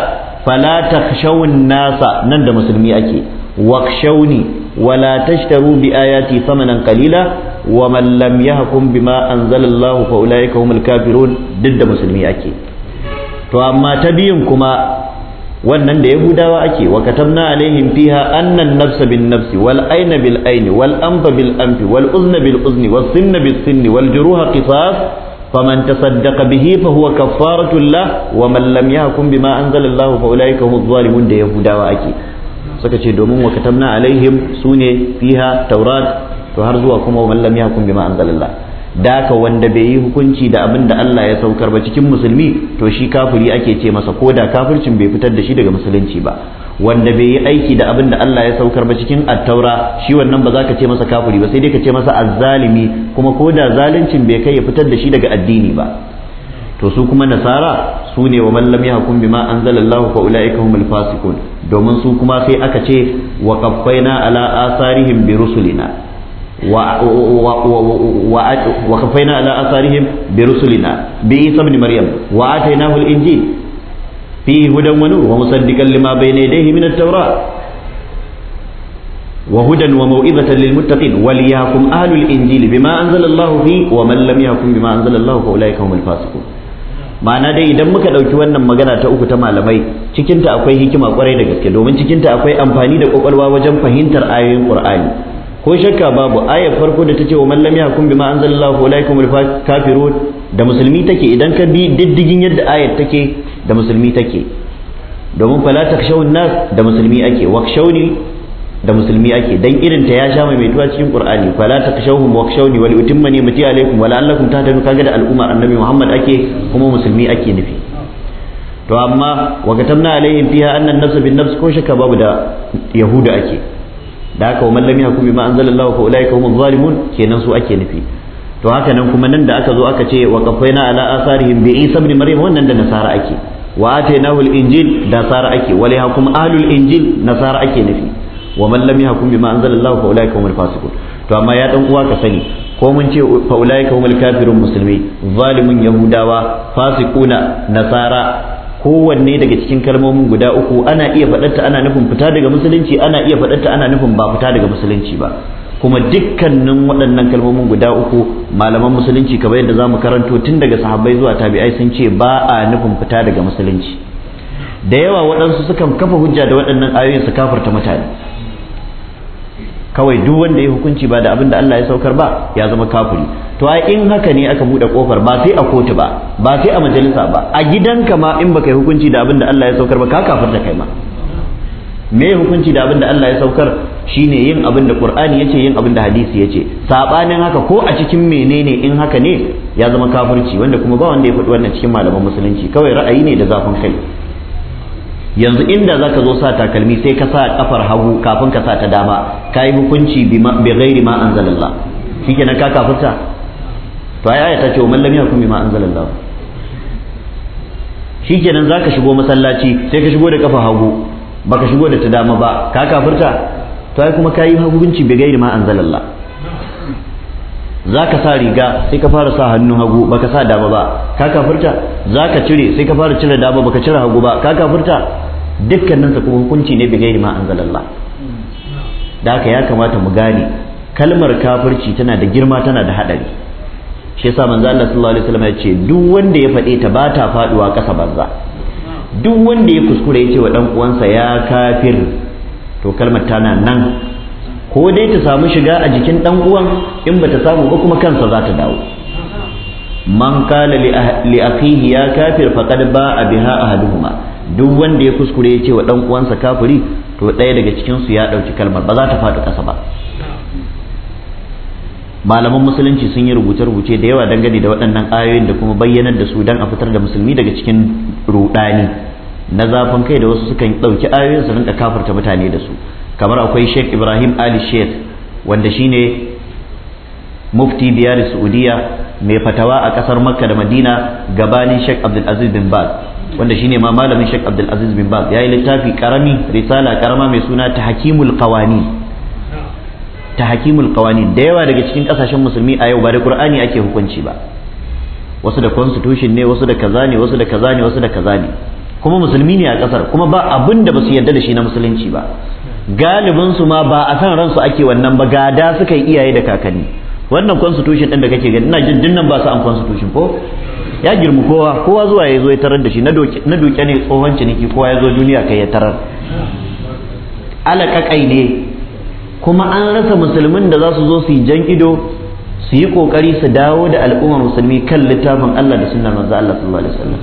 fala takhshawu nasa nan da musulmi ake wakshawni wala tashtaru bi ayati thamanan qalila wa man lam yahkum bima anzala Allah fa ulaika humul kafirun duk da musulmi ake to amma ta biyun kuma wannan da yahudawa ake wa katabna alaihim fiha annan an-nafsa bin nafsi wal aina bil wal anfa bil anfi wal uzna bil uzni was sinna bis sinni wal juruha qisas faman tasaddaqa bihi fa huwa kaffaratun lah wa man lam yahkum bima anzala Allah fa ulaika hum zalimun da yahudawa ake suka ce domin wa katabna alaihim sune fiha taurat to har zuwa kuma wa man lam yahkum bima anzala Allah daka wanda bai yi hukunci da abin da Allah ya saukar ba cikin musulmi to shi kafiri ake ce masa ko da kafircin bai fitar da shi daga musulunci ba wanda bai yi aiki da abin da Allah ya saukar ba cikin attaura shi wannan ba za ka ce masa kafiri ba sai dai ka ce masa azzalimi kuma ko da zaluncin bai kai ya fitar da shi daga addini ba to su kuma nasara su ne wa man lam yahkum bima anzalallahu fa ulaika humul fasiqun domin su kuma sai aka ce wa qaffayna ala asarihim bi rusulina وخفينا على آثارهم برسلنا بعيسى ابن مريم وآتيناه الإنجيل فيه هدى ونور ومصدقا لما بين يديه من التوراة وهدى وموعظة للمتقين وليهكم أهل الإنجيل بما أنزل الله فيه ومن لم يهكم بما أنزل الله فأولئك هم الفاسقون ma'ana dai idan muka ɗauki wannan magana ta uku ta malamai cikinta akwai hikima kwarai da gaske domin cikinta akwai amfani da kwakwalwa wajen fahimtar ayoyin qur'ani ko shakka babu ayar farko da ta ce wa man lam yahkum bima anzalallahu ulaikum kafirun da musulmi take idan ka bi diddigin yadda ayar take da musulmi take domin fala takshawun nas da musulmi ake wakshawni da musulmi ake dan irin ta ya sha mai maituwa cikin qur'ani fala takshawhum wakshawni wal utimma ni'mati alaikum wa la'allakum tahtadun kaga da al'ummar annabi muhammad ake kuma musulmi ake nufi to amma wa katamna alaihim fiha anna an-nafs bin nafs ko shakka babu da yahuda ake da haka wa mallami man lam yahkum bima anzalallahu fa ulaika humuz zalimun kenan su ake nufi to haka nan kuma nan da aka zo aka ce wa qafaina ala asarihim bi isa ibn maryam wannan da nasara ake wa atainahu al-injil da nasara ake wa yahkum ahlul injil nasara ake nufi wa man lam yahkum bima anzalallahu fa ulaika humul fasiqun to amma ya dan uwa ka sani ko mun ce fa ulaika humul kafirun muslimi zalimun yahudawa fasiquna nasara kowanne daga cikin kalmomin guda uku ana iya faɗarta ana nufin fita daga musulunci ana iya faɗarta ana nufin ba fita daga musulunci ba kuma dukkanin waɗannan kalmomin guda uku malaman musulunci kamar yadda zamu karanto tun daga sahabbai zuwa tabi'ai sun ce ba a nufin fita daga musulunci da yawa waɗansu sukan kafa hujja da waɗannan ayoyin su kafarta mutane kawai duk wanda ya hukunci ba da abin da Allah ya saukar ba ya zama kafiri to ai in haka ne aka bude kofar ba sai a kotu ba ba sai a majalisa ba a gidanka ma in baka yi hukunci da abin da Allah ya saukar ba ka kafirta kai ma me hukunci da abin da Allah ya saukar shine yin abin da Qur'ani yace yin abin da hadisi yace sabanin haka ko a cikin menene in haka ne ya zama kafirci wanda kuma ba wanda ya faɗi wannan cikin malaman musulunci kawai ra'ayi ne da zafin kai yanzu inda zaka zo sa takalmi sai ka sa kafar hagu kafin ka sa ta dama ka yi hukunci bi ghairi ma anzalallah shikenan ka kafirta to ai ayata ce umman lam yahkum bima anzalallah shikenan zaka shigo masallaci sai ka shigo da kafa hagu baka shigo da ta dama ba ka kafirta to ai kuma ka yi hukunci bi ghairi ma anzalallah za ka sa riga sai ka fara sa hannun hagu baka sa dama ba ka kafurta. za ka cire sai ka fara cire dama baka cire hagu ba ka kafurta. dukkaninsa kuma hukunci ne bigairi ma an zalalla da haka ya kamata mu gane kalmar kafirci tana da girma tana da hadari shi yasa manzo Allah sallallahu alaihi wasallam ya ce duk wanda ya faɗe ta ba ta faduwa ƙasa banza duk wanda ya kuskure ya ce wa dan uwansa ya kafir to kalmar tana nan ko dai ta samu shiga a jikin dan uwan in bata samu ba kuma kansa za ta dawo man kala ah, li akhihi ya kafir faqad ba'a biha ahaduhuma duk wanda ya kuskure ya ce wa dan uwansa kafiri to daya daga cikin su ya dauki kalmar ba za ta faɗi ƙasa ba malaman musulunci sun yi rubuce-rubuce da yawa dangane da waɗannan ayoyin da kuma bayyanar da su don a fitar da musulmi daga cikin rudani na zafin kai da wasu sukan ɗauki ayoyin su rinka kafirta mutane da su kamar akwai sheikh ibrahim ali sheikh wanda shine mufti biyar saudiya mai fatawa a kasar makka da madina gabanin sheikh abdulaziz bin baz wanda shine ma malamin sheikh abdulaziz bin baz yayi littafi karami risala karama mai suna tahkimul qawani tahkimul qawani da yawa daga cikin kasashen musulmi a yau ba da qur'ani ake hukunci ba wasu da constitution ne wasu da kaza ne wasu da kaza ne wasu da kaza ne kuma musulmi ne a kasar kuma ba abin da ba su yarda da shi na musulunci ba galibin su ma ba a san ransu ake wannan ba gada suka yi iyaye da kakanni wannan constitution din da kake gani ina jin dinnan ba su an constitution ko ya girmu kowa kowa zuwa ya zo ya tarar da shi na doke ne tsohon ciniki kowa ya zo duniya kai ya tarar alaƙaƙai ne kuma an rasa musulmin da za su zo su yi jan ido su yi ƙoƙari su dawo da al'ummar musulmi kan littafin Allah da sunnar manzo Allah sallallahu alaihi wasallam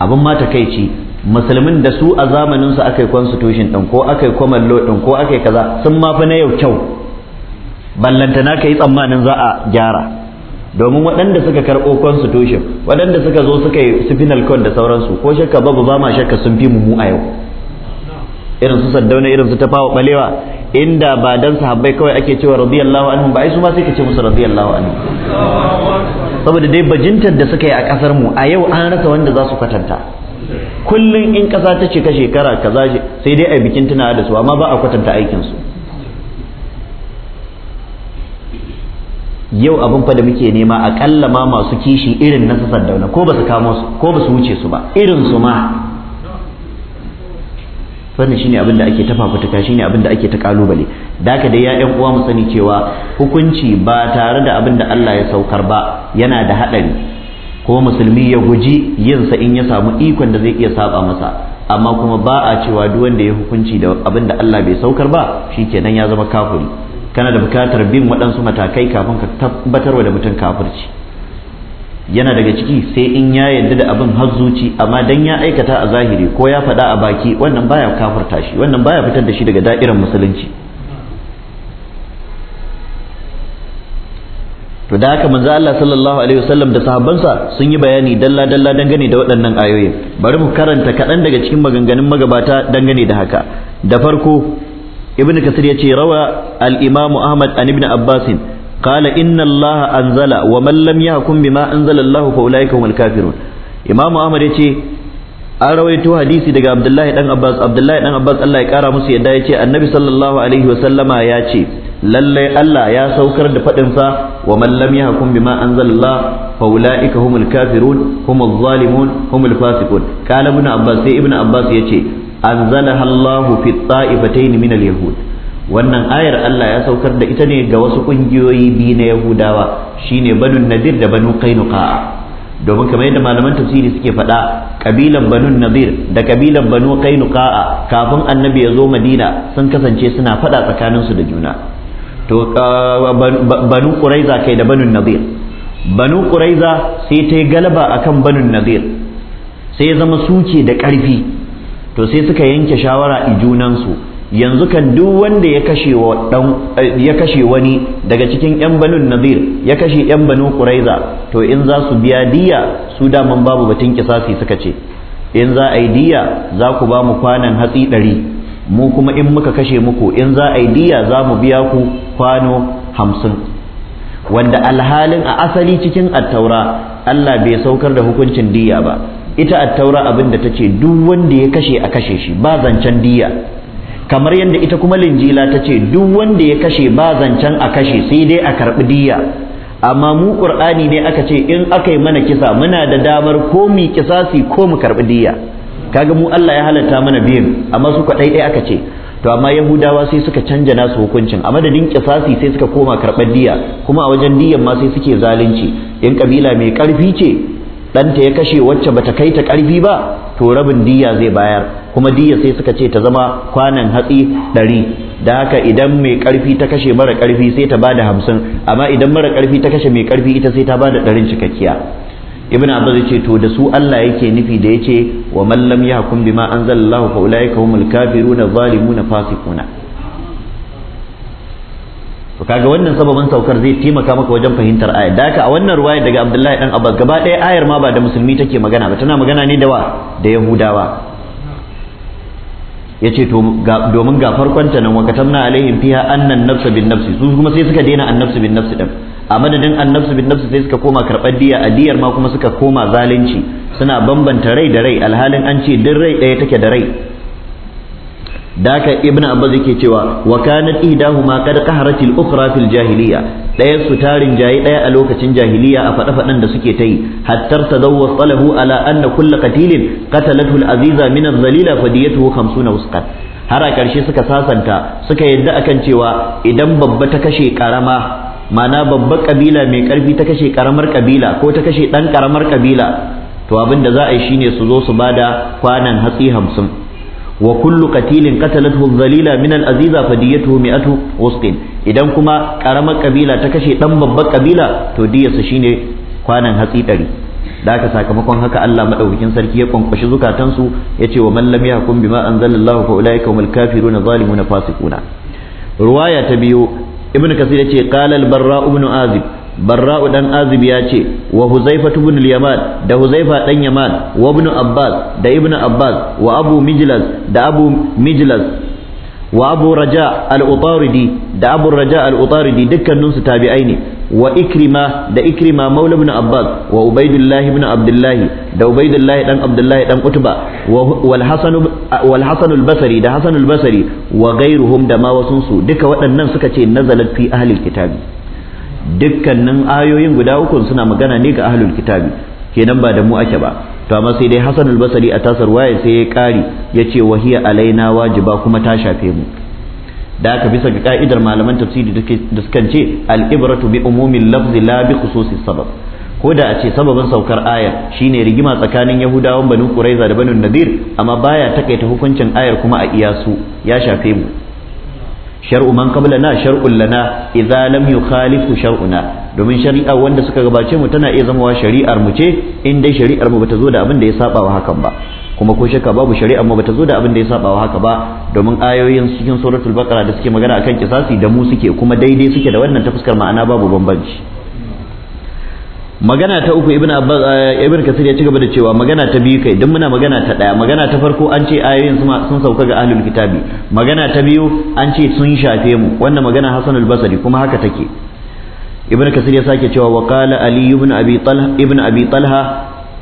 abin ma takeici musulmin da su a zamanin su aka yi constitution din ko aka yi common law din ko aka yi kaza sun ma fi na yau kyau ballanta ka yi tsammanin za a gyara domin waɗanda suka karɓo constitution waɗanda suka zo suka yi spinal cord da sauransu ko shakka babu ba ma shakka sun fi mu a yau irin su saddauna irin su tafawa balewa inda ba dan sahabbai kawai ake cewa radiyallahu anhu ba ai su ma sai ka ce musu radiyallahu anhu. saboda dai bajintar da suka yi a kasar mu a yau an rasa wanda za su kwatanta kullum in ƙasa ta cika shekara kaza sai dai a bikin tuna da su amma ba a kwatanta aikinsu yau abin fa da muke nema aƙalla ma masu kishi irin na sassan dauna ko ba su kamo su ko ba su wuce su ba irin su ma wannan shine abin da ake ta fafutuka shine abin da ake ta kalubale da ka dai ya ɗan uwa mu sani cewa hukunci ba tare da abin da Allah ya saukar ba yana da haɗari ko musulmi ya guji yinsa in ya samu ikon da zai iya saba masa amma kuma ba a cewa duk wanda ya hukunci da abin da Allah bai saukar ba shikenan ya zama kafiri kana da bukatar bin waɗansu matakai kafin ka tabbatarwa da mutum kafirci yana daga ciki sai in ya yarda da abin har zuci amma dan ya aikata a zahiri ko ya faɗa a baki wannan baya kafirta shi wannan baya fitar da shi daga da'irar musulunci to da haka manzo Allah sallallahu alaihi wasallam da sahabbansa sun yi bayani dalla dalla dangane da waɗannan ayoyi bari mu karanta kaɗan daga cikin maganganun magabata dangane da haka da farko ibn kasir ya ce rawa al-imamu ahmad an ibnu abbas qala inna Allah anzala wa man lam yahkum bima anzala Allah fa ulaika humul kafirun imamu ahmad ya ce an rawaito hadisi daga abdullahi dan abbas abdullahi dan abbas Allah ya kara musu yadda ya annabi sallallahu alaihi wasallama ya ce lallai Allah ya saukar da faɗinsa wa man lam yahkum bima anzalallah fa ulaika humul kafirun humul zalimun humul fasiqun kala ibn abbas sai ibn abbas yace anzalaha Allah fi ta'ifatayn min al-yahud wannan ayar Allah ya saukar da ita ne ga wasu kungiyoyi biyu na Yahudawa shine banu nadir da banu qainuqa domin kamar yadda malaman tafsiri suke faɗa kabilan banu nadir da kabilan banu kainuka'a kafin annabi ya zo madina sun kasance suna faɗa tsakaninsu da juna to banu quraiza kai da banu nadir banu quraiza sai ta yi galaba akan banu nadir sai ya zama suke da ƙarfi to sai suka yanke shawara junansu yanzu kan duk wanda ya kashe eh, wani daga cikin yan banun nadir ya kashe yan banu quraiza to in za su biya diya su daman babu batun kisasi suka ce in za a yi diya za ku ba mu kwanan hatsi ɗari mu kuma in muka kashe muku in za a diya za mu biya ku kwano hamsin wanda alhalin a asali cikin attaura Allah bai saukar da hukuncin diya ba ita attaura abin da ta ce duk wanda ya kashe a kashe shi ba zancen diya kamar yadda ita kuma linjila ta ce duk wanda ya kashe ba zancen a kashe sai dai a karɓi diya amma mu qur'ani ne aka ce in aka yi mana kisa muna da damar ko mu kisasi ko mu karbi diya kaga mu Allah ya halatta mana biyan amma su dai dai aka ce to amma yahudawa sai suka canja nasu hukuncin a madadin kisasi sai suka koma karɓar diya kuma a wajen diyan ma sai suke zalunci in kabila mai karfi ce ɗanta ya kashe wacce bata kai ta karfi ba to rabin diya zai bayar kuma diya sai suka ce ta zama kwanan hatsi ɗari da haka idan mai karfi ta kashe mara ƙarfi sai ta bada hamsin amma idan mara ƙarfi ta kashe mai karfi ita sai ta bada ɗarin cikakkiya ibn abbas yace to da su Allah yake nufi da yace wa man lam yahkum bima anzalallahu fa ulaika humul kafiruna zalimuna fasiquna to kaga wannan sababin saukar zai taimaka maka wajen fahimtar ayar da haka a wannan ruwaya daga abdullahi dan abbas gaba ɗaya ayar ma ba da musulmi take magana ba tana magana ne da wa da yahudawa yace to domin ga farkon ta nan wa katamna alaihim fiha annan nafsu bin nafsi su kuma sai suka daina annafsu bin nafsi din a madadin annabsu bin nafsu sai suka koma karɓar diya a diyar ma kuma suka koma zalunci suna bambanta rai da rai alhalin an ce duk rai ɗaya take da rai daka ibnu abbas yake cewa wa kanat ihdahuma qad qaharat al-ukhra fil jahiliya ɗaya su tarin jayi ɗaya a lokacin jahiliya a faɗa faɗan da suke ta yi hattar ta zauwa tsalahu ala anna kulla qatilin qatalathu al-aziza min az-zalila fadiyatuhu 50 wusqat har a ƙarshe suka sasanta suka yadda akan cewa idan babba ta kashe ƙarama ma'ana babbar kabila mai karfi ta kashe karamar kabila ko ta kashe dan karamar kabila to abin da za a yi shine su zo su bada kwanan hatsi hamsin wa kullu qatilin qatalathu dhalila min al-aziza fadiyatuhu mi'atu usqin idan kuma karamar kabila ta kashe dan babbar kabila to diyarsa shine kwanan hatsi ɗari da haka sakamakon haka Allah madaukakin sarki ya kwankwashi zukatansu ya ce wa man lam yahkum bima anzalallahu fa ulaika humul kafiruna zalimuna fasiquna ruwaya ta biyu ibnu kasir yace qala al barra ibn azib barra'u dan azib ya ce wa huzaifatu ibn al-yaman da huzaifa dan yaman wa ibn abbas da ibn abbas wa abu mijlas da abu mijlas wa abu raja al da abu raja dukkaninsu tabi'ai ne wa ikrima da ikrima maula ibn abbas wa ubaidullahi ibn abdullahi da ubaidullahi dan abdullahi dan utba wal hasan al-basri da hasan al-basri wa ghairuhum da ma wasun su duka waɗannan suka ce nazalat fi ahli kitabi dukkanin ayoyin guda uku suna magana ne ga ahlul kitabi kenan ba da mu ake ba to amma sai dai Hassan al-Basri a tasar waye sai ya kari yace wahiya alaina wajiba kuma ta shafe mu da aka bisa ga ka'idar malaman tafsiri da sukan ce al-ibratu bi umumin lafzi la bi khususi sabab ko da a ce sababin saukar aya shine rigima tsakanin yahudawan banu quraiza da banu nadir amma baya takaita hukuncin ayar kuma a iyasu ya shafe mu shar'u man qablana shar'un lana idza lam yukhalifu shar'una domin shari'a wanda suka gabace mu tana iya zamawa shari'ar mu ce in dai shari'ar mu bata zo da abin da ya saba wa hakan ba kuma ko shakka babu shari'ar mu bata zo da abin da ya saba wa haka ba domin ayoyin cikin suratul baqara da suke magana akan kisasi da mu suke kuma daidai suke da wannan ta fuskar ma'ana babu bambanci magana ta uku ibn eh, ibn kasir ya cigaba da cewa magana ta biyu kai dan muna magana ta daya magana ta farko an ce ayoyin sun sauka ga ahlul kitabi magana ta biyu an ce sun shafe mu wannan magana hasanul basri kuma haka take ibn kasir ya sake cewa wa qala ali ibn abi talha ibn abi talha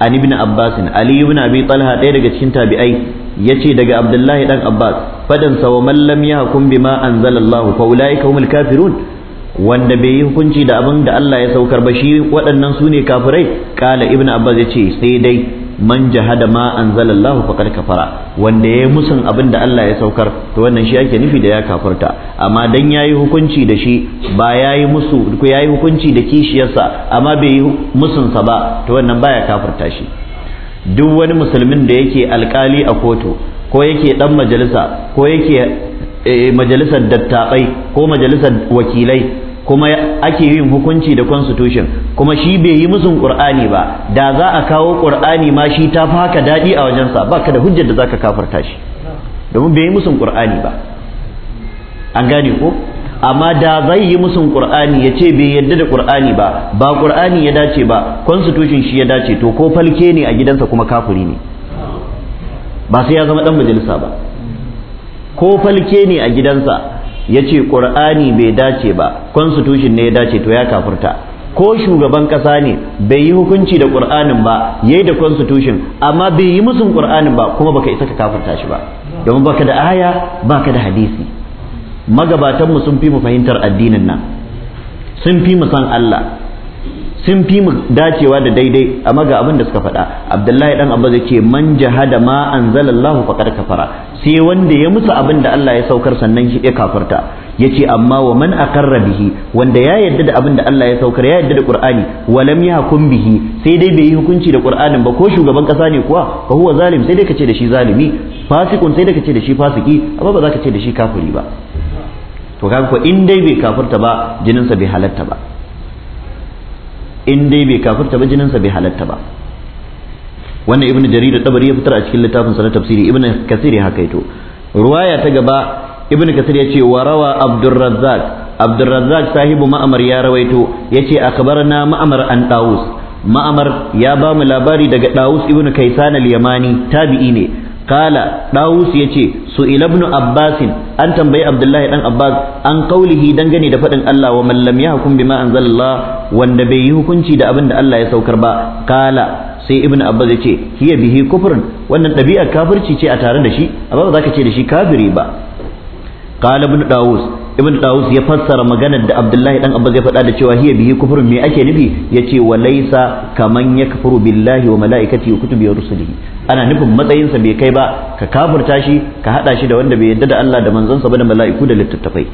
an ibn abbas ali ibn abi talha ɗaya daga cikin tabi'ai yace daga abdullahi dan abbas fadan sa wa man lam yahkum bima anzalallahu fa ulaika humul kafirun wanda bai yi hukunci da abin da Allah ya saukar ba shi waɗannan su ne kafirai kala ibn abbas yace sai dai man jahada ma anzalallahu faqad kafara wanda yayi musun abinda Allah ya saukar to wannan shi ake nufi da ya kafarta amma dan yayi hukunci da shi ba yayi musu ko yayi hukunci da kishiyarsa amma bai yi musun sa ba to wannan baya kafarta shi duk wani musulmin da yake alkali a kotu ko yake dan majalisa ko yake eh, majalisar dattabai ko majalisar wakilai kuma ake yin hukunci da constitution kuma shi bai yi musun qur'ani ba da za a kawo qur'ani ma shi ta haka daɗi a wajensa baka da hujjar da zaka kafarta shi domin bai yi musun qur'ani ba an gane ko amma da zai yi musun qur'ani ya ce bai yadda da qur'ani ba ba qur'ani ya dace ba constitution shi ya dace to ko falke ne a gidansa kuma kafuri ne ba sai ya zama dan majalisa ba ko falke ne a gidansa ya ce ƙur'ani bai dace ba constitution ne ya dace to ya kafurta ko shugaban ƙasa ne bai yi hukunci da ƙur'anin ba ya yi da constitution amma bai yi musun ƙur'anin ba kuma baka isa ka kafurta shi ba domin baka da aya baka da hadisi magabatanmu sun fi mu fahimtar addinin nan sun fi mu san Allah sun fi mu dacewa da daidai amma ga abin da suka faɗa abdullahi dan abba zai ce man jahada ma anzalallahu faqad kafara sai wanda ya musu abin da Allah ya saukar sannan shi ya kafarta yace amma wa man aqarra bihi wanda ya yarda da abin da Allah ya saukar ya yarda da qur'ani wa lam yahkum bihi sai dai bai yi hukunci da qur'anin ba ko shugaban kasa ne kuwa fa huwa zalim sai dai kace da shi zalimi fasikun sai dai kace da shi fasiki amma ba za ka ce da shi kafiri ba to kaga ko in dai bai kafirta ba jininsa bai halatta ba in dai bai kafirta ba jininsa bai halatta ba wannan ibnu jarir tabari ya fitar a cikin littafin sa na tafsiri ibnu kasir ya hakaito ruwaya ta gaba ibnu kasir ya ce wa rawa abdurrazzaq abdurrazzaq sahibu ma'amar ya rawaito yace akhbarana ma'amar an dawus ma'amar ya ba mu labari daga dawus ibnu kaisan al-yamani tabi'i ne kala dawus ya ce su ilabnu abbasin an tambayi abdullahi dan abbas an kaulihi dangane da faɗin allah wa mallam ya hukum bima anzalallah wanda bai yi hukunci da abin da allah ya saukar ba kala sai ibnu abbas ya ce hiya bihi kufrun wannan ɗabi'ar kafirci ce a tare da shi a ba za ka ce da shi kafiri ba kala ibnu dawus ibn Tawus ya fassara maganar da Abdullahi dan Abbas ya faɗa da cewa hiya bihi kufrun me ake nufi yace wa laysa kaman yakfuru billahi wa malaikatihi wa kutubi wa rusulihi ana nufin matsayin sa bai kai ba ka kafurta shi ka hada shi da wanda bai yadda da Allah da manzon sa ba da mala'iku da littattafai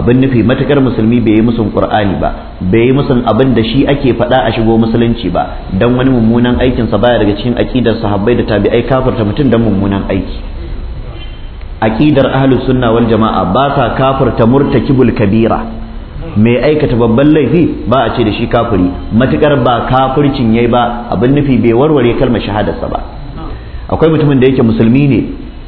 abin nufi matakar musulmi bai yi musun qur'ani ba bai yi musun abin da shi ake faɗa a shigo musulunci ba dan wani mummunan aikinsa baya daga cikin aqidar sahabbai da tabi'ai kafurta mutum dan mummunan aiki aqidar ahlus sunna wal jama'a ba sa kafirta murtakibul kabira mai aikata babban laifi ba a ce da shi kafiri matukar ba kafircin yayi ba abin nufi bai warware kalmar shahadarsa ba akwai mutumin da yake musulmi ne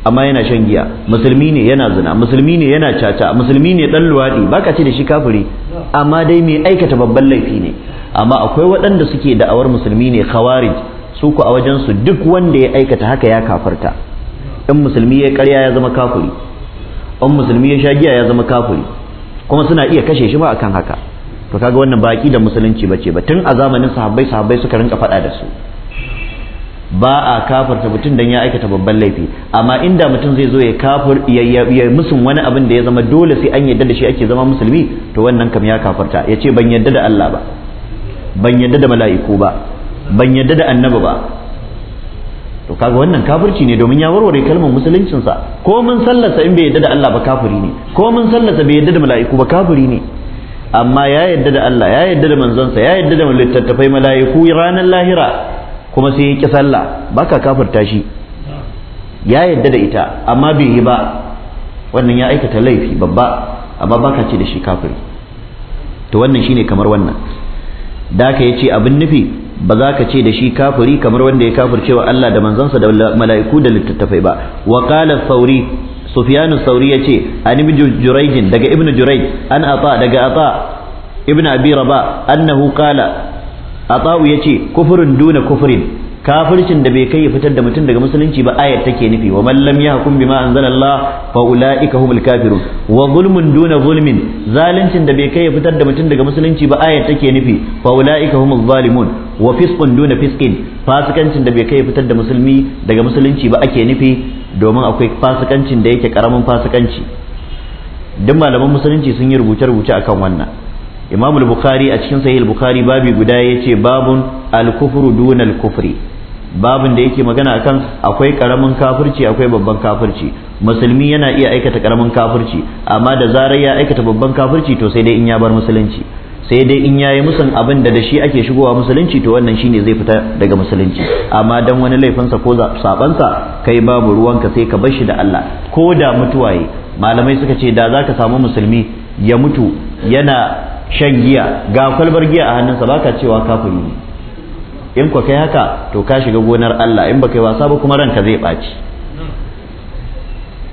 amma yana shan giya musulmi ne yana zina musulmi ne yana caca musulmi ne dan luwadi. ba ka ce da shi kafiri amma dai mai aikata babban laifi ne amma akwai waɗanda suke da'awar musulmi ne khawarij su ku a wajen su duk wanda ya aikata haka ya kafarta in musulmi ya karya ya zama kafuri in musulmi ya sha giya ya zama kafuri kuma suna iya kashe shi ba akan haka to kaga wannan baki da musulunci bace ba tun a zamanin sahabbai sahabbai suka rinka faɗa da su ba a kafarta mutum dan ya aikata babban laifi amma inda mutum zai zo ya kafir ya musun wani abin da ya zama dole sai an yadda da shi ake zama musulmi to wannan kam ya kafarta ya ce ban yadda da Allah ba ban yadda da mala'iku ba ban yadda da annabi ba to kaga wannan kafirci ne domin ya warware kalmar musuluncin sa ko mun sallata in bai yadda da Allah ba kafiri ne ko mun sallata bai yadda da mala'iku ba kafiri ne amma ya yadda da Allah ya yadda da sa ya yadda da littattafai mala'iku ranar lahira kuma sai ya ki sallah baka kafirta shi ya yadda da ita amma bai yi ba wannan ya aikata laifi babba amma baka ce da shi kafiri to wannan shine kamar wannan da ka yace abin nufi ba za ka ce da shi kafiri kamar wanda ya kafirce wa Allah da manzansa da mala'iku da littattafai ba wa qala sauri sufyanu sauri yace an ibn jurayj daga ibnu jurayj an ata daga ata ibn abi raba annahu qala ata yace kufrun duna kufrin kafircin da bai kai ya fitar da mutum daga musulunci ba ayat take nufi wa man lam yahkum bima anzalallah fa ulaika humul kafirun wa zulmun duna zulmin zalincin da bai kai ya fitar da mutum daga musulunci ba ayat take nufi fa ulaika humul zalimun wa fisqun duna fisqin fasikancin da bai kai ya fitar da musulmi daga musulunci ba ake nufi domin akwai fasikancin da yake karamin fasikanci duk malaman musulunci sun yi rubuce-rubuce akan wannan Imam al bukhari a cikin sahih bukhari babi guda yace babun al-kufru duna al-kufri babin da yake magana akan akwai karamin kafirci akwai babban kafirci musulmi yana iya aikata karamin kafirci amma da zarar ya aikata babban kafirci to sai dai in ya bar musulunci sai dai in yayi musun abin da da shi ake shigowa musulunci to wannan shine zai fita daga musulunci amma dan wani laifinsa ko sabansa kai babu ruwanka sai ka bar shi da Allah ko da mutuwaye malamai suka ce da zaka samu musulmi ya mutu yana shan giya ga kwalbar giya a hannunsa baka cewa kafiri ne in ka kai haka to ka shiga gonar Allah in baka yi wasa ba kuma ranka zai baci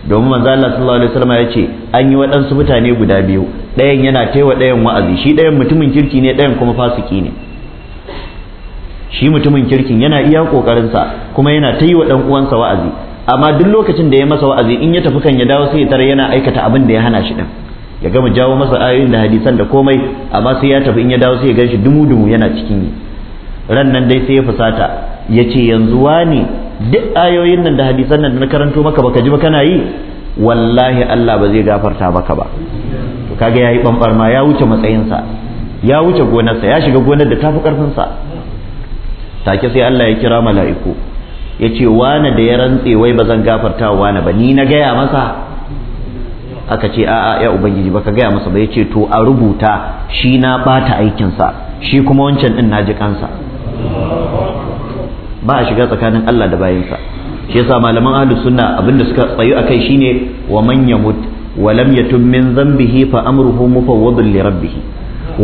domin manzo Allah sallallahu alaihi wasallam ya ce an yi waɗansu mutane guda biyu ɗayan yana taiwa ɗayan wa'azi shi ɗayan mutumin kirki ne ɗayan kuma fasiki ne shi mutumin kirkin yana iya kokarinsa kuma yana ta yi wa ɗan uwansa wa'azi amma duk lokacin da ya masa wa'azi in ya tafi kan ya dawo sai ya tare yana aikata abin da ya hana shi din ya gama jawo masa ayoyin da hadisan da komai amma sai ya tafi in ya dawo sai ya gan shi dumu dumu yana cikin yi ran nan dai sai ya fusata ya ce yanzu wani duk ayoyin nan da hadisan nan da na karanto maka baka ji ba kana yi wallahi Allah ba zai gafarta maka ba to kaga yayi bambar ya wuce matsayinsa ya wuce gonarsa ya shiga gonar da tafi sa take sai Allah ya kira mala'iku ya ce da ya rantse wai ba zan gafarta wani ba ni na gaya masa aka ce a'a ya ubangiji baka gaya masa ba ya ce to a rubuta shi na bata aikinsa shi kuma wancan din naji kansa ba a shiga tsakanin Allah da bayansa shi yasa malaman ahlus sunna abinda suka tsayu akai shine wa man yamut wa lam yatum min dhanbihi fa amruhu mufawwadun li rabbih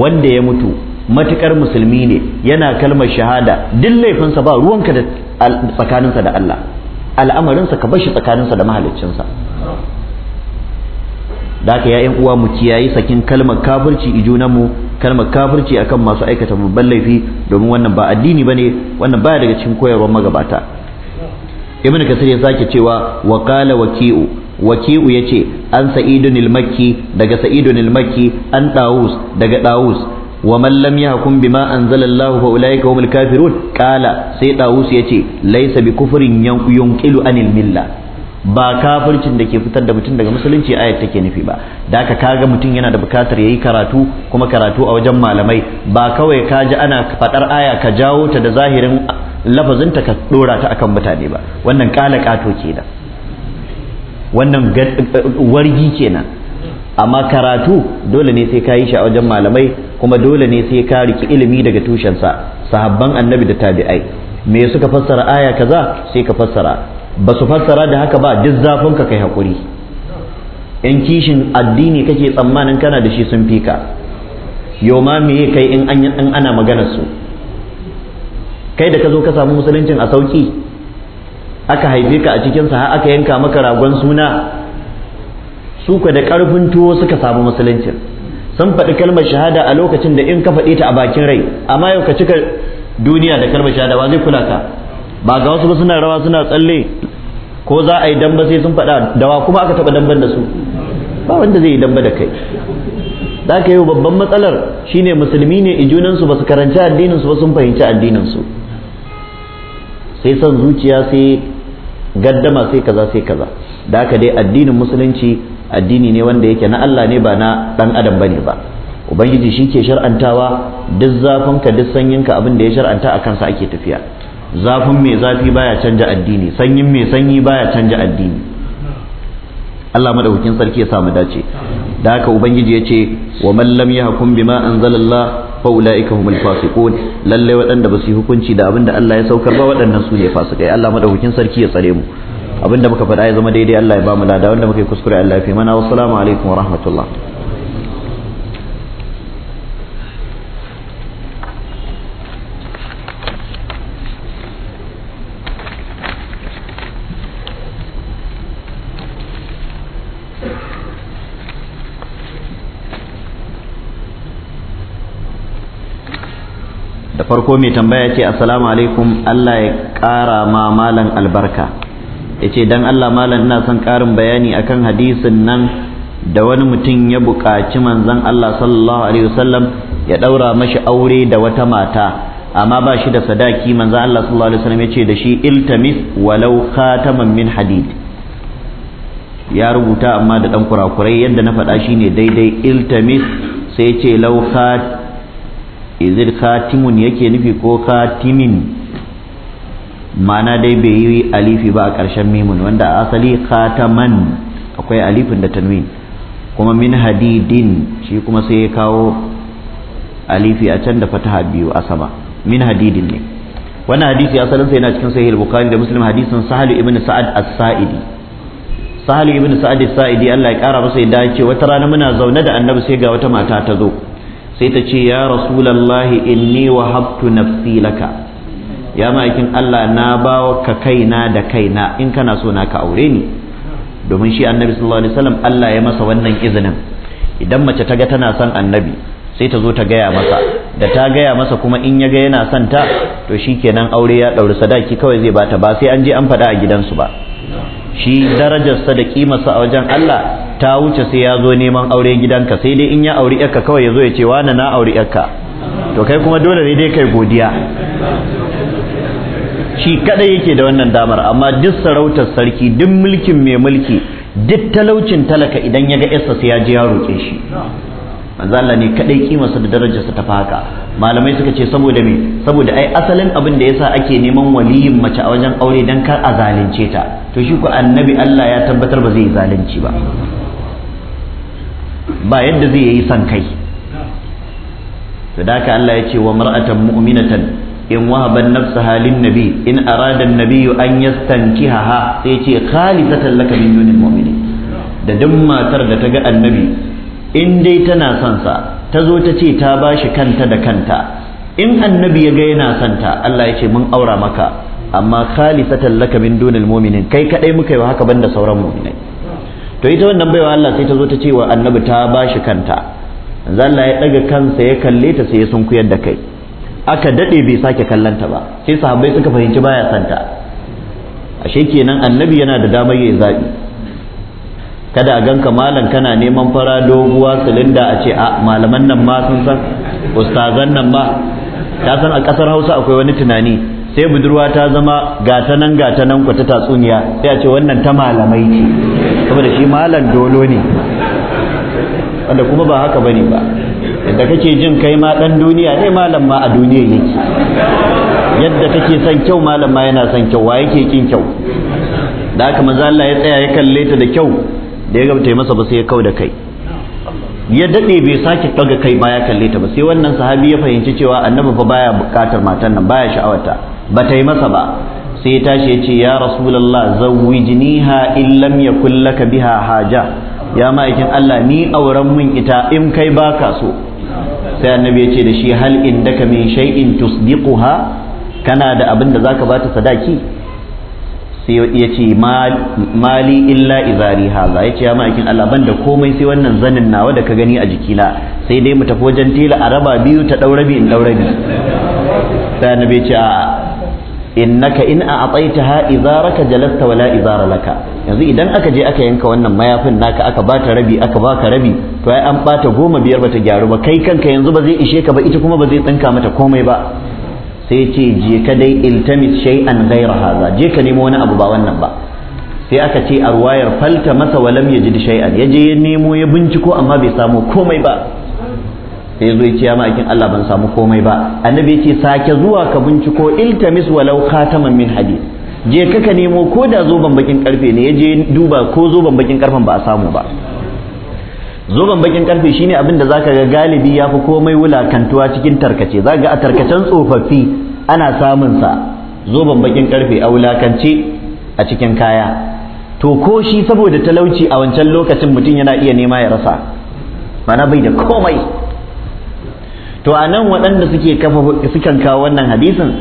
wanda ya mutu matukar musulmi ne yana kalmar shahada duk laifinsa ba ruwanka da tsakaninsa da Allah al'amarinsa ka bashi tsakaninsa da mahaliccinsa da haka ya'yan uwa mu kiyayi sakin kalmar kafirci mu kalmar kafirci akan masu aikata babban laifi domin wannan ba addini bane wannan baya daga cikin koyarwar magabata ibnu kasir ya sake cewa wa qala waki'u waki'u yace an sa'idun al-makki daga sa'idun al-makki an dawus daga dawus wa man lam yahkum bima anzala Allah fa ulaika humul kafirun qala sai dawus yace laysa bi kufrin yanqilu anil millah ba kafircin da ke fitar da mutum daga musulunci ayat take nufi ba da ka kaga mutum yana da bukatar yayi karatu kuma karatu a wajen malamai ba kawai ka ji ana fadar aya ka jawo ta da zahirin ta ka dora ta akan mutane ba wannan kala kato kenan wannan wargi kenan amma karatu dole ne sai ka yi shi a wajen malamai kuma dole ne sai ka riki ilimi daga tushensa sahabban annabi da tabi'ai me suka fassara aya kaza sai ka fassara ba su fassara da haka ba duk zafin ka kai hakuri in kishin addini kake tsammanin kana da shi sun fi ka yau ma me kai in ana maganar su kai da ka zo ka samu musuluncin a sauki aka haife ka a cikinsa har aka yanka maka ragon suna su ka da karfin tuwo suka samu musuluncin sun faɗi kalmar shahada a lokacin da in ka faɗi ta a bakin rai amma yau ka cika duniya da kalmar shahada wa zai kula ka ba ga wasu ba suna rawa suna tsalle ko za a yi damba sai sun faɗa dawa kuma aka taɓa damban da su ba wanda zai yi damba da kai za ka yi babban matsalar shine musulmi ne ijunansu ba su karanci addininsu ba sun fahimci addininsu sai son zuciya sai gaddama sai kaza sai kaza da haka dai addinin musulunci addini ne wanda yake na Allah ne ba na dan adam bane ba ubangiji shi ke shar'antawa duk zafinka duk sanyinka abin da ya shar'anta a kansa ake tafiya zafin mai zafi baya canja addini sanyin mai sanyi baya canja addini Allah madaukakin sarki ya samu dace da haka ubangiji ya ce wa man lam yahkum bima anzalallah fa ulaika humul fasiqun lalle waɗanda ba su yi hukunci da abinda Allah ya saukar ba waɗannan su ne fasikai Allah madaukakin sarki ya tsare mu abinda muka faɗa ya zama daidai Allah ya bamu lada wanda muka yi kuskure Allah ya fi mana wassalamu alaikum wa rahmatullah farko mai tambaya ce assalamu alaikum Allah ya ƙara ma malan albarka ya ce don Allah malan ina son ƙarin bayani akan hadisin nan da wani mutum ya buƙaci manzan Allah sallallahu alaihi wasallam ya ɗaura mashi aure da wata mata amma ba shi da sadaki manzan Allah sallallahu alaihi wasallam ya ce da shi iltamis walau khataman min hadid ya rubuta amma da ɗan kurakurai yadda na faɗa shine daidai iltamis sai ce lau izir katimun yake nufi ko katimin mana dai bai yi alifi ba a ƙarshen mimun wanda asali kataman akwai alifin da tanwin kuma min hadidin shi kuma sai ya kawo alifi a can da fataha biyu a sama min hadidin ne wannan hadisi asalinsa yana cikin sahih bukhari da muslim hadisin sahalu ibn sa'ad as-sa'idi sahalu ibn sa'ad as-sa'idi Allah ya kara masa ya dace wata rana muna zaune da annabi sai ga wata mata ta zo sai ta ce ya rasulallahi inni wa nafsi laka ya ma'aikin Allah na ba ka kaina da kaina in kana so na ka aure ni domin shi annabi sallallahu alaihi wasallam Allah ya masa wannan izinin idan mace taga tana son annabi sai ta zo ta gaya masa da ta gaya masa kuma in ya ga yana son ta to shikenan aure ya dauri sadaki kawai zai bata ba sai an je an faɗa a gidansu ba shi darajarsa da kimarsa a wajen Allah ta wuce sai ya zo neman aure gidanka sai dai in ya auri yarka kawai ya zo ya ce wani na auri yarka to kai kuma dole ne dai kai godiya shi kadai yake da wannan damar amma duk sarautar sarki duk mulkin mai mulki duk talaucin talaka idan ya ga yarsa sai ya je ya roƙe shi manzo Allah ne kadai kimarsa da darajarsa ta haka malamai suka ce saboda me saboda ai asalin abin da yasa ake neman waliyin mace a wajen aure dan kar a zalunce ta to shi annabi Allah ya tabbatar ba zai zalunci ba ba yadda zai yi san kai Sadaka da Allah ya ce wa mar'atan mu'minatan in wahaban nafsaha lin nabi in arada an-nabiy an yastankihaha sai ce khalisatan laka min dunil mu'minin da duk matar da ta ga annabi in dai tana son sa ta zo ta ce ta bashi kanta da kanta in annabi ya ga yana son ta Allah ya ce mun aura maka amma khalisatan laka min dunil mu'minin kai kadai muka yi wa haka banda sauran mu'minai to ita wannan baiwa Allah sai ta zo ta ce wa annabi ta bashi kanta manzo Allah ya daga kansa ya kalle ta sai ya sunkuyar da kai aka dade bai sake kallon ta ba sai sahabbai suka fahimci baya santa ashe kenan annabi yana da damar yayi zabi kada a ganka malam kana neman fara doguwa silinda a ce a malaman nan ma sun san ustazan nan ma ta san a kasar hausa akwai wani tunani sai budurwa ta zama gata nan gata nan ta tatsuniya sai a ce wannan ta malamai ce saboda shi malam dolo ne wanda kuma ba haka bane ba yadda kake jin kai ma dan duniya ne malam ma a duniya yake yadda kake son kyau malam ma yana son kyau wa yake kin kyau da haka maza Allah ya tsaya ya kalle ta da kyau da ya gabata masa ba sai ya kau da kai ya daɗe bai sake ɗaga kai ba ya kalle ta ba sai wannan sahabi ya fahimci cewa annabi fa baya buƙatar matan nan baya sha'awarta ba ta yi masa ba sai ya tashi ya ce ya rasulallah zawwijniha in lam yakul laka biha haja ya ma'aikin Allah ni auren min ita in kai baka so sai annabi ya ce da shi hal indaka min shay'in tusdiquha kana da abin da zaka bata sadaki sai ya ce mali illa izari haza ya ce ya ma'aikin Allah ban da komai sai wannan zanin nawa da ka gani a jikina sai dai mu tafi wajen tela a raba biyu ta ɗaura in ɗaura bi sai na ce a innaka in a atsaita ha izaraka jalasta wala izara laka yanzu idan aka je aka yanka wannan mayafin naka aka bata rabi aka baka rabi to ai an bata goma biyar bata gyaru ba kai kanka yanzu ba zai ishe ka ba ita kuma ba zai tsinka mata komai ba sai ce je ka dai iltamis shay'an ghayra hadha je ka nemo wani abu ba wannan ba sai aka ce a ruwayar falta masa walam yajid shay'an yaje ya nemo ya binciko amma bai samu komai ba sai zo ya ce ya Allah ban samu komai ba annabi ya ce sake zuwa ka binciko iltamis walau khataman min hadid je ka ka nemo ko da zoban bakin karfe ne ya je duba ko zoban bakin karfen ba a samu ba zoben bakin karfe shine abin da zaka ga galibi ya fi komai wulakantuwa cikin tarkace za ga a tarkacen tsofaffi ana samun sa zuban bakin karfe a wulakance a cikin kaya to ko shi saboda talauci a wancan lokacin mutum yana iya nema ya rasa mana bai da komai to a nan waɗanda suke kafa sukan kawo wannan hadisin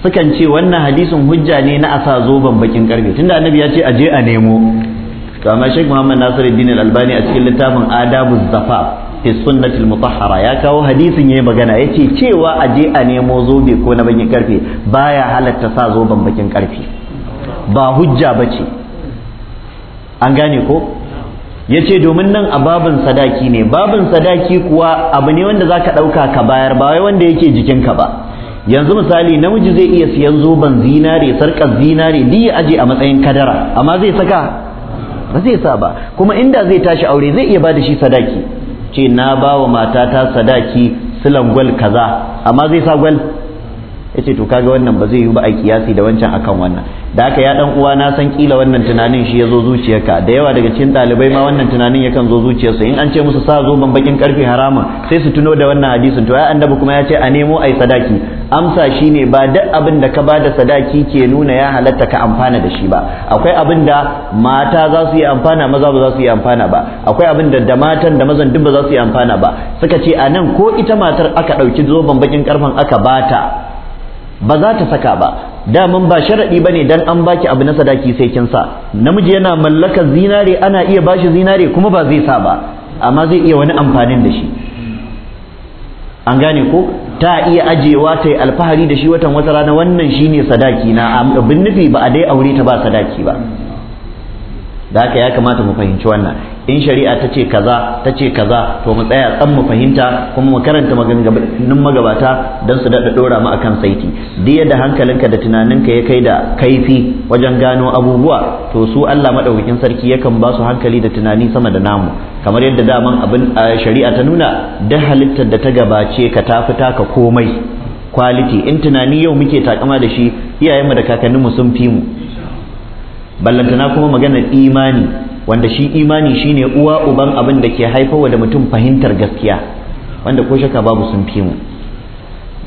sukan ce wannan hadisin hujja ne na sa zoben bakin karfe tunda annabi ya ce a je a nemo to amma Sheikh Muhammad Nasiruddin Al-Albani a cikin littafin Adabu Zafa fi al mutahhara ya kawo hadisin yi magana yace cewa a je a nemo zobe ko na bakin karfe baya halatta sa zoben bakin karfe ba hujja bace an gane ko yace domin nan a babin sadaki ne babin sadaki kuwa abu ne wanda za ka ɗauka ka bayar ba wai wanda yake jikinka ba yanzu misali namiji zai iya siyan zoben zinare sarkar zinare duk ya aje a matsayin kadara amma zai saka ba zai sa ba kuma inda zai tashi aure zai iya bada shi sadaki ce na ba wa matata sadaki silan gwal kaza amma zai sa gwal yace to kaga wannan ba zai yi ba a kiyasi da wancan akan wannan da haka ya dan uwa na san kila wannan tunanin shi ya zo zuciyarka da yawa daga cikin dalibai ma wannan tunanin yakan zo zuciyarsa in an ce musu sa zo ban bakin karfi harama sai su tuno da wannan hadisin to ai annabi kuma ya ce a nemo ai sadaki amsa shine ba duk abin da ka bada sadaki ke nuna ya halatta ka amfana da shi ba akwai abin da mata za su yi amfana maza ba za su yi amfana ba akwai abin da da matan da mazan duk ba za su yi amfana ba suka ce a nan ko ita matar aka ɗauki zoben bakin karfin aka bata ba za ta saka ba daman ba sharaɗi ba ne dan an baki abu na sadaki sai kin sa namiji yana mallakar zinare ana iya bashi zinare kuma ba zai sa ba amma zai iya wani amfanin da shi an gane ko ta iya ajiyewa ta yi alfahari da shi watan wata rana wannan shine sadaki na abin nufi ba a dai aure ta ba sadaki ba da haka ya kamata mu fahimci wannan in shari'a ta ce kaza ta ce kaza to mu tsaya tsan mu fahimta kuma mu karanta maganganun magabata don su daɗa ɗora mu akan saiti duk yadda hankalinka da tunaninka ya kai da kaifi wajen gano abubuwa to su Allah madaukakin sarki yakan ba su hankali da tunani sama da namu kamar yadda daman abin shari'a ta nuna da halittar da ta gabace ka ta fita ka komai quality in tunani yau muke takama da shi iyayenmu da kakanninmu sun fi mu ballantana kuma maganar imani wanda shi imani shine uwa uban abin da ke haifarwa da mutum fahimtar gaskiya wanda ko shaka babu sun fi mu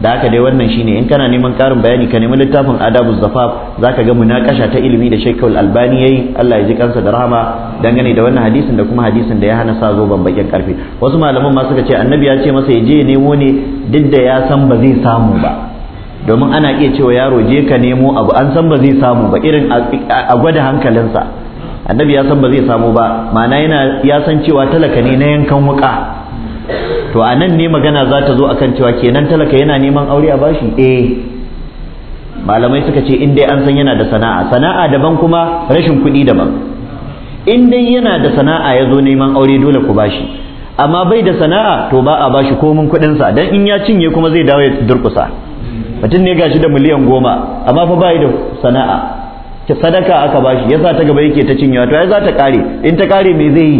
da haka dai wannan shine in kana neman karin bayani ka nemi littafin adabu zafaf zaka ga munakasha ta ilimi da Sheikhul Albani yayi Allah ya ji kansa da rahama dangane da wannan hadisin da kuma hadisin da ya hana sa zoben bakin karfe wasu malaman ma suka ce annabi ya ce masa ya je nemo ne duk da ya san ba zai samu ba domin ana iya cewa yaro je ka nemo abu an san ba zai samu ba irin a gwada hankalinsa annabi ya san ba zai samu ba ma'ana yana ya san cewa talaka ne na yankan wuka to a nan ne magana za ta zo akan cewa kenan talaka yana neman aure a bashi eh malamai suka ce in dai an san yana da sana'a sana'a daban kuma rashin kuɗi daban in dai yana da sana'a ya zo neman aure dole ku bashi amma bai da sana'a to ba a bashi komin kuɗinsa don in ya cinye kuma zai dawo ya durƙusa mutum ne gashi da miliyan goma amma fa bai da sana'a ki sadaka aka bashi yasa ta gaba yake ta cinyewa to ai za ta kare in ta kare me zai yi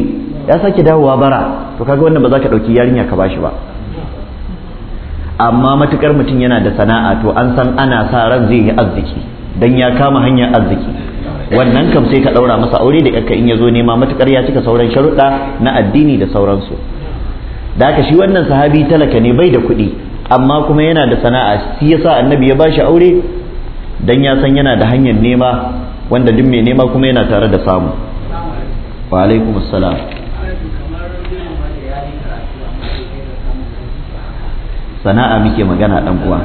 ya sake dawowa bara to kaga wannan ba za ka dauki yarinya ka bashi ba amma matukar mutum yana da sana'a to an san ana sa ran zai yi arziki dan ya kama hanyar arziki wannan kam sai ka daura masa aure da kakka in ya zo nema matukar ya cika sauran sharuɗa na addini da sauransu da haka shi wannan sahabi talaka ne bai da kuɗi amma kuma yana da sana'a shi yasa annabi ya bashi aure dan ya san yana da hanyar nema wanda duk mai nema kuma yana tare da samu wa alaikum assalam sana'a muke magana dan uwa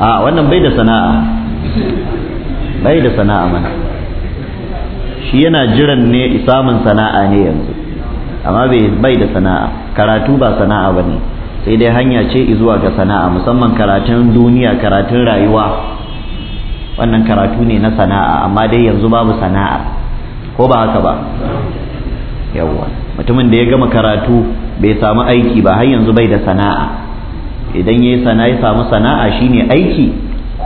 a wannan bai da sana'a bai da sana'a mana shi yana jiran ne samun sana'a ne yanzu amma bai da sana'a karatu ba sana'a bane sai dai hanya ce zuwa ga sana'a musamman karatun duniya karatun rayuwa wannan karatu ne na sana'a amma dai yanzu babu sana'a ko ba haka ba yawwa mutumin da ya gama karatu bai samu aiki ba har yanzu bai da sana'a idan yayi sana'a ya samu sana'a shine aiki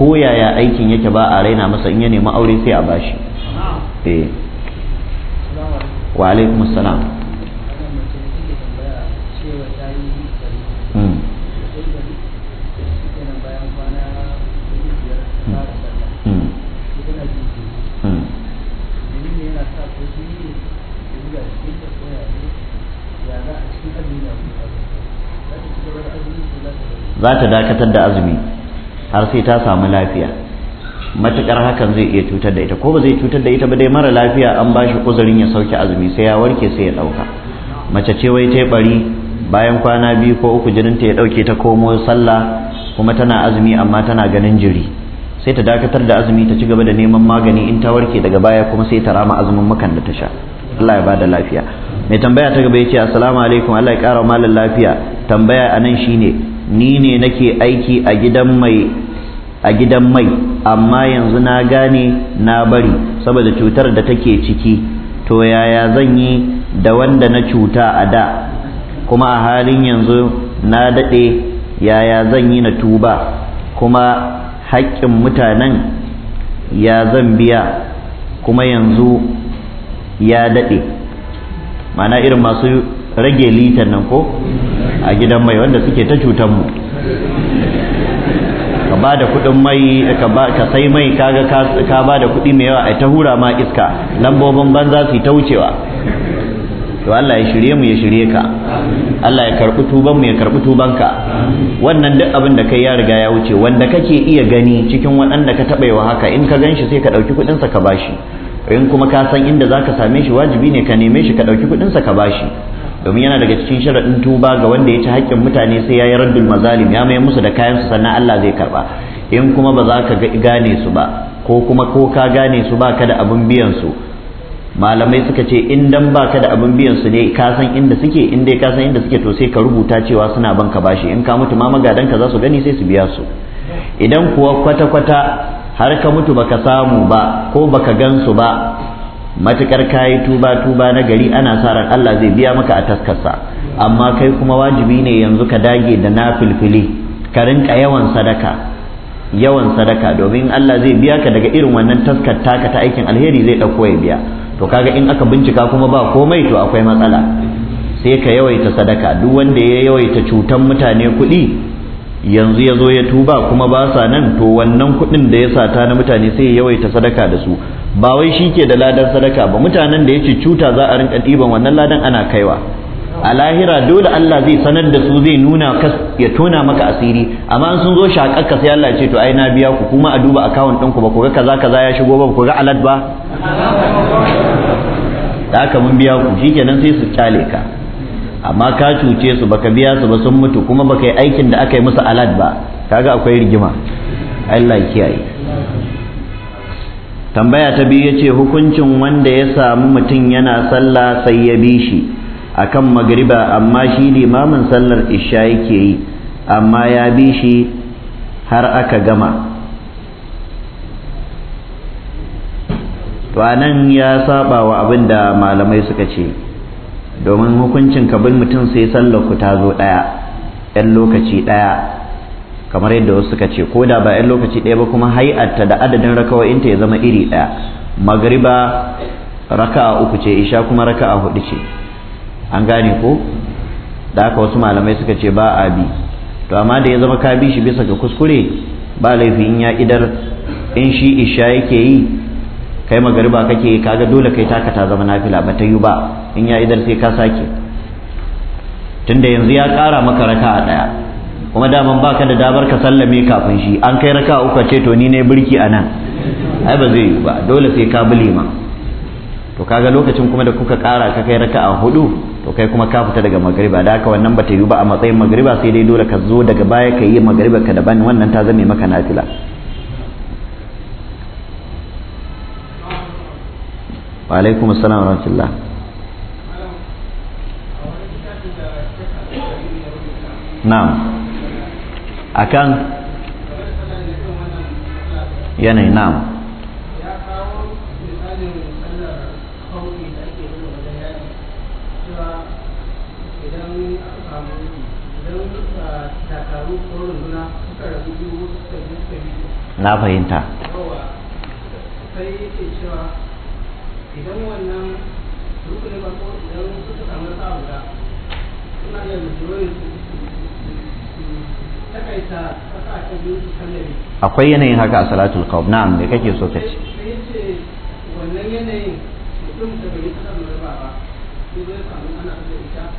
ko yaya aikin yake ba a raina masa in ya nemi aure sai a bashi eh wa salam za ta dakatar da azumi har sai ta samu lafiya matukar hakan zai iya cutar da ita ko ba zai cutar da ita ba dai mara lafiya an ba shi kuzarin ya sauke azumi sai ya warke sai ya dauka mace ce wai ta bari bayan kwana biyu ko uku jinin ta ya dauke ta komo sallah kuma tana azumi amma tana ganin jiri sai ta dakatar da azumi ta ci gaba da neman magani in ta warke daga baya kuma sai ta rama azumin mukan da ta sha Allah ya ba da lafiya mai tambaya ta gaba ya ce assalamu alaikum Allah ya kara malam lafiya tambaya anan shine ni ne nake aiki a gidan mai a gidan mai amma yanzu na gane na bari saboda cutar da take ciki to yaya zan yi da wanda na cuta a da kuma a halin yanzu na daɗe yaya zan yi na tuba kuma haƙƙin mutanen ya zan biya kuma yanzu ya daɗe mana irin masu rage litan nan ko a gidan mai wanda suke ta cutar mu ka ba da kudin mai ka sai mai kaga ka ba da kudi mai yawa a ta hura ma iska lambobin banza su ta wucewa to Allah ya shirye mu ya shirye ka Allah ya karbi tuban mu ya karbi tuban ka wannan duk abin da kai ya riga ya wuce wanda kake iya gani cikin waɗanda ka taɓa yawa haka in ka ganshi sai ka ɗauki kuɗin sa ka bashi in kuma ka san inda zaka same shi wajibi ne ka neme shi ka ɗauki kuɗin sa ka bashi domin yana daga cikin sharaɗin tuba ga wanda ya ci haƙƙin mutane sai ya yi raddul mazalim ya mai musu da kayan su sannan Allah zai karba in kuma ba za ka gane su ba ko kuma ko ka gane su ba ka da abin biyan su malamai suka ce in dan ka da abin biyan su ne ka san inda suke in dai ka san inda suke to sai ka rubuta cewa suna ban ka bashi in ka mutu ma magadan ka za su gani sai su biya su idan kuwa kwata kwata har ka mutu baka samu ba ko baka gan su ba matukar kayi tuba tuba na gari ana sa ran Allah zai biya maka a taskarsa amma kai kuma wajibi ne yanzu ka dage da na filfili ka rinka yawan sadaka yawan sadaka domin Allah zai biya ka daga irin wannan taskar taka ta aikin alheri zai ɗauko ya biya to kaga in aka bincika kuma ba komai to akwai matsala sai ka yawaita sadaka duk wanda ya yawaita cutan mutane kuɗi yanzu ya zo ya tuba kuma ba sa nan to wannan kudin da ya sata na mutane sai ya yawaita sadaka da su ba wai shi ke da ladan sadaka ba mutanen da ya ce cuta za a rinka ɗiban wannan ladan ana kaiwa a lahira dole Allah zai sanar da su zai nuna ya tona maka asiri amma an sun zo shakakka sai Allah ce to ai na biya ku kuma a duba akawun ɗinku ba ku ga kaza kaza ya shigo ba ku ga alat ba da aka mun biya ku shikenan sai su kyale ka amma ka cuce su baka biya su ba sun mutu kuma baka yi aikin da aka yi musu alad ba kaga akwai rigima Allah kiyaye tambaya ta biyu yace hukuncin wanda ya samu mutum yana sallah sai ya bi shi akan magriba amma shi limamin sallar isha yake yi amma ya bi shi har aka gama to anan ya saba wa abin da malamai suka ce domin hukuncin ka bin mutum sai sallar ku ta zo ɗaya ɗan lokaci ɗaya kamar yadda wasu suka ce ko da ba ɗan lokaci ɗaya ba kuma hai'atta da adadin rakawoyinta ya zama iri ɗaya magariba raka'a uku ce isha kuma raka'a hudu ce an gane ko da haka wasu malamai suka ce ba a bi to amma da ya zama ka bi shi bisa ga kuskure ba laifi in ya idar in shi isha yake yi kai magariba kake kaga dole kai taka ta zama nafila ba ta yi ba in ya idan sai ka sake tunda yanzu ya kara maka raka a daya kuma daman baka da damar ka sallame kafin shi an kai raka uku ce to ni ne birki a nan ai ba zai yi ba dole sai ka bule ma to kaga lokacin kuma da kuka kara ka kai raka a hudu to kai kuma ka fita daga magariba da haka wannan bata yi ba a matsayin magariba sai dai dole ka zo daga baya ka yi magariba ka daban wannan ta zame maka nafila wa alaikum assalam wa rahmatullah na'am akan yanayi na'am na fahimta idan akwai yanayin haka a salatul qawm na'am me kake so ka ce wannan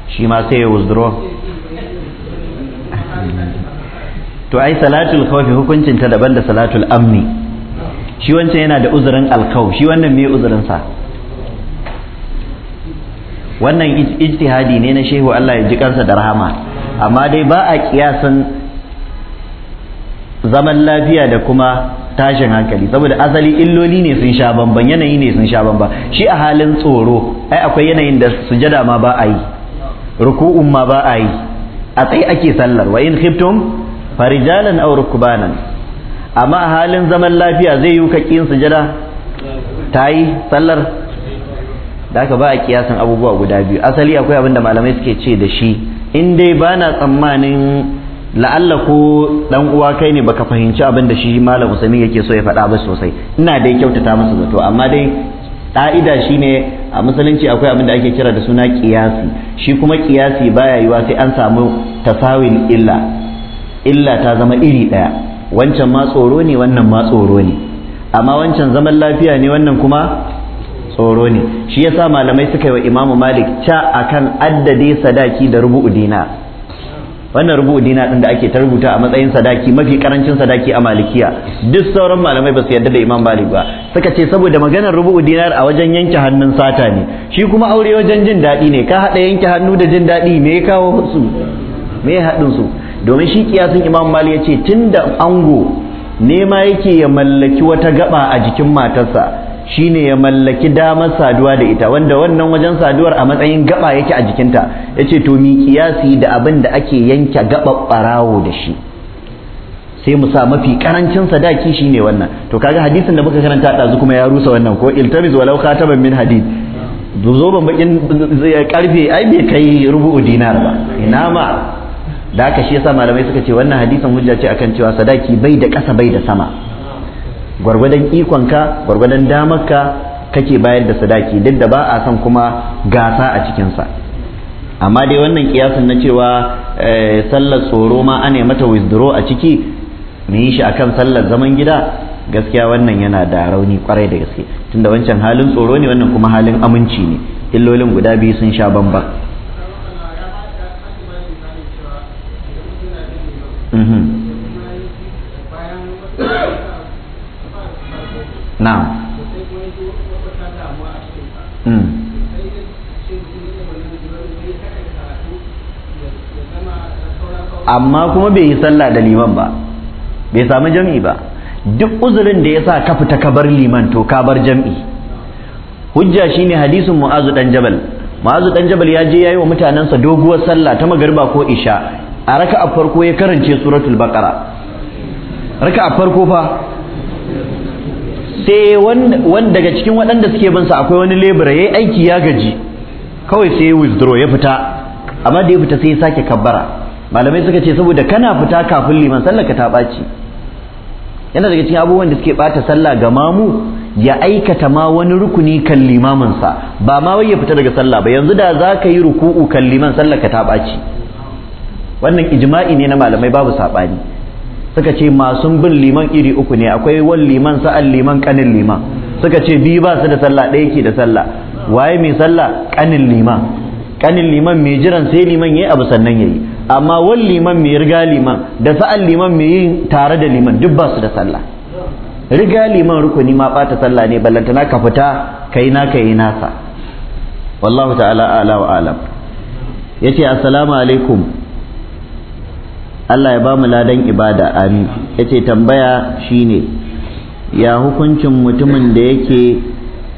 shi ma sai ya withdraw to ai salatul khawfi hukuncin daban da salatul amni shi wancan yana da uzurin alkaw shi wannan me uzurin sa wannan ijtihadi ne na shehu Allah ya ji kansa da rahama amma dai ba a kiyasan zaman lafiya da kuma tashin hankali saboda asali illoli ne sun sha bamban yanayi ne sun sha bamban shi a halin tsoro ai akwai yanayin da sujada ma ba a yi ruku'un ma ba a yi a tsaye ake sallar wa in khiftum farijalan aw rukbanan amma a halin zaman lafiya zai yi ka kin sujada tayi sallar da aka ba a kiyasan abubuwa guda biyu asali akwai abin da malamai suke ce da shi in dai ba na tsammanin la'alla ko dan uwa kai ne baka fahimci abin da shi malam usaimin yake so ya faɗa ba sosai ina dai kyautata masa zato amma dai ƙa'ida ne a musulunci akwai abin da ake kira da suna kiyasi shi kuma kiyasi baya yiwa sai an samu tasawin illa illa ta zama iri daya wancan ma tsoro ne wannan ma tsoro ne amma wancan zaman lafiya ne wannan kuma tsoro ne shi yasa malamai suka yi wa imamu malik ca akan addade sadaki da rubu'u dina wannan rubu'u dina din da ake ta rubuta a matsayin sadaki mafi karancin sadaki a malikiya duk sauran malamai ba su yarda da imam malik ba suka ce saboda maganar rubu'u dinar a wajen yanke hannun sata ne shi kuma aure wajen jin daɗi ne ka haɗa yanke hannu da jin daɗi me ya kawo su me ya haɗin su domin shi kiyasin imam malik ya ce tunda ango nema yake ya mallaki wata gaba a jikin matarsa shine ya mallaki damar saduwa da ita wanda wannan wajen saduwar a matsayin gaba yake a jikinta yace to mi kiyasi da abin da ake yanke gaba barawo da shi sai mu sa mafi karancin sadaki shine wannan to kaga hadisin da muka karanta ɗazu kuma ya rusa wannan ko iltamiz walau khataban min hadid zoben bakin karfe ai bai kai rubu'u dinar ba ina ma da haka shi yasa malamai suka ce wannan hadisin hujja ce akan cewa sadaki bai da ƙasa bai da sama gwargwadon ikonka gwargwadon damarka kake bayar da sadaki duk da ba a son kuma gasa a cikinsa amma dai wannan kiyasin na cewa eh, sallar tsoro ma ana mata withdraw a ciki mu yi shi kan sallar zaman gida gaskiya wannan yana da rauni kwarai da gaske tunda wancan halin tsoro ne wannan kuma halin aminci ne illolin guda biyu sun sha bamban mm -hmm. na'am hmm. amma kuma bai yi sallah da liman ba bai samu jam'i ba duk uzurin da ya sa ka fita ka bar liman to ka bar jam'i hujja shi ne hadisin mu'azu ɗan jabal mu'azu ɗan jabal ya je ya yi wa mutanensa doguwar sallah ta magariba ko isha a raka a farko ya karance suratul raka a farko fa sai wanda daga cikin waɗanda suke bansa akwai wani lebura yi aiki ya gaji kawai sai withdraw ya fita amma da ya fita sai ya sake kabbara malamai suka ce saboda kana fita kafin liman sallar ka ta ɓaci yana daga cikin abubuwan da suke ɓata sallah ga mamu ya aikata ma wani rukuni kan limaminsa ba ma wai ya fita daga sallah ba yanzu da za ka yi ruku'u kan liman sallar ka ta ɓaci wannan ijma'i ne na malamai babu saɓani suka ce masu bin liman iri uku ne akwai wan liman sa'an liman kanin liman suka ce biyu ba su da sallah ɗaya ke da sallah waye mai sallah kanin liman kanin liman mai jiran sai liman yayi abu sannan yayi amma wan liman mai riga liman da sa'an liman mai yin tare da liman duk ba su da sallah riga liman rukuni ma bata sallah ne ballantana ka fita kai na yi nasa wallahu ta'ala ala wa alam yace assalamu alaikum Allah ya ba mu ladan ibada amin ya ce tambaya shine ya hukuncin mutumin da yake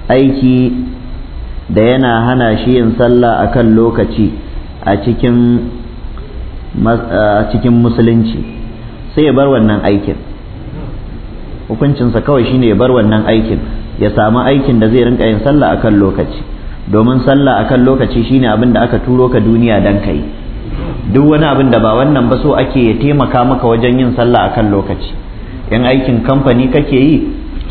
aiki da yana hana shi yin sallah a kan lokaci a cikin musulunci sai ya bar wannan aikin hukuncinsa kawai shine ya bar wannan aikin ya samu aikin da zai rinka yin sallah a kan lokaci domin sallah a kan lokaci shine abin da aka turo ka duniya don kai duk wani abin da ba wannan ba so ake ya taimaka maka wajen yin sallah akan lokaci in aikin kamfani kake yi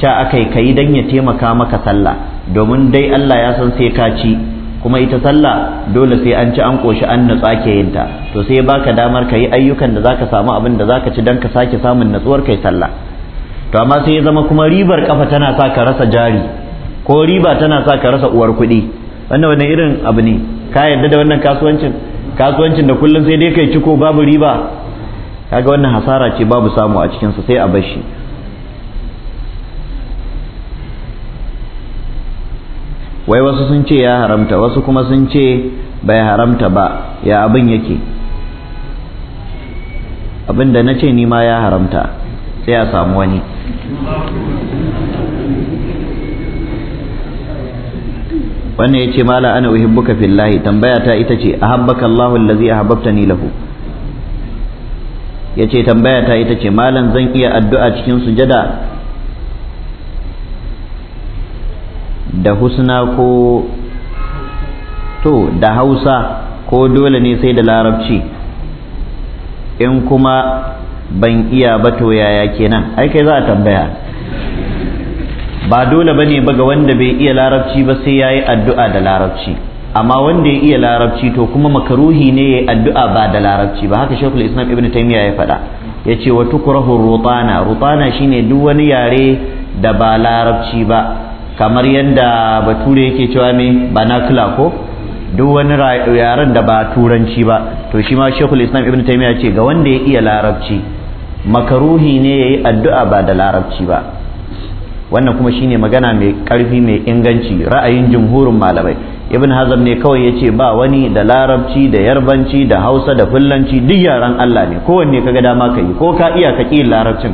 ca akai kayi dan ya taimaka maka sallah domin dai Allah ya san sai ka ci kuma ita sallah dole sai an ci an koshi an natsa ke yin ta to sai baka damar kayi ayyukan da zaka samu abin da zaka ci dan ka sake samun natsuwar kai sallah to amma sai ya zama kuma ribar kafa tana sa ka rasa jari ko riba tana sa ka rasa uwar kuɗi wannan wannan irin abu ne ka yarda da wannan kasuwancin kasuwancin da kullum sai dai kai ciko babu riba kaga wannan hasara ce babu samu a cikinsa sai a bashi wai wasu sun ce ya haramta wasu kuma sun ce bai haramta ba ya abin yake abin da na ce ni ma ya haramta sai a samu wani wannan yace mala ana uhibbuka fillahi tambaya ta ita ce ahabbaka Allahu allazi ahabbtani lahu yace tambaya ta ita ce malam zan iya addu'a cikin sujada da husna ko to da Hausa ko dole ne sai da larabci in kuma ban iya ba to yaya kenan ai kai za a tambaya ba dole bane ba ga wanda bai iya larabci ba sai yayi addu'a da larabci amma wanda ya iya larabci to kuma makaruhi ne yayi addu'a ba da larabci ba haka shekul islam ibn taymiya ya faɗa ya ce wa tukrahu rutana rutana shine duk wani yare da ba larabci ba kamar yadda bature yake cewa me banakula ko duk wani yaren da ba turanci ba to shi ma shekul islam ibn taymiya ce ga wanda ya iya larabci makaruhi ne yayi addu'a ba da larabci ba wannan kuma shine magana mai karfi mai inganci ra'ayin jumhurin malamai ibn hazm ne kawai yace ba wani da larabci da yarbanci da hausa da fullanci duk yaran Allah ne kowanne kaga dama ka yi ko ka iya ka ƙi larabcin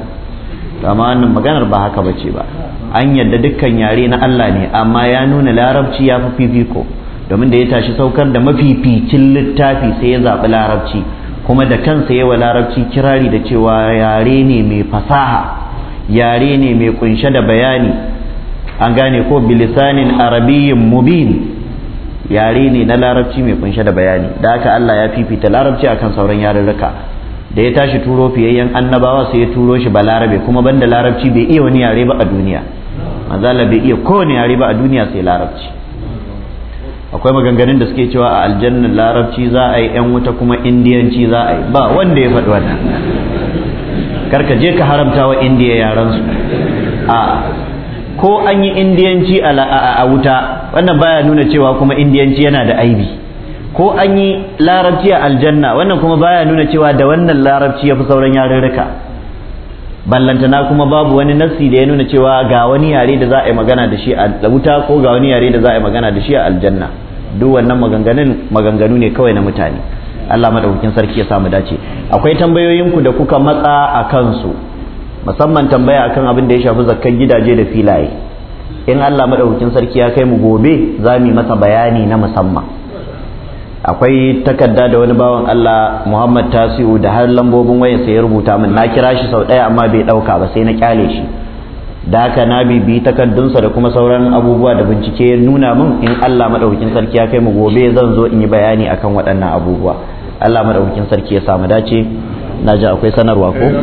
amma wannan maganar ba haka bace ba an yadda dukkan yare na Allah ne amma ya nuna larabci ya fi fifiko domin da ya tashi saukar da mafificin littafi sai ya zaɓi larabci kuma da kansa wa larabci kirari da cewa yare ne mai fasaha yare ne mai kunshe da bayani an gane ko bilisanin arabiyyin mubin yare ne na larabci mai kunshe da bayani da haka Allah ya fifita larabci akan sauran yarurruka da ya tashi turo fiyayyen annabawa sai ya turo shi balarabe kuma banda larabci bai iya wani yare ba a duniya manzala bai iya kowane yare ba a duniya sai larabci akwai maganganun da suke cewa a aljannan larabci za a yi yan wuta kuma indiyanci za a yi ba wanda ya faɗi wannan karka je ka haramta wa indiya yaran su a ko an yi indiyanci a wuta wannan baya nuna cewa kuma indiyanci yana da aibi ko an yi larabci a aljanna wannan kuma baya nuna cewa da wannan larabci ya fi sauran yarurruka ballantana kuma babu wani nassi da ya nuna cewa ga wani yare da za a yi magana da shi a wuta ko ga wani yare da za a yi magana da shi a aljanna duk wannan maganganun maganganu ne kawai na mutane Allah madaukakin sarki ya samu dace akwai tambayoyin ku da kuka matsa a kansu musamman tambaya akan abin da ya shafi zakkar gidaje da filaye in Allah madaukakin sarki ya kai mu gobe za mu masa bayani na musamman akwai takarda da wani bawan Allah Muhammad Tasiu da har lambobin wayarsa ya rubuta min na kira shi sau ɗaya amma bai ɗauka ba sai na kyale shi da haka na bibiyi takardunsa da kuma sauran abubuwa da bincike ya nuna min in Allah madaukakin sarki ya kai mu gobe zan zo in yi bayani akan waɗannan abubuwa Allah madaukakin sarki ya samu dace na ji akwai sanarwa ko eh,